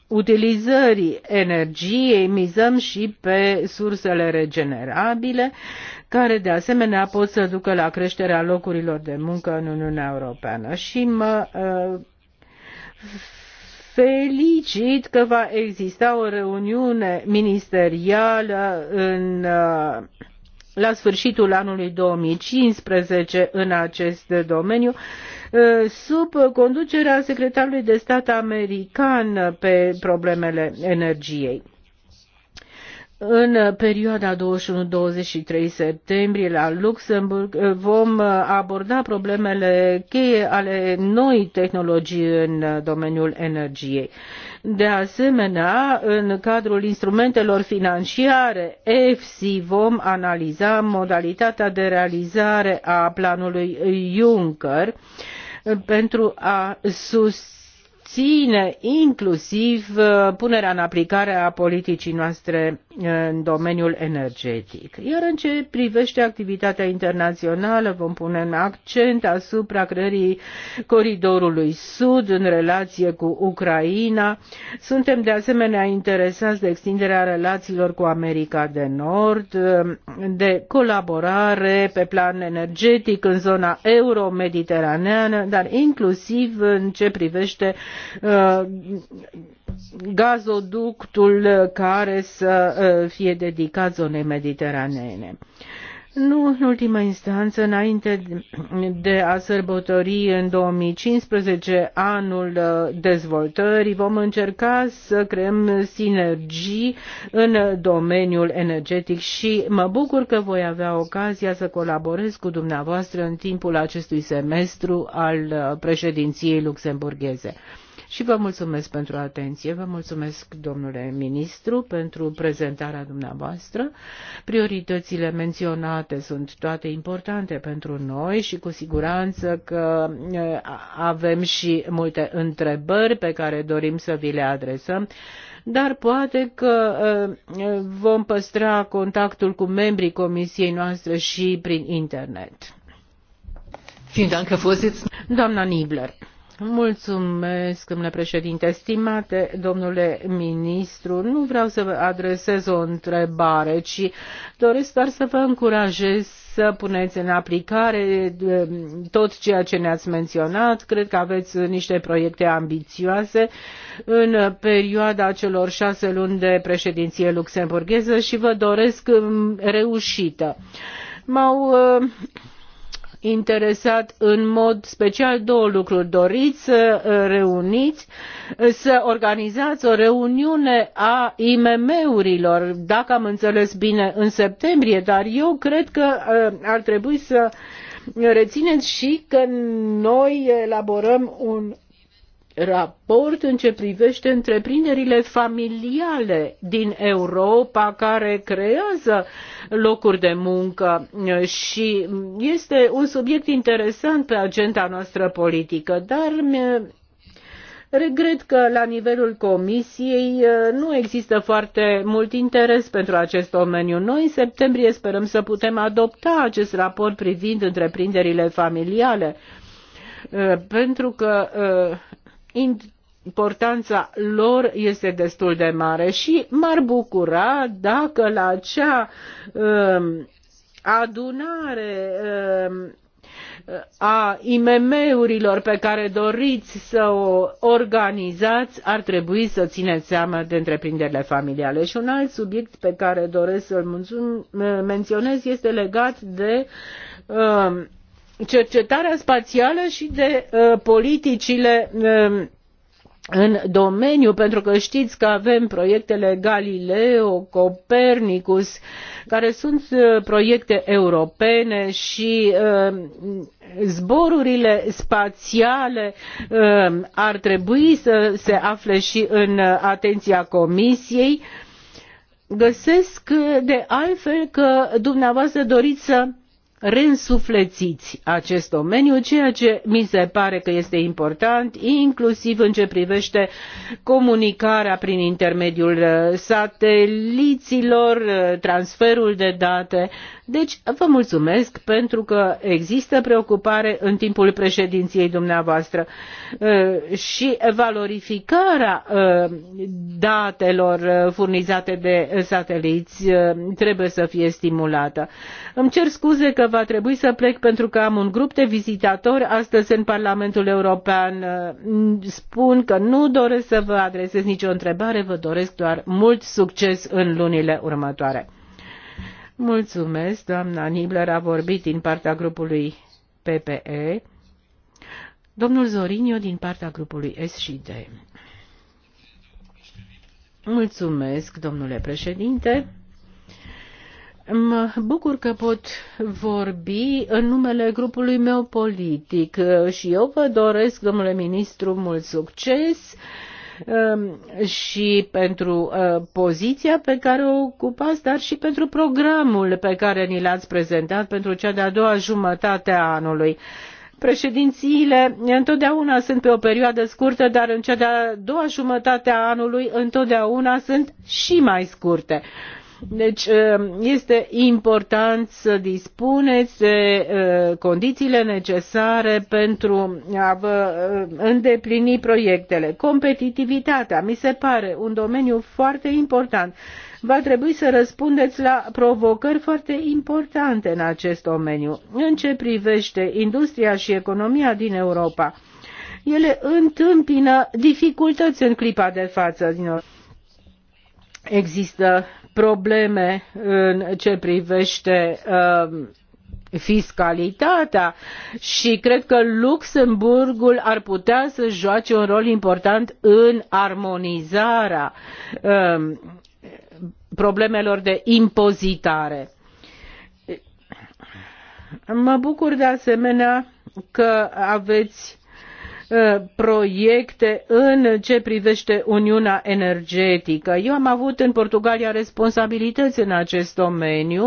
utilizării energiei mizăm și pe sursele regenerabile care de asemenea pot să ducă la creșterea locurilor de muncă în Uniunea Europeană. Și mă uh, felicit că va exista o reuniune ministerială în uh, la sfârșitul anului 2015 în acest domeniu, uh, sub conducerea secretarului de stat american pe problemele energiei. În perioada 21-23 septembrie la Luxemburg eh, vom eh, aborda problemele cheie ale noi tehnologii în eh, domeniul energiei. De asemenea, în cadrul instrumentelor financiare EFSI vom analiza modalitatea de realizare a planului Juncker pentru a susține ține, inclusiv uh, punerea în aplicare a politicii noastre uh, în domeniul energetic. Iar în ce privește activitatea internațională, vom pune în accent asupra creării coridorului sud în relație cu Ucraina. Suntem de asemenea interesați de extinderea relațiilor cu America de Nord, uh, de colaborare pe plan energetic în zona euro-mediteraneană, dar inclusiv în ce privește Uh, gazoductul care să uh, fie dedicat zonei mediteraneene. Nu în ultimă instanță, înainte de a sărbători în 2015 anul uh, dezvoltării, vom încerca să creăm sinergii în domeniul energetic și mă bucur că voi avea ocazia să colaborez cu dumneavoastră în timpul acestui semestru al președinției luxemburgheze. Și vă mulțumesc pentru atenție, vă mulțumesc, domnule ministru, pentru prezentarea dumneavoastră. Prioritățile menționate sunt toate importante pentru noi și cu siguranță că avem și multe întrebări pe care dorim să vi le adresăm dar poate că vom păstra contactul cu membrii comisiei noastre și prin internet. Doamna Nibler. Mulțumesc, domnule președinte. Stimate domnule ministru, nu vreau să vă adresez o întrebare, ci doresc doar să vă încurajez să puneți în aplicare tot ceea ce ne-ați menționat. Cred că aveți niște proiecte ambițioase în perioada celor șase luni de președinție luxemburgheză și vă doresc mm, reușită. M-au uh, interesat în mod special două lucruri. Doriți să uh, reuniți, uh, să organizați o reuniune a IMM-urilor, dacă am înțeles bine, în septembrie, dar eu cred că uh, ar trebui să rețineți și că noi elaborăm un raport în ce privește întreprinderile familiale din Europa care creează locuri de muncă și este un subiect interesant pe agenda noastră politică, dar regret că la nivelul Comisiei nu există foarte mult interes pentru acest domeniu. Noi în septembrie sperăm să putem adopta acest raport privind întreprinderile familiale pentru că importanța lor este destul de mare și m-ar bucura dacă la acea uh, adunare uh, a IMM-urilor pe care doriți să o organizați ar trebui să țineți seama de întreprinderile familiale. Și un alt subiect pe care doresc să-l menționez este legat de uh, cercetarea spațială și de uh, politicile um, în domeniu, pentru că știți că avem proiectele Galileo, Copernicus, care sunt uh, proiecte europene și um, zborurile spațiale um, ar trebui să se afle și în atenția Comisiei. Găsesc uh, de altfel că dumneavoastră doriți să reînsuflețiți acest domeniu, ceea ce mi se pare că este important, inclusiv în ce privește comunicarea prin intermediul uh, sateliților, uh, transferul de date. Deci, vă mulțumesc pentru că există preocupare în timpul președinției dumneavoastră uh, și valorificarea datelor furnizate de sateliți trebuie să fie stimulată. Îmi cer scuze că va trebui să plec pentru că am un grup de vizitatori astăzi în Parlamentul European. Spun că nu doresc să vă adresez nicio întrebare, vă doresc doar mult succes în lunile următoare. Mulțumesc, doamna Nibler a vorbit din partea grupului PPE. Domnul Zorinio din partea grupului S Mulțumesc, domnule președinte. Mă bucur că pot vorbi în numele grupului meu politic și eu vă doresc, domnule ministru, mult succes um, și pentru uh, poziția pe care o ocupați, dar și pentru programul pe care ni l-ați prezentat pentru cea de-a doua jumătate a anului. Președințiile întotdeauna sunt pe o perioadă scurtă, dar în cea de-a doua jumătate a anului întotdeauna sunt și mai scurte. Deci ehm, este important să dispuneți de ehm, condițiile necesare pentru a vă ehm, îndeplini proiectele. Competitivitatea mi se pare un domeniu foarte important. Va trebui să răspundeți la provocări foarte importante în acest domeniu. În ce privește industria și economia din Europa, ele întâmpină dificultăți în clipa de față. Există probleme în ce privește um, fiscalitatea și cred că Luxemburgul ar putea să joace un rol important în armonizarea um, problemelor de impozitare. Mă bucur de asemenea că aveți Uh, proiecte în ce privește Uniunea Energetică. Eu am avut în Portugalia responsabilități în acest domeniu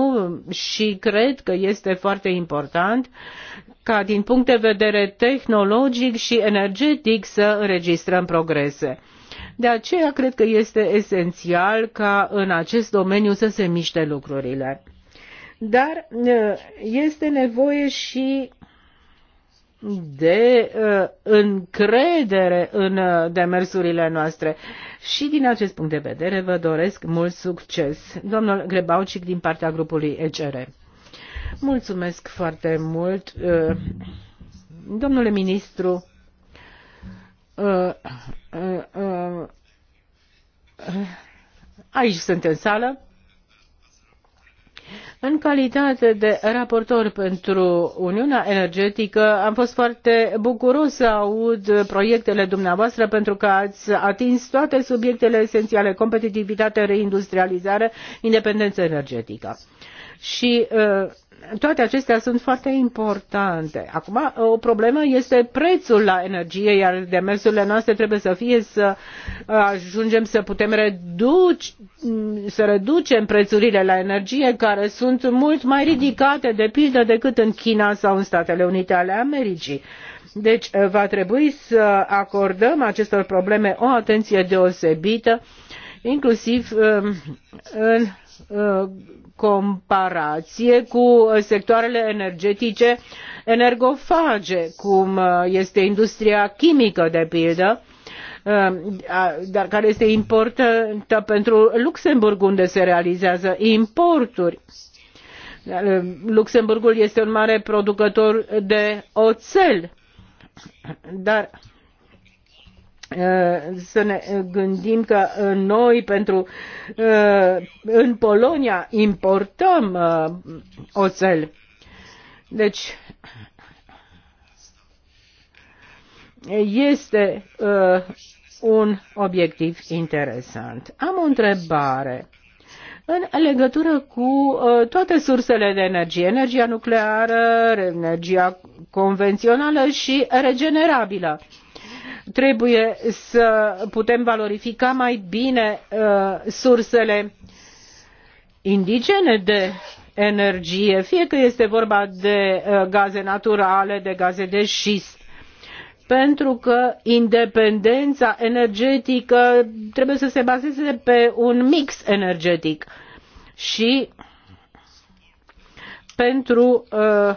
și cred că este foarte important ca din punct de vedere tehnologic și energetic să înregistrăm progrese. De aceea cred că este esențial ca în acest domeniu să se miște lucrurile. Dar uh, este nevoie și de uh, încredere în uh, demersurile noastre. Și din acest punct de vedere vă doresc mult succes. Domnul Grebaucic din partea grupului ECR. Mulțumesc foarte mult. Uh, domnule ministru, aici sunt în sală. În calitate de raportor pentru Uniunea Energetică, am fost foarte bucuros să aud proiectele dumneavoastră pentru că ați atins toate subiectele esențiale, competitivitate, reindustrializare, independență energetică. Și uh, toate acestea sunt foarte importante. Acum, o problemă este prețul la energie, iar demersurile noastre trebuie să fie să uh, ajungem să putem reduci, să reducem prețurile la energie, care sunt mult mai ridicate, de pildă, decât în China sau în Statele Unite ale Americii. Deci uh, va trebui să acordăm acestor probleme o atenție deosebită, inclusiv um, în uh, comparație cu sectoarele energetice energofage, cum uh, este industria chimică, de pildă, uh, dar care este importantă pentru Luxemburg, unde se realizează importuri. Uh, Luxemburgul este un mare producător de oțel, dar Eh, să ne gândim că noi pentru eh, în Polonia importăm eh, oțel. Deci este un obiectiv interesant. Am o întrebare în legătură cu toate sursele de energie, energia nucleară, energia convențională și regenerabilă trebuie să putem valorifica mai bine uh, sursele indigene de energie, fie că este vorba de uh, gaze naturale, de gaze de șist, pentru că independența energetică trebuie să se bazeze pe un mix energetic și pentru uh,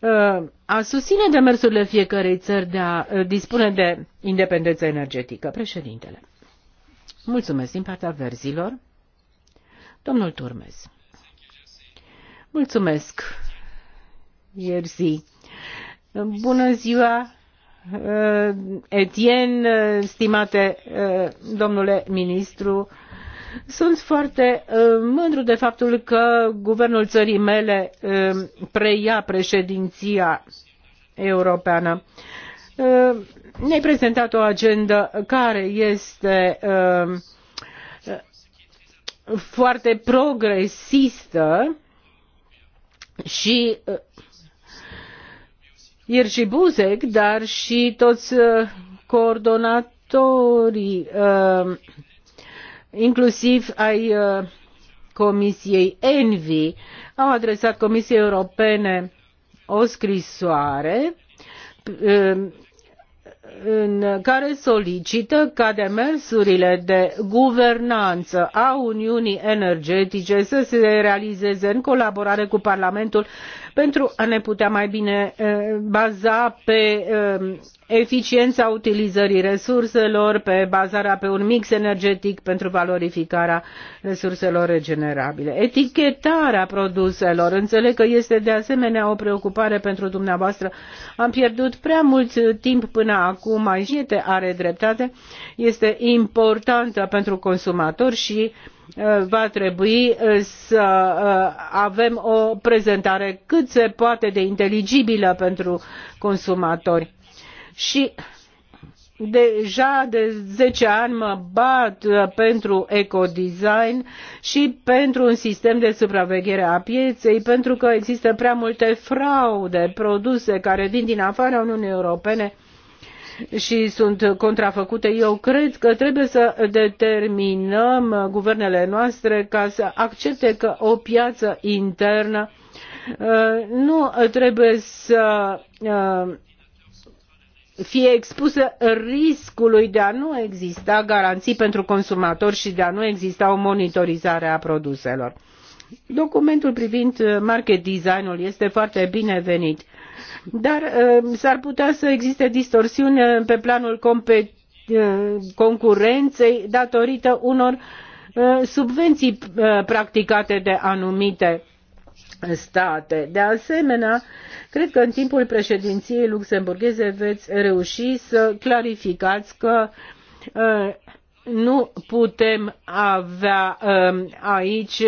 uh, a susține demersurile fiecarei țări de a eh, dispune de independență energetică. Președintele. Mulțumesc din partea verzilor. Domnul Turmes. Mulțumesc. Ierzi. Bună ziua, eh, Etienne, eh, stimate domnule ministru. Sunt foarte mândru de faptul că guvernul țării mele preia președinția Europeană. Uh, ne-ai prezentat o agendă care este uh, foarte progresistă și și uh, Buzek, dar și toți coordonatorii, inclusiv ai Comisiei Envi, au adresat Comisiei Europene o scrisoare um, în care solicită ca demersurile de guvernanță a Uniunii Energetice să se realizeze în colaborare cu Parlamentul pentru a ne putea mai bine eh, baza pe eh, eficiența utilizării resurselor, pe bazarea pe un mix energetic pentru valorificarea resurselor regenerabile. Etichetarea produselor, înțeleg că este de asemenea o preocupare pentru dumneavoastră. Am pierdut prea mult timp până acum, mai aici are dreptate, este importantă pentru consumatori și Eh, va trebui eh, să eh, avem o prezentare cât se poate de inteligibilă pentru consumatori. Și deja de 10 ani mă bat pentru ecodesign și pentru un sistem de supraveghere a pieței, pentru că există prea multe fraude, produse care vin din afara Uniunii Europene și sunt contrafăcute. Eu cred că trebuie să determinăm guvernele noastre ca să accepte că o piață internă uh, nu trebuie să uh, fie expusă riscului de a nu exista garanții pentru consumatori și de a nu exista o monitorizare a produselor. Documentul privind market design-ul este foarte binevenit dar uh, s-ar putea să existe distorsiuni pe planul uh, concurenței datorită unor uh, subvenții practicate de anumite state. De asemenea, cred că în timpul președinției luxemburgheze veți reuși să clarificați că nu putem avea aici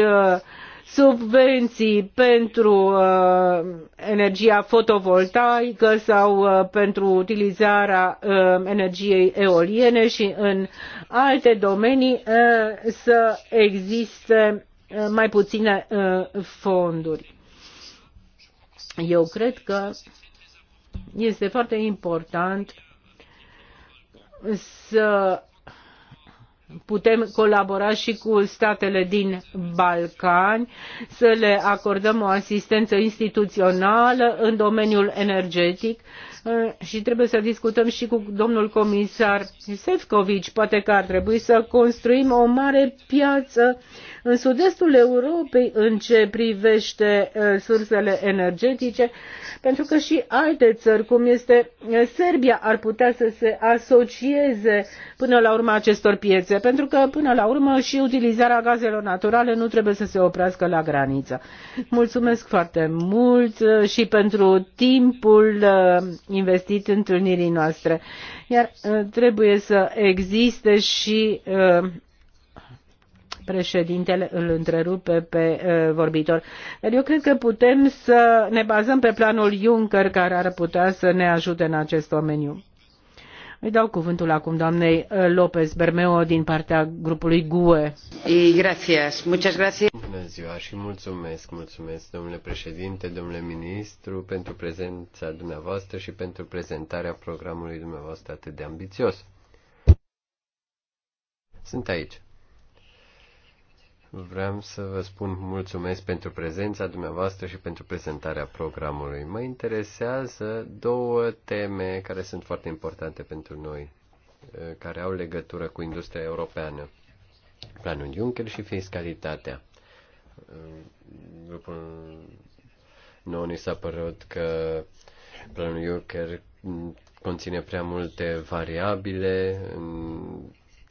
subvenții pentru uh, energia fotovoltaică sau uh, pentru utilizarea uh, energiei eoliene și în alte domenii uh, să existe uh, mai puține uh, fonduri. Eu cred că este foarte important să putem colabora și cu statele din Balcani, să le acordăm o asistență instituțională în domeniul energetic eh, și trebuie să discutăm și cu domnul comisar Sefcovici. Poate că ar trebui să construim o mare piață în sud-estul Europei, în ce privește uh, sursele energetice, pentru că și alte țări, cum este uh, Serbia, ar putea să se asocieze până la urmă acestor piețe, pentru că până la urmă și utilizarea gazelor naturale nu trebuie să se oprească la graniță. Mulțumesc foarte mult uh, și pentru timpul investit întâlnirii noastre. Iar trebuie să existe și Președintele îl întrerupe pe vorbitor. Eu cred că putem să ne bazăm pe planul Juncker care ar putea să ne ajute în acest domeniu. Îi dau cuvântul acum doamnei Lopez Bermeo din partea grupului GUE. I gracias, muchas gracias. Bună ziua și mulțumesc, mulțumesc domnule președinte, domnule ministru pentru prezența dumneavoastră și pentru prezentarea programului dumneavoastră atât de ambițios. Sunt aici. Vreau să vă spun mulțumesc pentru prezența dumneavoastră și pentru prezentarea programului. Mă interesează două teme care sunt foarte importante pentru noi, eh, care au legătură cu industria europeană. Planul Juncker și fiscalitatea. După nou ni s-a părut că planul Juncker conține prea multe variabile,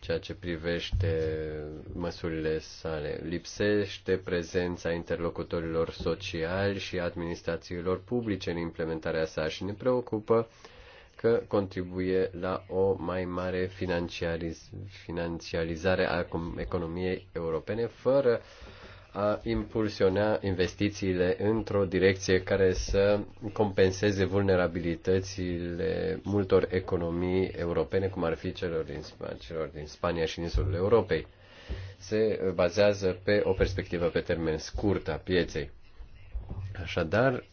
ceea ce privește măsurile sale. Lipsește prezența interlocutorilor sociali și administrațiilor publice în implementarea sa și ne preocupă că contribuie la o mai mare financiariz- financiarizare a economiei europene fără uh, a impulsiona investițiile într-o direcție care să compenseze vulnerabilitățile multor economii europene, cum ar fi celor din, celor din Spania și insulele Europei. Se bazează pe o perspectivă pe termen scurt a pieței. Așadar,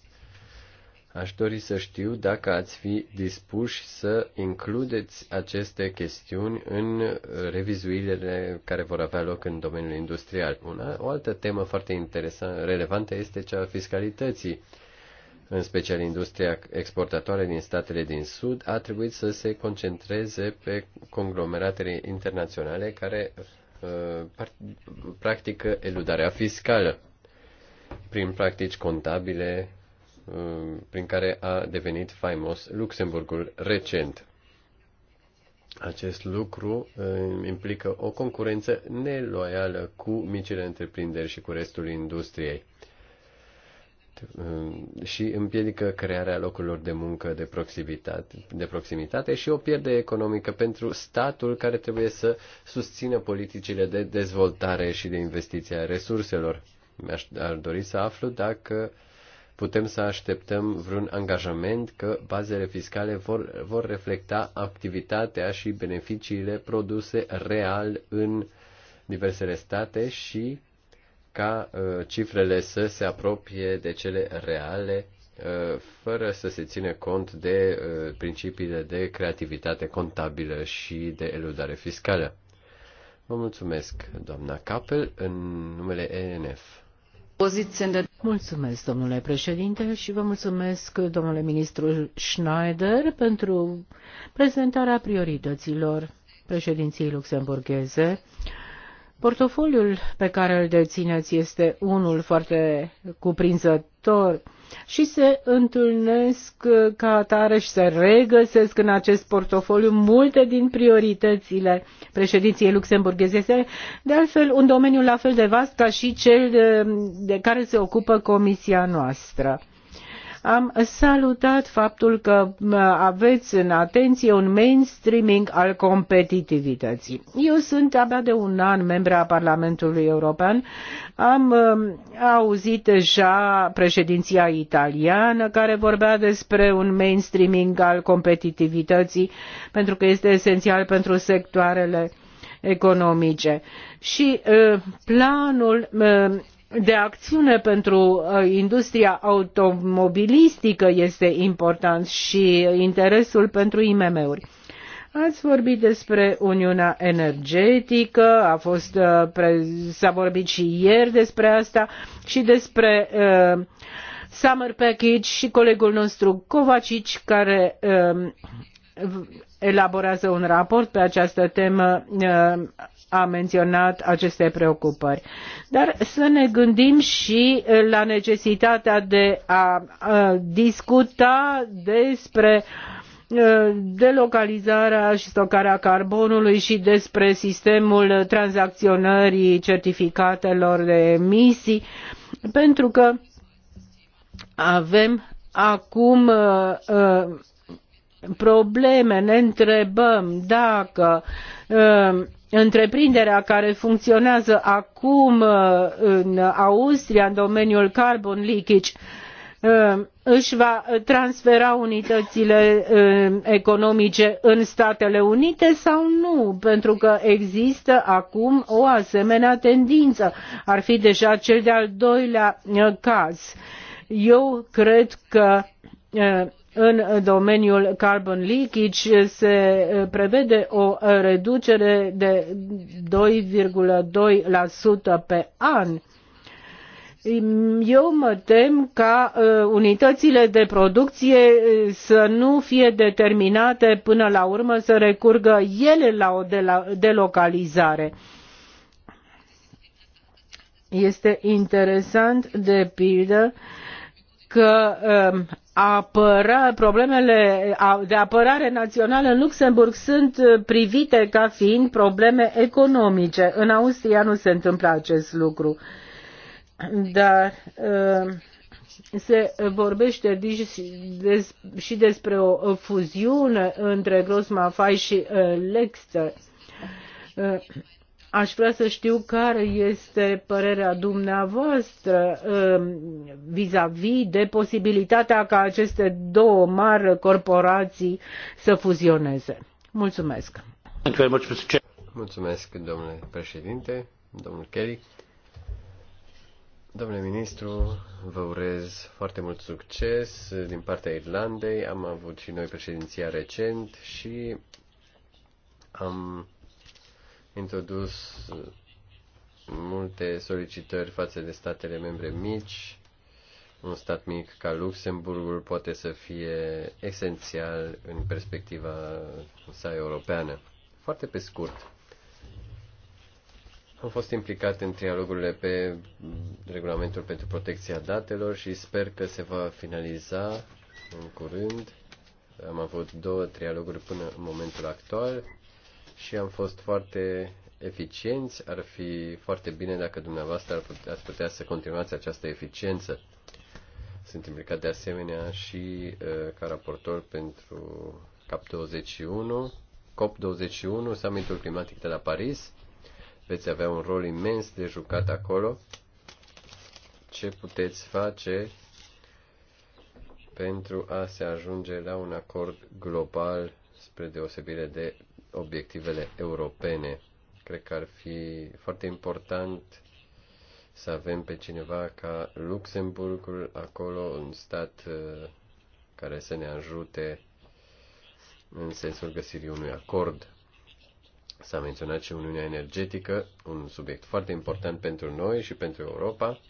Aș dori să știu dacă ați fi dispuși să includeți aceste chestiuni în revizuirile care vor avea loc în domeniul industrial. Una, o altă temă foarte interesantă, relevantă este cea a fiscalității. În special industria exportatoare din statele din Sud a trebuit să se concentreze pe conglomeratele internaționale care uh, practică eludarea fiscală prin practici contabile Uh, prin care a devenit faimos Luxemburgul recent. Acest lucru uh, implică o concurență neloială cu micile întreprinderi și cu restul industriei uh, și împiedică crearea locurilor de muncă de proximitate, de proximitate și o pierdere economică pentru statul care trebuie să susțină politicile de dezvoltare și de investiție a resurselor. Mi-aș dori să aflu dacă uh, putem să așteptăm vreun angajament că bazele fiscale vor, vor reflecta activitatea și beneficiile produse real în diversele state și ca uh, cifrele să se apropie de cele reale uh, fără să se ține cont de uh, principiile de creativitate contabilă și de eludare fiscală. Vă mulțumesc, doamna Capel, în numele ENF. Poziție Mulțumesc, domnule președinte, și vă mulțumesc, domnule ministru Schneider, pentru prezentarea priorităților președinției luxemburgheze. Portofoliul pe care îl dețineți este unul foarte cuprinzător sector și se întâlnesc uh, ca atare și se regăsesc în acest portofoliu multe din prioritățile președinției luxemburgheze. Este de altfel un domeniu la fel de vast ca și cel de care se ocupă comisia noastră. Am salutat faptul că aveți în atenție un mainstreaming al competitivității. Eu sunt abia de un an membra a Parlamentului European. Am um, auzit deja președinția italiană care vorbea despre un mainstreaming al competitivității pentru că este esențial pentru sectoarele economice. Și uh, planul uh, de acțiune pentru uh, industria automobilistică este important și interesul pentru IMM-uri. Ați vorbit despre Uniunea Energetică, a fost, uh, s-a vorbit și ieri despre asta și despre uh, Summer Package și colegul nostru Covacici care uh, elaborează un raport pe această temă uh, a menționat aceste preocupări. Dar să ne gândim și eh, la necesitatea de a eh, discuta despre eh, delocalizarea și stocarea carbonului și despre sistemul tranzacționării certificatelor de emisii, pentru că avem acum probleme, ne întrebăm dacă întreprinderea care funcționează acum uh, în Austria în domeniul carbon leakage uh, își va transfera unitățile uh, economice în Statele Unite sau nu, pentru că există acum o asemenea tendință. Ar fi deja cel de-al doilea caz. Eu cred că în domeniul carbon leakage se eh, prevede o reducere de 2,2% pe an. Eu mă tem ca eh, unitățile de producție eh, să nu fie determinate până la urmă să recurgă ele la o delocalizare. Este interesant de pildă că problemele de apărare națională în Luxemburg sunt uh, privite ca fiind probleme economice. În Austria nu se întâmplă acest lucru. Dar uh, se vorbește și despre o fuziune între Grossmafai și uh, Lexter Aș vrea să știu care este părerea dumneavoastră um, vis-a-vis -vis de posibilitatea ca aceste două mari corporații să fuzioneze. Mulțumesc. Mulțumesc, domnule președinte, domnul Kelly. Domnule ministru, vă urez foarte mult succes din partea Irlandei. Am avut și noi președinția recent și am introdus multe solicitări față de statele membre mici. Un stat mic ca Luxemburgul poate să fie esențial în perspectiva sa europeană. Foarte pe scurt, am fost implicat în trialogurile pe regulamentul pentru protecția datelor și sper că se va finaliza în curând. Am avut două trialoguri până în momentul actual și am fost foarte eficienți. Ar fi foarte bine dacă dumneavoastră ar putea, ați putea să continuați această eficiență. Sunt implicat de asemenea și uh, ca raportor pentru CAP21, COP21, summitul climatic de la Paris. Veți avea un rol imens de jucat acolo. Ce puteți face pentru a se ajunge la un acord global spre deosebire de obiectivele europene. Cred că ar fi foarte important să avem pe cineva ca Luxemburgul acolo, un stat uh, care să ne ajute în sensul găsirii unui acord. S-a menționat și Uniunea Energetică, un subiect foarte important pentru noi și pentru Europa.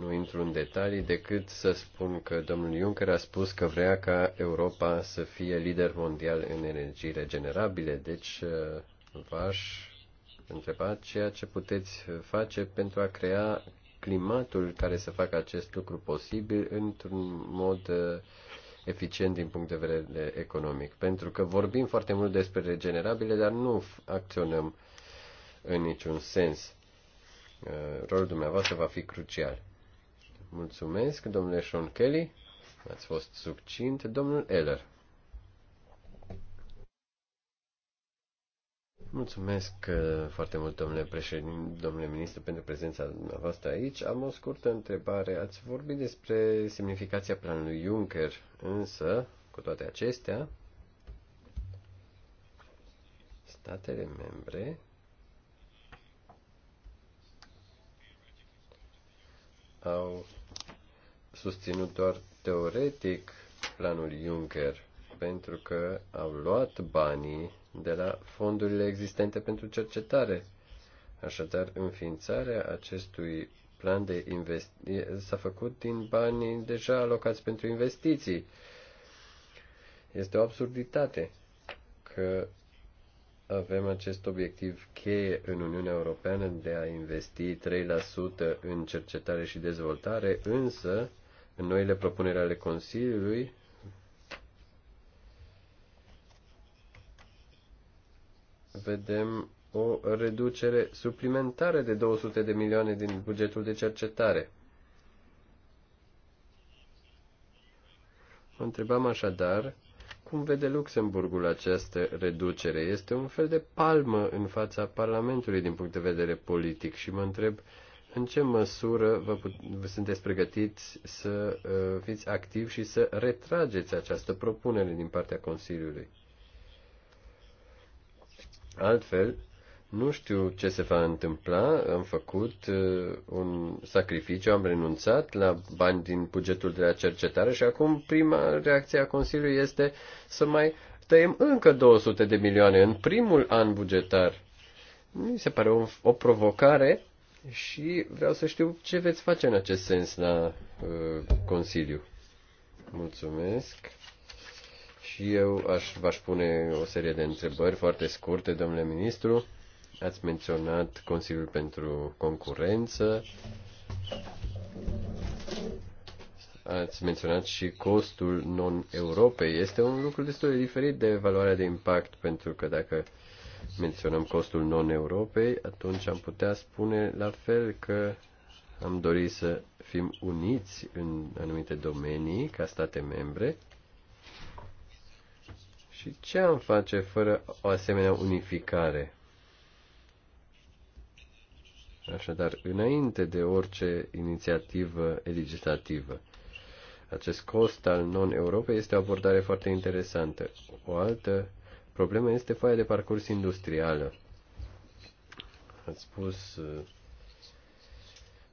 Nu intru în detalii decât să spun că domnul Juncker a spus că vrea ca Europa să fie lider mondial în energii regenerabile, deci uh, v-aș întreba ceea ce puteți face pentru a crea climatul care să facă acest lucru posibil într-un mod uh, eficient din punct de vedere economic. Pentru că vorbim foarte mult despre regenerabile, dar nu acționăm în niciun sens. Uh, rolul dumneavoastră va fi crucial. Mulțumesc, domnule Sean Kelly. Ați fost succint, domnul Eller. Mulțumesc uh, foarte mult, domnule președinte, domnule ministru, pentru prezența dumneavoastră aici. Am o scurtă întrebare. Ați vorbit despre semnificația planului Juncker, însă, cu toate acestea, statele membre au susținut doar teoretic planul Juncker, pentru că au luat banii de la fondurile existente pentru cercetare. Așadar, înființarea acestui plan de investiție s-a făcut din banii deja alocați pentru investiții. Este o absurditate că avem acest obiectiv cheie în Uniunea Europeană de a investi 3% în cercetare și dezvoltare, însă în noile propuneri ale Consiliului, vedem o reducere suplimentară de 200 de milioane din bugetul de cercetare. Mă întrebam așadar, cum vede Luxemburgul această reducere? Este un fel de palmă în fața Parlamentului din punct de vedere politic și mă întreb în ce măsură vă put- vă sunteți pregătiți să uh, fiți activi și să retrageți această propunere din partea Consiliului. Altfel, nu știu ce se va întâmpla, am făcut uh, un sacrificiu, am renunțat la bani din bugetul de la cercetare și acum prima reacție a Consiliului este să mai tăiem încă 200 de milioane în primul an bugetar. Mi se pare o, o provocare și vreau să știu ce veți face în acest sens la uh, Consiliu. Mulțumesc. Și eu aș, v-aș pune o serie de întrebări foarte scurte, domnule ministru. Ați menționat Consiliul pentru Concurență. Ați menționat și costul non-Europei. Este un lucru destul de diferit de valoarea de impact, pentru că dacă uh, menționăm costul non-Europei, atunci am putea spune la fel că am dorit să fim uniți în anumite domenii ca state membre. Și ce am face fără o asemenea unificare? Așadar, înainte de orice inițiativă legislativă. Acest cost al non-Europei este o abordare foarte interesantă. O altă Problema este foaia de parcurs industrială. Ați spus, uh,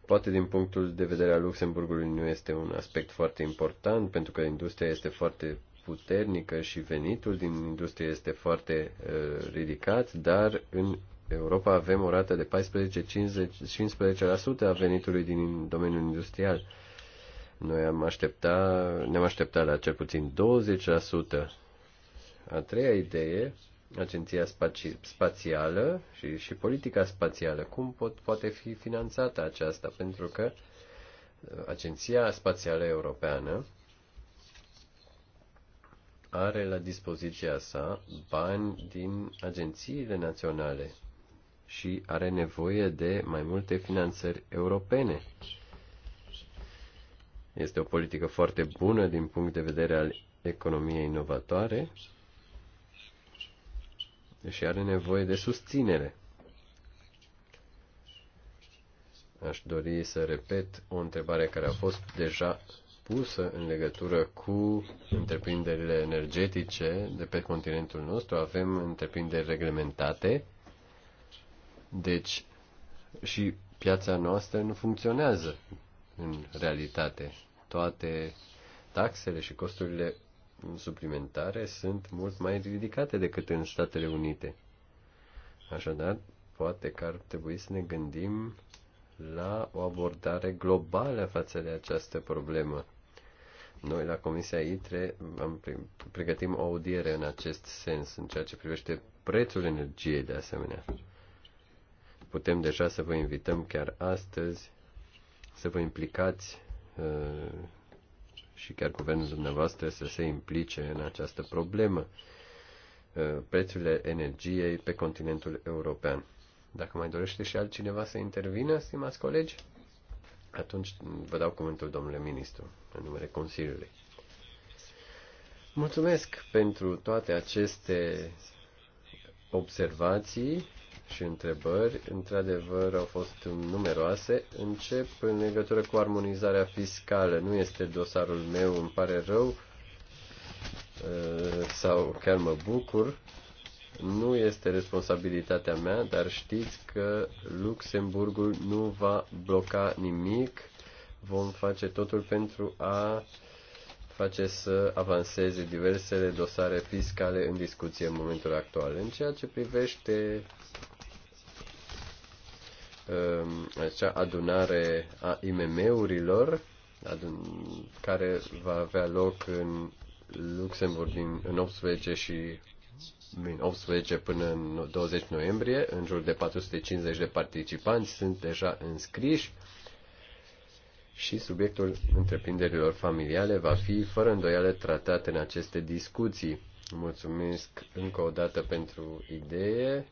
poate din punctul de vedere al Luxemburgului nu este un aspect foarte important, pentru că industria este foarte puternică și venitul din industrie este foarte uh, ridicat, dar în Europa avem o rată de 14-15% a venitului din domeniul industrial. Noi am aștepta, ne-am așteptat la cel puțin 20%. A treia idee, agenția spaci- spațială și, și politica spațială. Cum pot, poate fi finanțată aceasta? Pentru că uh, Agenția Spațială Europeană are la dispoziția sa bani din agențiile naționale și are nevoie de mai multe finanțări europene. Este o politică foarte bună din punct de vedere al economiei inovatoare și deci are nevoie de susținere. Aș dori să repet o întrebare care a fost deja pusă în legătură cu întreprinderile energetice de pe continentul nostru. Avem întreprinderi reglementate, deci și piața noastră nu funcționează în realitate. Toate taxele și costurile suplimentare sunt mult mai ridicate decât în Statele Unite. Așadar, poate că ar trebui să ne gândim la o abordare globală față de această problemă. Noi la Comisia ITRE am pregătim o audiere în acest sens, în ceea ce privește prețul energiei de asemenea. Putem deja să vă invităm chiar astăzi să vă implicați uh, și chiar guvernul dumneavoastră să se implice în această problemă, uh, prețurile energiei pe continentul european. Dacă mai dorește și altcineva să intervină, stimați colegi, atunci vă dau cuvântul domnule ministru, în numele Consiliului. Mulțumesc pentru toate aceste observații și întrebări, într-adevăr, au fost numeroase. Încep în legătură cu armonizarea fiscală. Nu este dosarul meu, îmi pare rău, uh, sau chiar mă bucur. Nu este responsabilitatea mea, dar știți că Luxemburgul nu va bloca nimic. Vom face totul pentru a face să avanseze diversele dosare fiscale în discuție în momentul actual. În ceea ce privește Um, acea adunare a IMM-urilor adun- care va avea loc în Luxemburg din, în 18 și din 18 până în 20 noiembrie, în jur de 450 de participanți sunt deja înscriși și subiectul întreprinderilor familiale va fi fără îndoială tratat în aceste discuții. Mulțumesc încă o dată pentru idee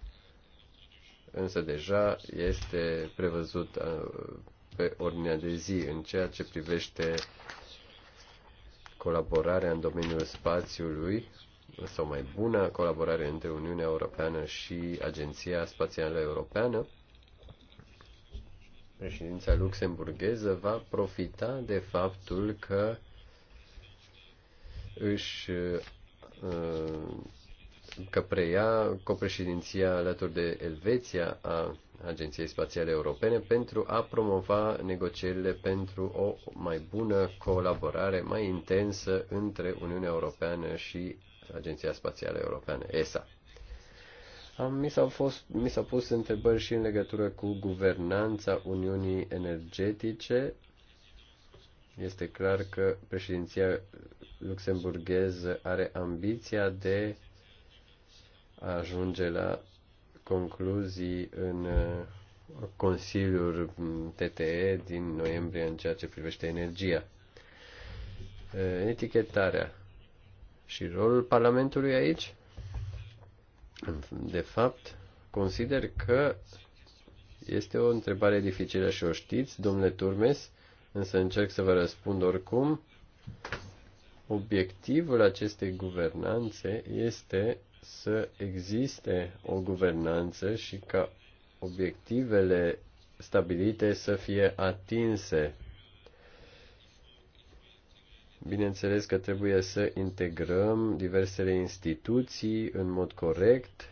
însă deja este prevăzut uh, pe ordinea de zi în ceea ce privește colaborarea în domeniul spațiului sau mai bună colaborare între Uniunea Europeană și Agenția Spațială Europeană. Președința luxemburgheză va profita de faptul că își uh, că preia copreședinția alături de Elveția a Agenției Spațiale Europene pentru a promova negocierile pentru o mai bună colaborare mai intensă între Uniunea Europeană și Agenția Spațială Europeană, ESA. Am, mi, s-au fost, mi s-au pus întrebări și în legătură cu guvernanța Uniunii Energetice. Este clar că președinția luxemburgheză are ambiția de ajunge la concluzii în uh, Consiliul TTE din noiembrie în ceea ce privește energia. Uh, etichetarea și rolul Parlamentului aici? De fapt, consider că este o întrebare dificilă și o știți, domnule Turmes, însă încerc să vă răspund oricum. Obiectivul acestei guvernanțe este să existe o guvernanță și ca obiectivele stabilite să fie atinse. Bineînțeles că trebuie să integrăm diversele instituții în mod corect.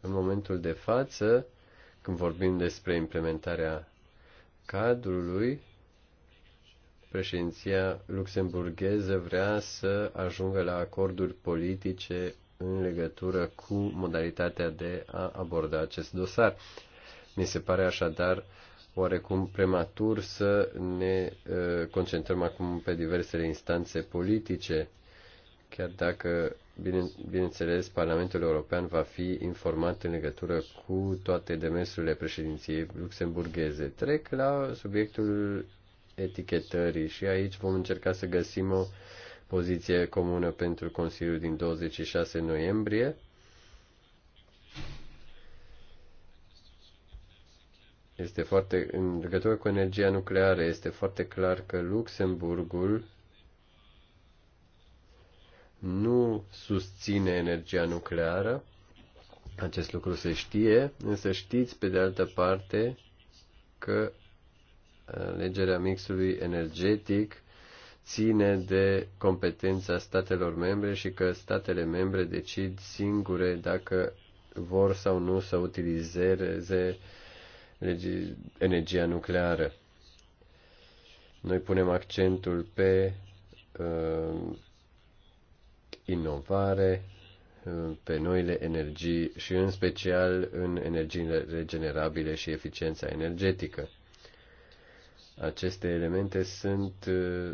În momentul de față, când vorbim despre implementarea cadrului, președinția luxemburgheză vrea să ajungă la acorduri politice în legătură cu modalitatea de a aborda acest dosar. Mi se pare așadar oarecum prematur să ne uh, concentrăm acum pe diversele instanțe politice, chiar dacă, bine, bineînțeles, Parlamentul European va fi informat în legătură cu toate demersurile președinției luxemburgheze. Trec la subiectul etichetării și aici vom încerca să găsim o poziție comună pentru Consiliul din 26 noiembrie. Este foarte, în legătură cu energia nucleară, este foarte clar că Luxemburgul nu susține energia nucleară. Acest lucru se știe, însă știți pe de altă parte că alegerea mixului energetic ține de competența statelor membre și că statele membre decid singure dacă vor sau nu să utilizeze energia nucleară. Noi punem accentul pe uh, inovare, uh, pe noile energii și în special în energiile regenerabile și eficiența energetică. Aceste elemente sunt uh,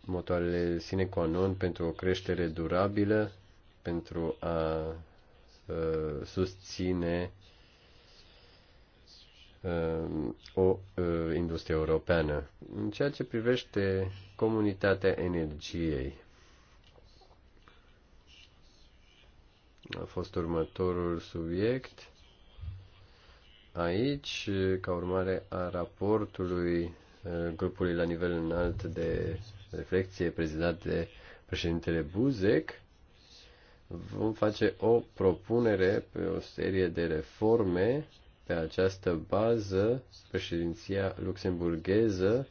motoarele sine qua non pentru o creștere durabilă, pentru a uh, susține uh, o industrie europeană. În ceea ce privește comunitatea energiei, a fost următorul subiect. Aici, ca urmare a raportului Uh, grupului la nivel înalt de reflexie prezidat de președintele Buzek, vom face o propunere pe o serie de reforme pe această bază, președinția luxemburgheză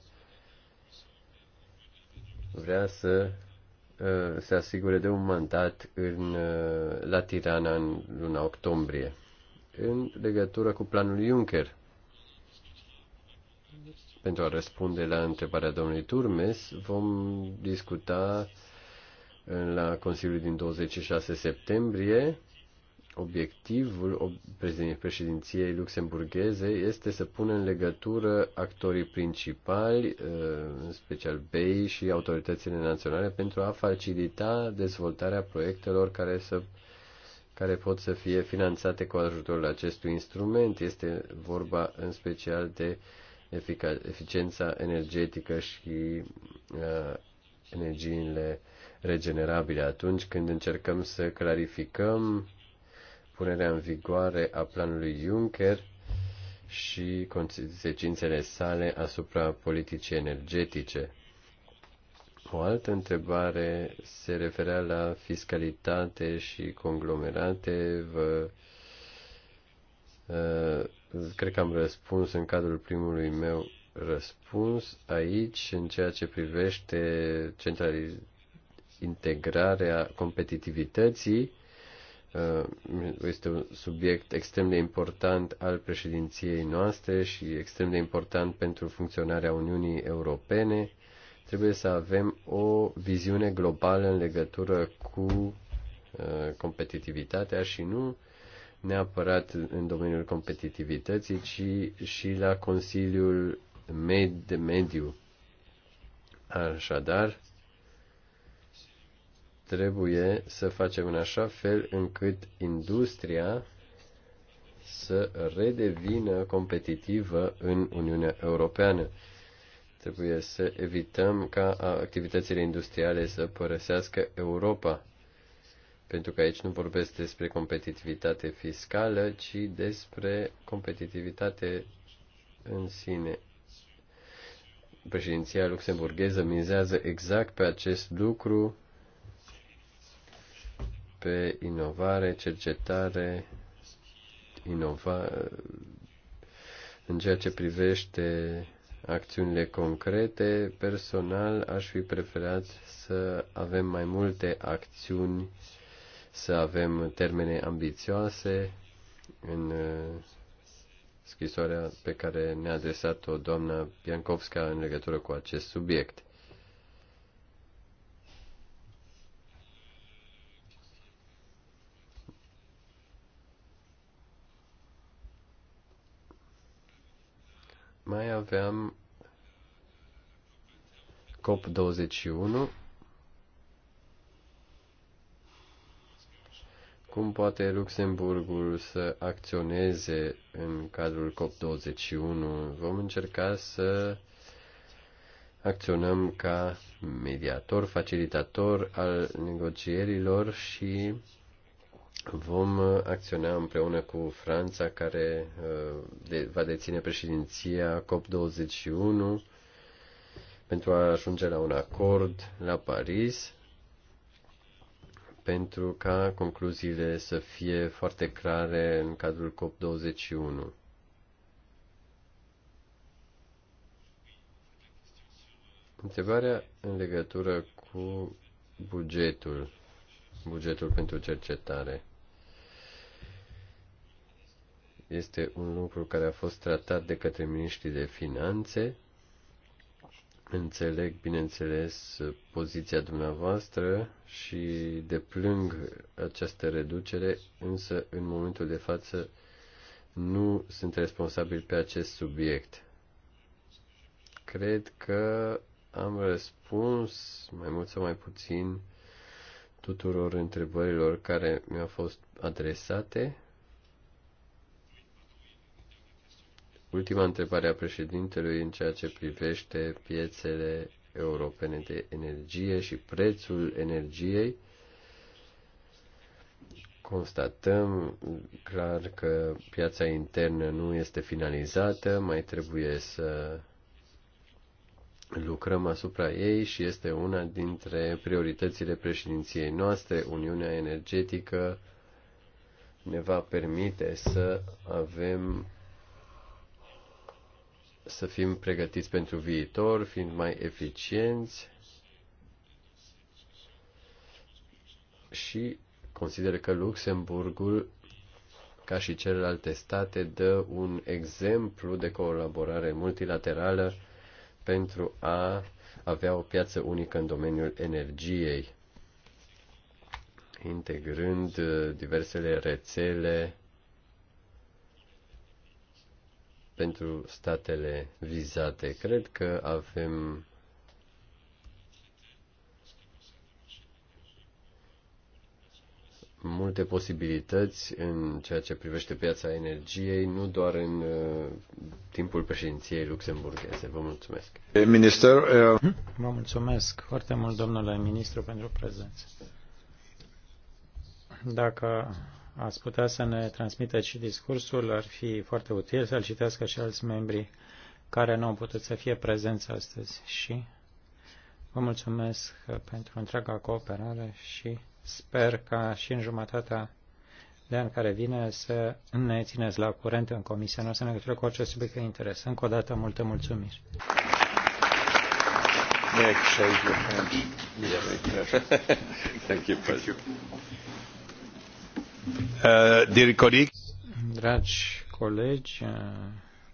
vrea să uh, se asigure de un mandat în, uh, la Tirana în luna octombrie. În legătură cu planul Juncker, pentru a răspunde la întrebarea domnului Turmes, vom discuta la Consiliul din 26 septembrie. Obiectivul președinției luxemburgheze este să pună în legătură actorii principali, uh, în special BEI și autoritățile naționale, pentru a facilita dezvoltarea proiectelor care să care pot să fie finanțate cu ajutorul acestui instrument. Este vorba în special de uh, eficiența energetică și uh, energiile regenerabile. Atunci când încercăm să clarificăm punerea în vigoare a planului Juncker și consecințele sale asupra politicii energetice. O altă întrebare se referea la fiscalitate și conglomerate. Vă uh, Cred că am răspuns în cadrul primului meu răspuns aici în ceea ce privește centraliz- integrarea competitivității. Uh, este un subiect extrem de important al președinției noastre și extrem de important pentru funcționarea Uniunii Europene. Trebuie să avem o viziune globală în legătură cu uh, competitivitatea și nu neapărat în domeniul competitivității, ci și la Consiliul Med- de Mediu. Așadar, trebuie să facem în așa fel încât industria să redevină competitivă în Uniunea Europeană. Trebuie să evităm ca activitățile industriale să părăsească Europa pentru că aici nu vorbesc despre competitivitate fiscală, ci despre competitivitate în sine. Președinția luxemburgheză mizează exact pe acest lucru, pe inovare, cercetare, inova, în ceea ce privește acțiunile concrete, personal aș fi preferat să avem mai multe acțiuni uh, să avem termene ambițioase în uh, scrisoarea pe care ne-a adresat-o doamna Piankovska în legătură cu acest subiect. Mai aveam COP21 cum poate Luxemburgul să acționeze în cadrul COP21. Vom încerca să acționăm ca mediator, facilitator al negocierilor și vom acționa împreună cu Franța, care uh, va deține președinția COP21 pentru a ajunge la un acord la Paris pentru ca concluziile să fie foarte clare în cadrul COP21. Întrebarea în legătură cu bugetul, bugetul pentru cercetare. Este un lucru care a fost tratat de către miniștrii de finanțe Înțeleg, bineînțeles, poziția dumneavoastră și deplâng această reducere, însă în momentul de față nu sunt responsabil pe acest subiect. Cred că am răspuns mai mult sau mai puțin tuturor întrebărilor care mi-au fost adresate. Ultima întrebare a președintelui în ceea ce privește piețele europene de energie și prețul energiei. Constatăm clar că piața internă nu este finalizată, mai trebuie să lucrăm asupra ei și este una dintre prioritățile președinției noastre. Uniunea energetică ne va permite să avem să fim pregătiți pentru viitor, fiind mai eficienți și consider că Luxemburgul, ca și celelalte state, dă un exemplu de colaborare multilaterală pentru a avea o piață unică în domeniul energiei, integrând uh, diversele rețele pentru statele vizate. Cred că avem multe posibilități în ceea ce privește piața energiei, nu doar în uh, timpul președinției luxemburgheze. Vă mulțumesc. Eh, minister, uh... Vă mulțumesc foarte mult, domnule ministru, pentru prezență. Dacă ați putea să ne transmiteți și discursul, ar fi foarte util să-l citească și alți membri care nu au putut să fie prezenți astăzi. Și vă mulțumesc pentru întreaga cooperare și sper ca și în jumătatea de an care vine să ne țineți la curent în comisia noastră în legătură cu orice subiect de interes. Încă o dată, multe mulțumiri! May I shake Thank you. Thank you. Uh, dear colleagues. Dragi colegi, uh,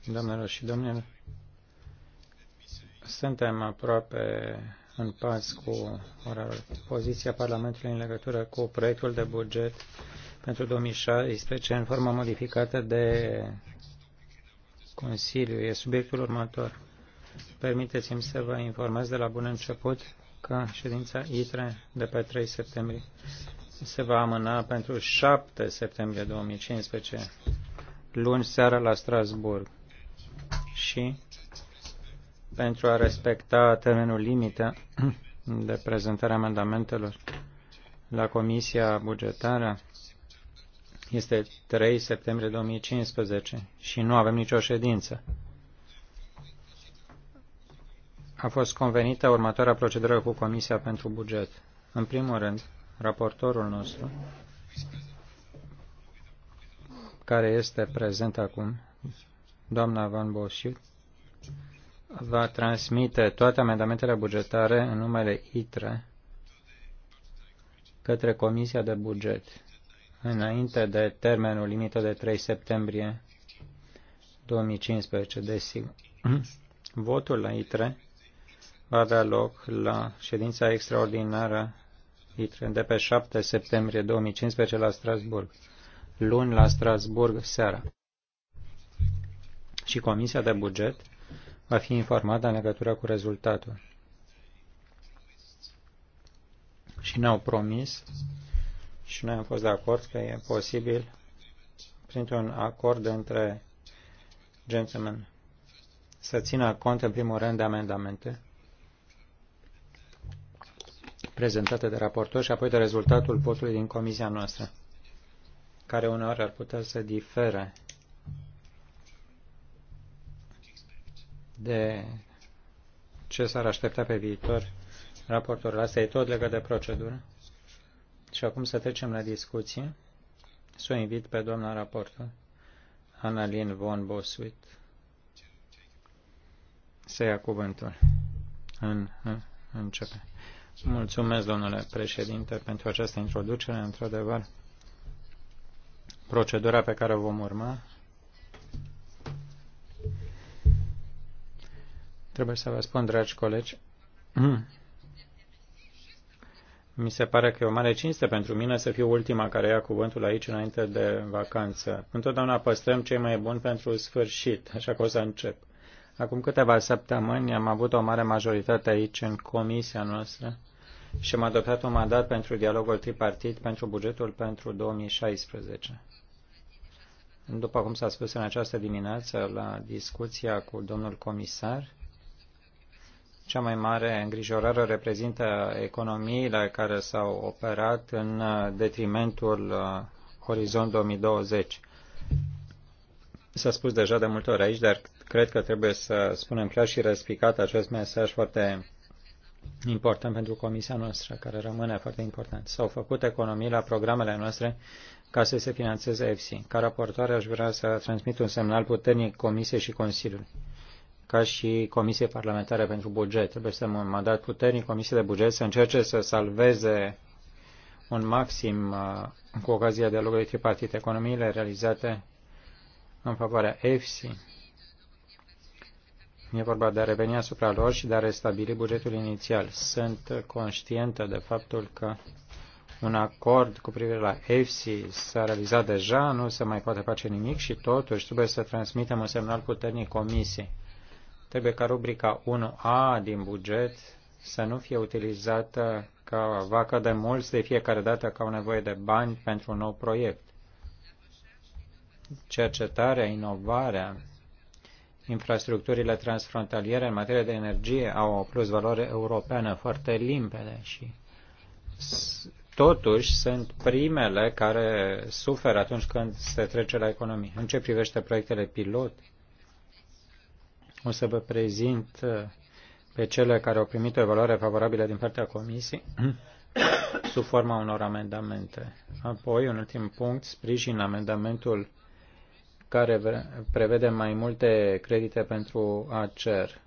doamnelor și domnilor, suntem aproape în pas cu Poziția Parlamentului în legătură cu proiectul de buget pentru 2016 în formă modificată de Consiliu e subiectul următor. Permiteți-mi să vă informez de la bun început că ședința ITRE de pe 3 septembrie se va amâna pentru 7 septembrie 2015, luni seara la Strasburg. Și pentru a respecta termenul limită de prezentare a amendamentelor la Comisia Bugetară, este 3 septembrie 2015 și nu avem nicio ședință. A fost convenită următoarea procedură cu Comisia pentru Buget. În primul rând, raportorul nostru, care este prezent acum, doamna Van Boschiut, va transmite toate amendamentele bugetare în numele ITRE către Comisia de Buget înainte de termenul limită de 3 septembrie 2015, desigur. Votul la ITRE va avea loc la ședința extraordinară ITRE de pe 7 septembrie 2015 la Strasburg, luni la Strasburg seara. Și Comisia de Buget va fi informată în legătură cu rezultatul. Și ne-au promis și noi am fost de acord că e posibil printr-un acord între gentlemen să țină cont în primul rând de amendamente prezentate de raportor și apoi de rezultatul votului din comisia noastră, care uneori ar putea să difere de ce s-ar aștepta pe viitor raportorul. Asta e tot legat de procedură. Și acum să trecem la discuție. Să o invit pe doamna raportor, Analin von Bosuit, să ia cuvântul în, în începe. Mulțumesc, domnule președinte, pentru această introducere. Într-adevăr, procedura pe care o vom urma trebuie să vă spun, dragi colegi, mi se pare că e o mare cinste pentru mine să fiu ultima care ia cuvântul aici înainte de vacanță. Întotdeauna păstrăm cei mai buni pentru sfârșit, așa că o să încep. Acum câteva săptămâni am avut o mare majoritate aici în comisia noastră și am adoptat un mandat pentru dialogul tripartit pentru bugetul pentru 2016. După cum s-a spus în această dimineață la discuția cu domnul comisar, cea mai mare îngrijorare reprezintă economiile care s-au operat în detrimentul horizont uh, 2020. S-a spus deja de multe ori aici, dar cred că trebuie să spunem clar și răspicat acest mesaj foarte important pentru comisia noastră, care rămâne foarte important. S-au făcut economii la programele noastre ca să se financeze EFSI. Ca raportoare aș vrea să transmit un semnal puternic Comisiei și Consiliului. Ca și Comisie Parlamentară pentru Buget. Trebuie să un mandat puternic Comisiei de Buget să încerce să salveze un maxim uh, cu ocazia dialogului tripartit economiile realizate în favoarea EFSI E vorba de a reveni asupra lor și de a restabili bugetul inițial. Sunt conștientă de faptul că un acord cu privire la EFSI s-a realizat deja, nu se mai poate face nimic și totuși trebuie să transmitem un semnal puternic comisiei. Trebuie ca rubrica 1A din buget să nu fie utilizată ca vacă de mulți de fiecare dată ca au nevoie de bani pentru un nou proiect. Cercetarea, inovarea, infrastructurile transfrontaliere în materie de energie au o plus valoare europeană foarte limpede și totuși sunt primele care suferă atunci când se trece la economie. În ce privește proiectele pilot, o să vă prezint uh, pe cele care au primit o evaluare favorabilă din partea Comisiei sub forma unor amendamente. Apoi, un ultim punct, sprijin amendamentul care prevede mai multe credite pentru ACER.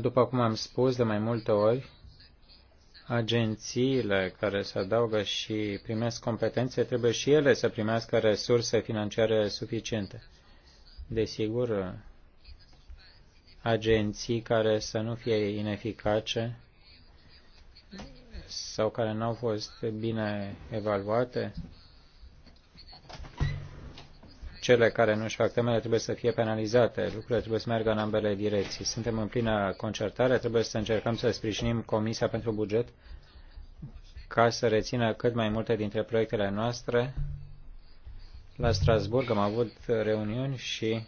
După cum am spus de mai multe ori, agențiile care se adaugă și primesc competențe trebuie și ele să primească resurse financiare suficiente. Desigur, agenții care să nu fie ineficace sau care nu au fost bine evaluate cele care nu își fac temele trebuie să fie penalizate. Lucrurile trebuie să meargă în ambele direcții. Suntem în plină concertare, trebuie să încercăm să sprijinim Comisia pentru Buget ca să rețină cât mai multe dintre proiectele noastre. La Strasburg am avut reuniuni și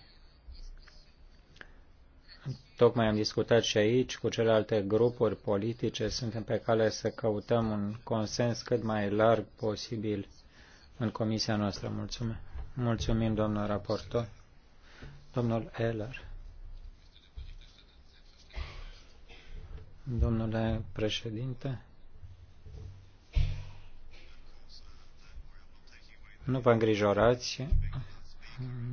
tocmai am discutat și aici cu celelalte grupuri politice. Suntem pe cale să căutăm un consens cât mai larg posibil în comisia noastră. Mulțumesc! Mulțumim, doamnă raportor. Domnul Eller. Domnule președinte, nu vă îngrijorați,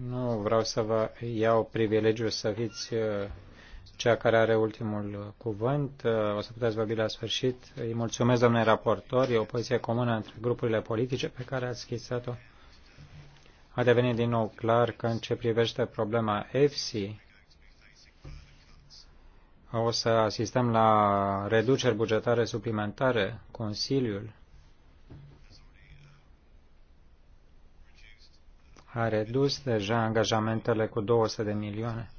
nu vreau să vă iau privilegiu să fiți uh, cea care are ultimul cuvânt. Uh, o să puteți vorbi la sfârșit. Îi mulțumesc, domnule raportor. E o poziție comună între grupurile politice pe care ați schițat-o a devenit din nou clar că în ce privește problema EFSI, o să asistăm la reduceri bugetare suplimentare. Consiliul a redus deja angajamentele cu 200 de milioane.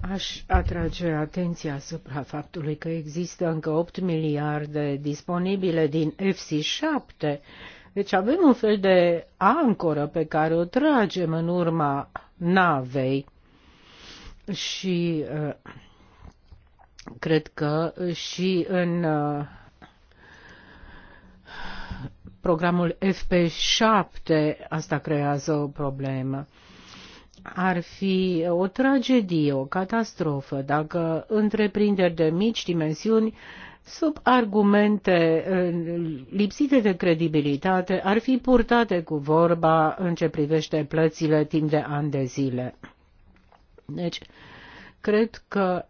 Aș atrage atenția asupra faptului că există încă 8 miliarde disponibile din FC7 deci avem un fel de ancoră pe care o tragem în urma navei și uh, cred că și în uh, programul FP7 asta creează o problemă. Ar fi o tragedie, o catastrofă dacă întreprinderi de mici dimensiuni sub argumente eh, lipsite de credibilitate, ar fi purtate cu vorba în ce privește plățile timp de ani de zile. Deci, cred că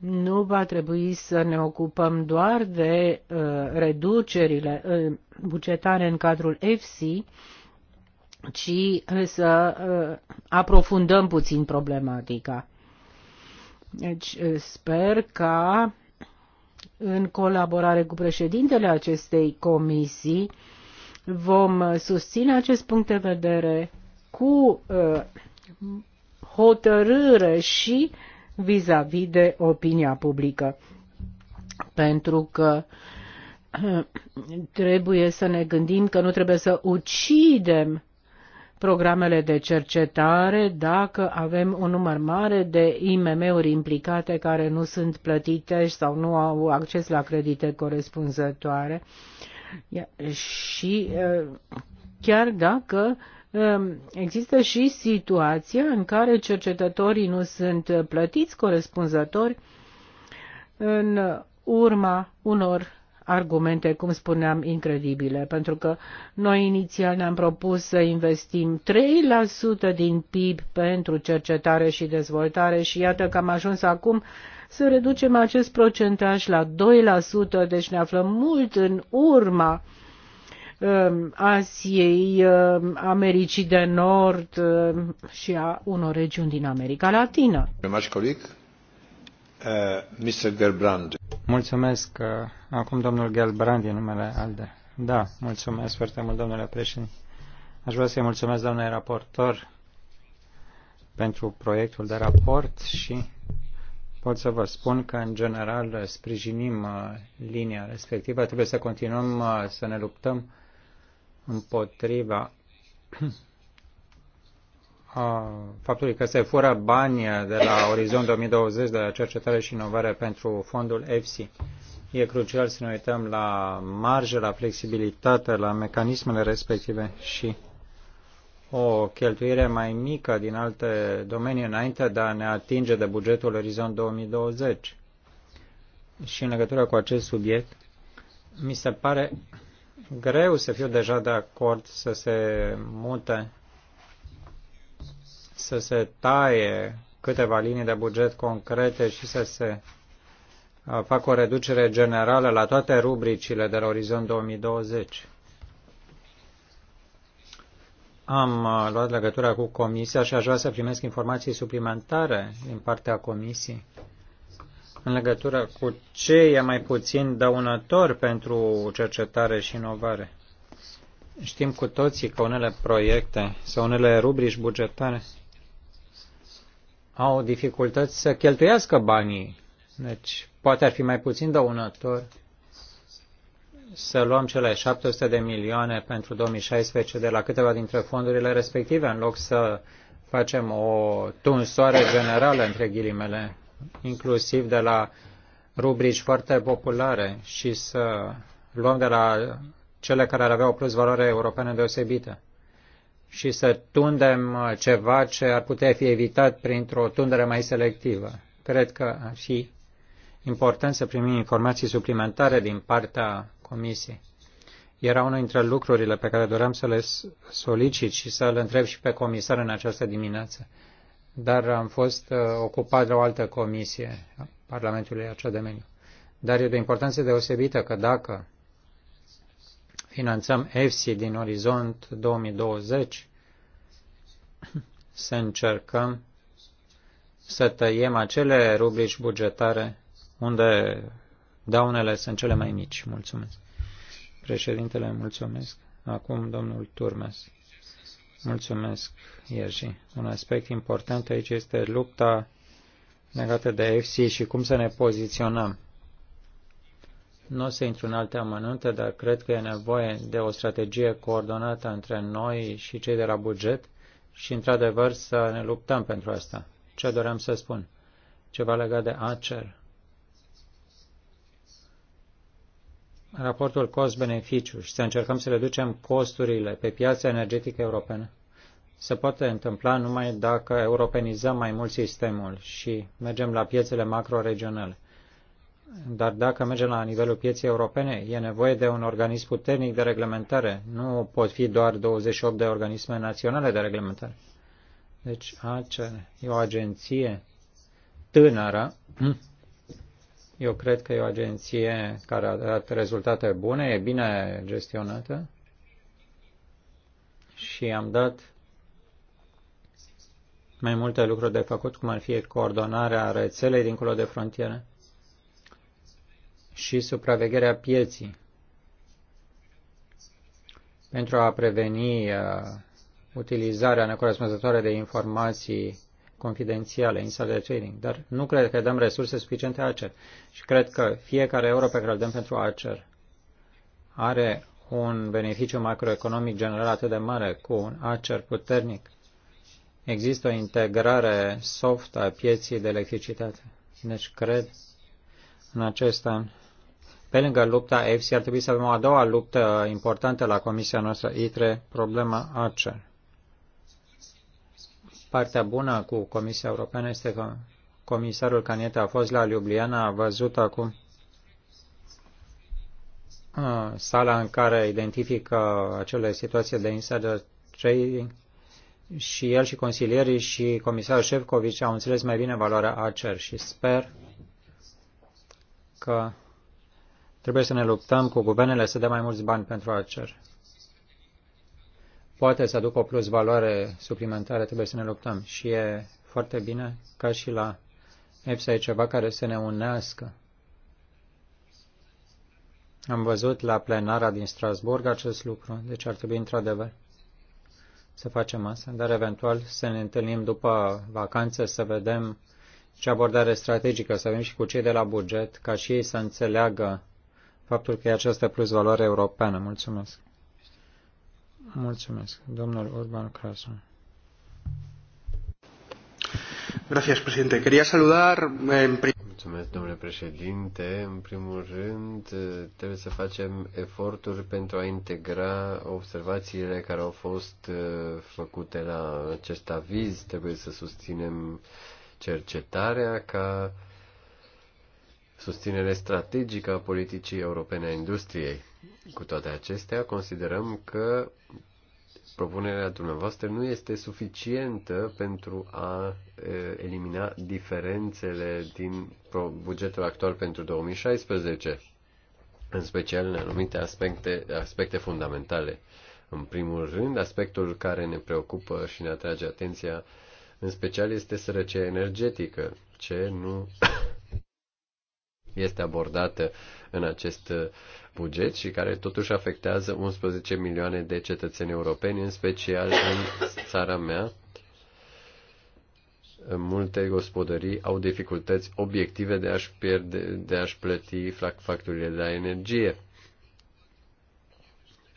nu va trebui să ne ocupăm doar de uh, reducerile uh, bugetare în cadrul FC, ci să uh, aprofundăm puțin problematica. Deci sper ca în colaborare cu președintele acestei comisii, vom susține acest punct de vedere cu uh, hotărâre și vis-a-vis -vis de opinia publică. Pentru că uh, trebuie să ne gândim că nu trebuie să ucidem programele de cercetare, dacă avem un număr mare de IMM-uri implicate care nu sunt plătite sau nu au acces la credite corespunzătoare. Și chiar dacă există și situația în care cercetătorii nu sunt plătiți corespunzători în urma unor argumente, cum spuneam, incredibile, pentru că noi inițial ne-am propus să investim 3% din PIB pentru cercetare și dezvoltare și iată că am ajuns acum să reducem acest procentaj la 2%, deci ne aflăm mult în urma um, Asiei, um, Americii de Nord um, și a unor regiuni din America Latină. Mr. Uh, Gerbrand. Mulțumesc. Uh, acum domnul Gelbrandi, numele ALDE. Da, mulțumesc foarte mult, domnule președinte. Aș vrea să-i mulțumesc, domnule raportor, pentru proiectul de raport și pot să vă spun că, în general, sprijinim uh, linia respectivă. Trebuie să continuăm uh, să ne luptăm împotriva a faptului că se fură bani de la Orizont 2020, de la cercetare și inovare pentru fondul EFSI. E crucial să ne uităm la marjă, la flexibilitate, la mecanismele respective și o cheltuire mai mică din alte domenii înainte de a ne atinge de bugetul Orizont 2020. Și în legătură cu acest subiect, mi se pare greu să fiu deja de acord să se mute să se taie câteva linii de buget concrete și să se uh, facă o reducere generală la toate rubricile de la Orizont 2020. Am uh, luat legătura cu Comisia și aș vrea să primesc informații suplimentare din partea Comisiei în legătură cu ce e mai puțin dăunător pentru cercetare și inovare. Știm cu toții că unele proiecte sau unele rubrici bugetare au dificultăți să cheltuiască banii. Deci poate ar fi mai puțin dăunător să luăm cele 700 de milioane pentru 2016 de la câteva dintre fondurile respective, în loc să facem o tunsoare generală, între ghilimele, inclusiv de la rubrici foarte populare și să luăm de la cele care ar avea o plus valoare europeană deosebită și să tundem uh, ceva ce ar putea fi evitat printr-o tundere mai selectivă. Cred că ar fi important să primim informații suplimentare din partea Comisiei. Era una dintre lucrurile pe care doream să le solicit și să le întreb și pe comisar în această dimineață. Dar am fost uh, ocupat de o altă comisie a Parlamentului acea de meniu. Dar e de importanță deosebită că dacă finanțăm EFSI din orizont 2020, să încercăm să tăiem acele rubrici bugetare unde daunele sunt cele mai mici. Mulțumesc. Președintele, mulțumesc. Acum domnul Turmes. Mulțumesc, Iergi. Un aspect important aici este lupta legată de FC și cum să ne poziționăm. Nu o să intru în alte amănunte, dar cred că e nevoie de o strategie coordonată între noi și cei de la buget și, într-adevăr, să ne luptăm pentru asta. Ce doream să spun? Ceva legat de ACER. Raportul cost-beneficiu și să încercăm să reducem costurile pe piața energetică europeană se poate întâmpla numai dacă europenizăm mai mult sistemul și mergem la piețele macro-regionale. Dar dacă mergem la nivelul pieței europene, e nevoie de un organism puternic de reglementare. Nu pot fi doar 28 de organisme naționale de reglementare. Deci ACER e o agenție tânără. Eu cred că e o agenție care a dat rezultate bune, e bine gestionată și am dat mai multe lucruri de făcut, cum ar fi coordonarea rețelei dincolo de frontiere și supravegherea pieții pentru a preveni uh, utilizarea necorespunzătoare de informații confidențiale, insider trading, dar nu cred că dăm resurse suficiente Acer și cred că fiecare euro pe care îl dăm pentru Acer are un beneficiu macroeconomic general atât de mare cu un Acer puternic. Există o integrare soft a pieții de electricitate. Deci cred în acest an pe lângă lupta EFSI ar trebui să avem o a doua luptă importantă la comisia noastră ITRE, problema ACER. Partea bună cu Comisia Europeană este că comisarul Caniete a fost la Ljubljana, a văzut acum uh, sala în care identifică acele situații de insider trading și el și consilierii și comisarul Șefcovici au înțeles mai bine valoarea ACER și sper că Trebuie să ne luptăm cu guvernele să dea mai mulți bani pentru a Poate să aducă o plus valoare suplimentară, trebuie să ne luptăm. Și e foarte bine ca și la EPSA e ceva care să ne unească. Am văzut la plenara din Strasburg acest lucru, deci ar trebui într-adevăr să facem asta, dar eventual să ne întâlnim după vacanță să vedem ce abordare strategică să avem și cu cei de la buget, ca și ei să înțeleagă faptul că e această plusvaloare europeană. Mulțumesc. Mulțumesc. Domnul Urban Crasun. Gracias, presidente. Quería saludar en Mulțumesc, domnule președinte. În primul rând, trebuie să facem eforturi pentru a integra observațiile care au fost uh, făcute la acest aviz. Trebuie să susținem cercetarea ca susținere strategică a politicii europene a industriei. Cu toate acestea, considerăm că propunerea dumneavoastră nu este suficientă pentru a elimina diferențele din bugetul actual pentru 2016, în special în anumite aspecte, aspecte fundamentale. În primul rând, aspectul care ne preocupă și ne atrage atenția, în special, este sărăcia energetică, ce nu este abordată în acest buget și care totuși afectează 11 milioane de cetățeni europeni, în special în țara mea. Multe gospodării au dificultăți obiective de a-și, pierde, de a-și plăti facturile de la energie.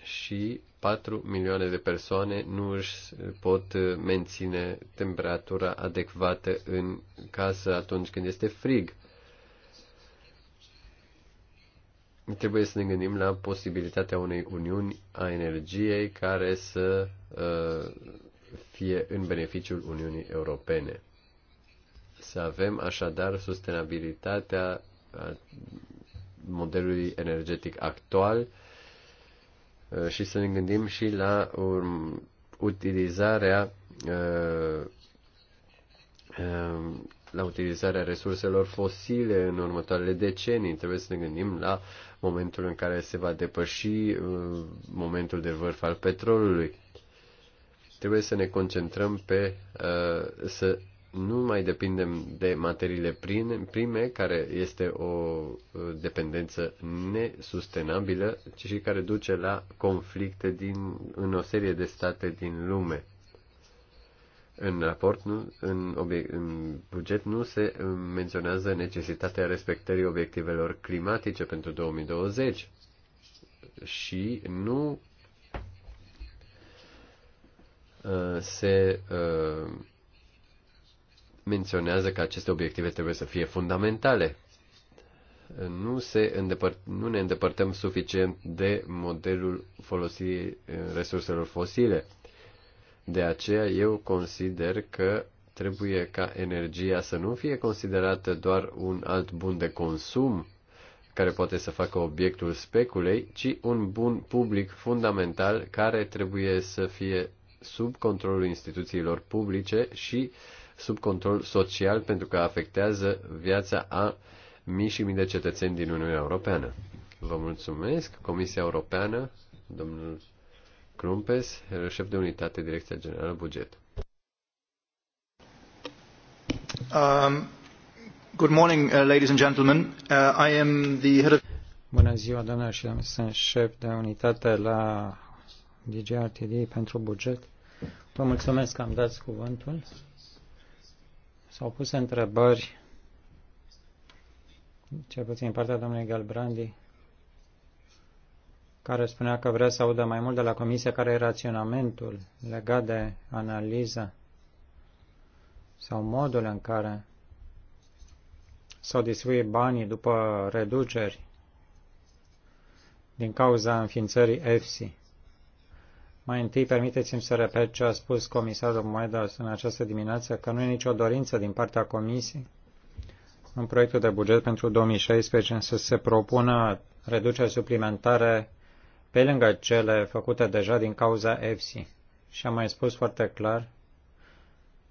Și 4 milioane de persoane nu își pot menține temperatura adecvată în casă atunci când este frig trebuie să ne gândim la posibilitatea unei uniuni a energiei care să uh, fie în beneficiul Uniunii Europene. Să avem așadar sustenabilitatea uh, modelului energetic actual uh, și să ne gândim și la utilizarea um, la utilizarea resurselor fosile în următoarele decenii. Trebuie să ne gândim la momentul în care se va depăși uh, momentul de vârf al petrolului. Trebuie să ne concentrăm pe uh, să nu mai depindem de materiile prime, care este o uh, dependență nesustenabilă, ci și care duce la conflicte din, în o serie de state din lume. În raport, nu, în, obiect, în buget nu se um, menționează necesitatea respectării obiectivelor climatice pentru 2020 și nu uh, se uh, menționează că aceste obiective trebuie să fie fundamentale. Nu, se îndepăr- nu ne îndepărtăm suficient de modelul folosirii uh, resurselor fosile de aceea eu consider că trebuie ca energia să nu fie considerată doar un alt bun de consum care poate să facă obiectul speculei, ci un bun public fundamental care trebuie să fie sub controlul instituțiilor publice și sub control social pentru că afectează viața a mii și mii de cetățeni din Uniunea Europeană. Vă mulțumesc, Comisia Europeană, domnul Crumpes, șef de unitate, Direcția Generală Buget. Um, good morning, uh, ladies and gentlemen. Uh, I am the head of... Bună ziua, doamne și domnule. Sunt șef de unitate la DGRTD pentru buget. Vă mulțumesc că am dat cuvântul. S-au pus întrebări, cel puțin partea domnului Galbrandi, care spunea că vrea să audă mai mult de la Comisie care e raționamentul legat de analiză sau modul în care s-au distribuit banii după reduceri din cauza înființării EFSI. Mai întâi, permiteți-mi să repet ce a spus comisarul Moedas în această dimineață, că nu e nicio dorință din partea comisiei în proiectul de buget pentru 2016 să se propună reduceri suplimentare pe lângă cele făcute deja din cauza EFSI. Și am mai spus foarte clar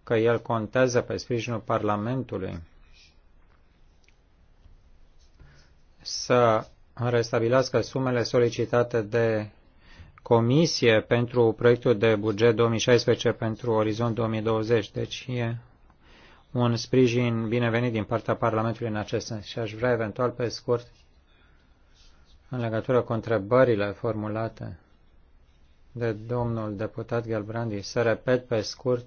că el contează pe sprijinul Parlamentului să restabilească sumele solicitate de comisie pentru proiectul de buget 2016 pentru Orizont 2020. Deci e un sprijin binevenit din partea Parlamentului în acest sens și aș vrea eventual pe scurt în legătură cu întrebările formulate de domnul deputat Galbrandi, Să repet pe scurt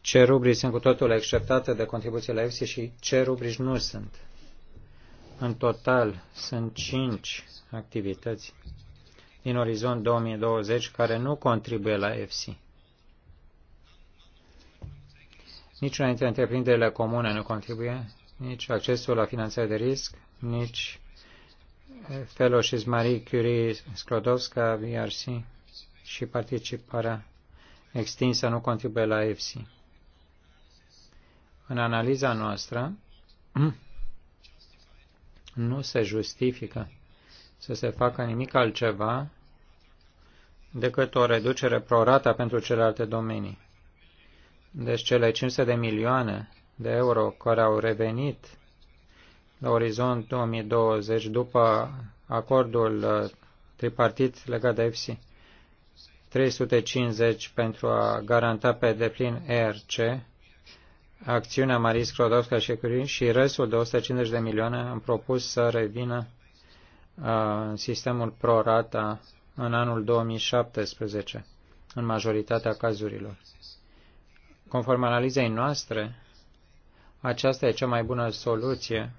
ce rubrici sunt cu totul exceptate de contribuțiile EFSI și ce rubrici nu sunt. În total sunt cinci activități din orizont 2020 care nu contribuie la EFSI. una dintre întreprinderile comune nu contribuie, nici accesul la finanțare de risc, nici fellowships Marie Curie Sklodowska, VRC și participarea extinsă nu contribuie la EFSI. În analiza noastră, nu se justifică să se facă nimic altceva decât o reducere prorata pentru celelalte domenii. Deci cele 500 de milioane de euro care au revenit la orizont 2020 după acordul uh, tripartit legat de EFSI, 350 pentru a garanta pe deplin ERC, acțiunea Maris Klodowska și Curie și restul de 150 de milioane am propus să revină uh, în sistemul prorata în anul 2017, în majoritatea cazurilor. Conform analizei noastre, aceasta e cea mai bună soluție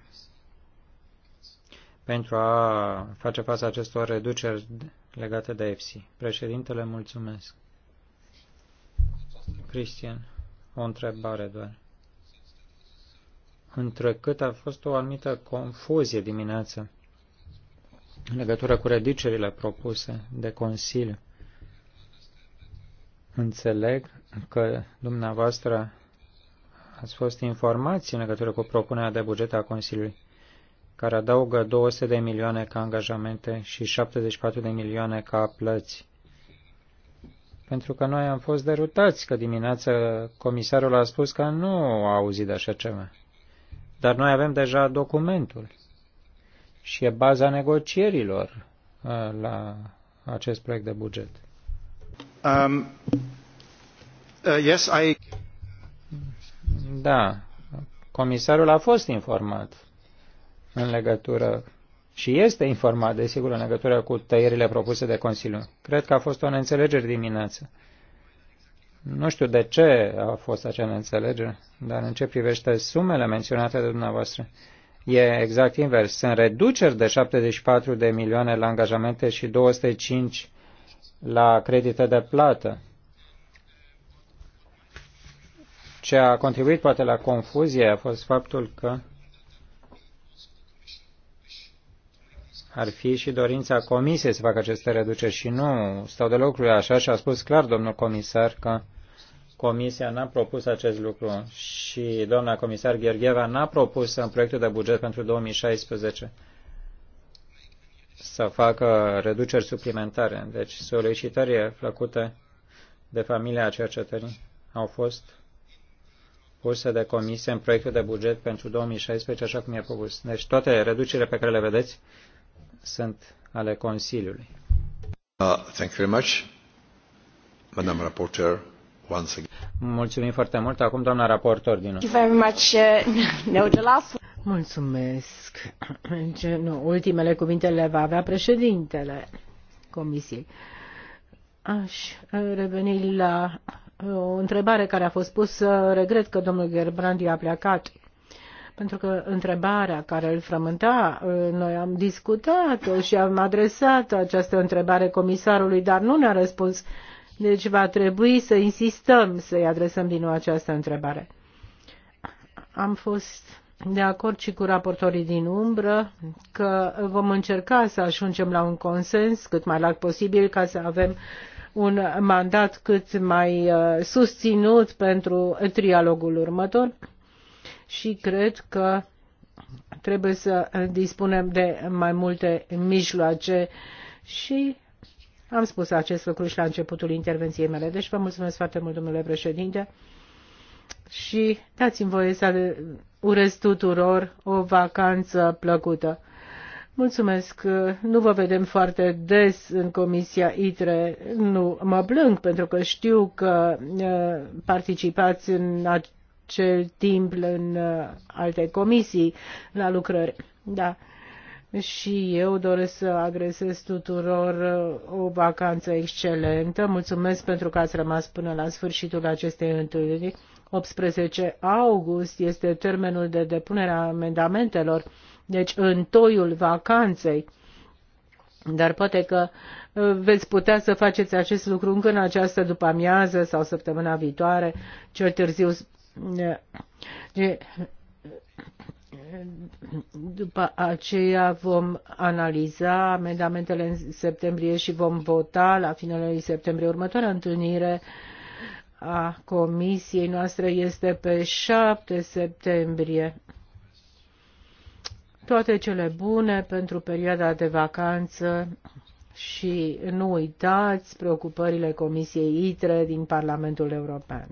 pentru a face față acestor reduceri legate de EFSI. Președintele, mulțumesc. Cristian, o întrebare doar. Întrecât a fost o anumită confuzie dimineață în legătură cu reducerile propuse de Consiliu. Înțeleg că dumneavoastră ați fost informați în legătură cu propunerea de buget a Consiliului, care adaugă 200 de milioane ca angajamente și 74 de milioane ca plăți. Pentru că noi am fost derutați că dimineața comisarul a spus că nu a auzit de așa ceva. Dar noi avem deja documentul și e baza negocierilor uh, la acest proiect de buget. Um, uh, yes, I... Da, comisarul a fost informat în legătură și este informat, desigur, în legătură cu tăierile propuse de Consiliu. Cred că a fost o neînțelegere dimineață. Nu știu de ce a fost acea neînțelegere, dar în ce privește sumele menționate de dumneavoastră, e exact invers. Sunt reduceri de 74 de milioane la angajamente și 205 la credite de plată. Ce a contribuit poate la confuzie a fost faptul că ar fi și dorința comisiei să facă aceste reduceri și nu stau de lucru așa și a spus clar domnul comisar că comisia n-a propus acest lucru și doamna comisar Gheorgheva n-a propus în proiectul de buget pentru 2016 să facă reduceri suplimentare. Deci solicitările făcute de familia cercetării au fost pusă de comisie în proiectul de buget pentru 2016, așa cum mi-a propus. Deci toate reducerile pe care le vedeți sunt ale Consiliului. Uh, thank you very much, Madam Rapporteur. Once again. Mulțumim foarte mult. Acum, doamna raportor, din nou. Thank you very much. no, the last Mulțumesc. Nu, ultimele cuvinte le va avea președintele Comisiei. Aș reveni la o întrebare care a fost pusă. Regret că domnul Gerbrandi a plecat pentru că întrebarea care îl frământa, noi am discutat-o și am adresat această întrebare comisarului, dar nu ne-a răspuns. Deci va trebui să insistăm să-i adresăm din nou această întrebare. Am fost de acord și cu raportorii din umbră că vom încerca să ajungem la un consens cât mai larg posibil ca să avem uh, un mandat cât mai uh, susținut pentru trialogul următor și cred că trebuie să dispunem de mai multe mijloace și am spus acest lucru și la începutul intervenției mele. Deci vă mulțumesc foarte mult, domnule președinte, și dați-mi voie să urez tuturor o vacanță plăcută. Mulțumesc. Nu vă vedem foarte des în Comisia ITRE. Nu mă plâng pentru că știu că uh, participați în acel timp în uh, alte comisii la lucrări. Da. Și eu doresc să agresez tuturor uh, o vacanță excelentă. Mulțumesc pentru că ați rămas până la sfârșitul acestei întâlniri. 18 august este termenul de depunere a amendamentelor deci în toiul vacanței. Dar poate că uh, veți putea să faceți acest lucru încă în această după-amiază sau săptămâna viitoare, cel târziu. Uh, după aceea vom analiza amendamentele în septembrie și vom vota la finele septembrie. Următoarea întâlnire a comisiei noastre este pe 7 septembrie toate cele bune pentru perioada de vacanță și nu uitați preocupările Comisiei ITRE din Parlamentul European.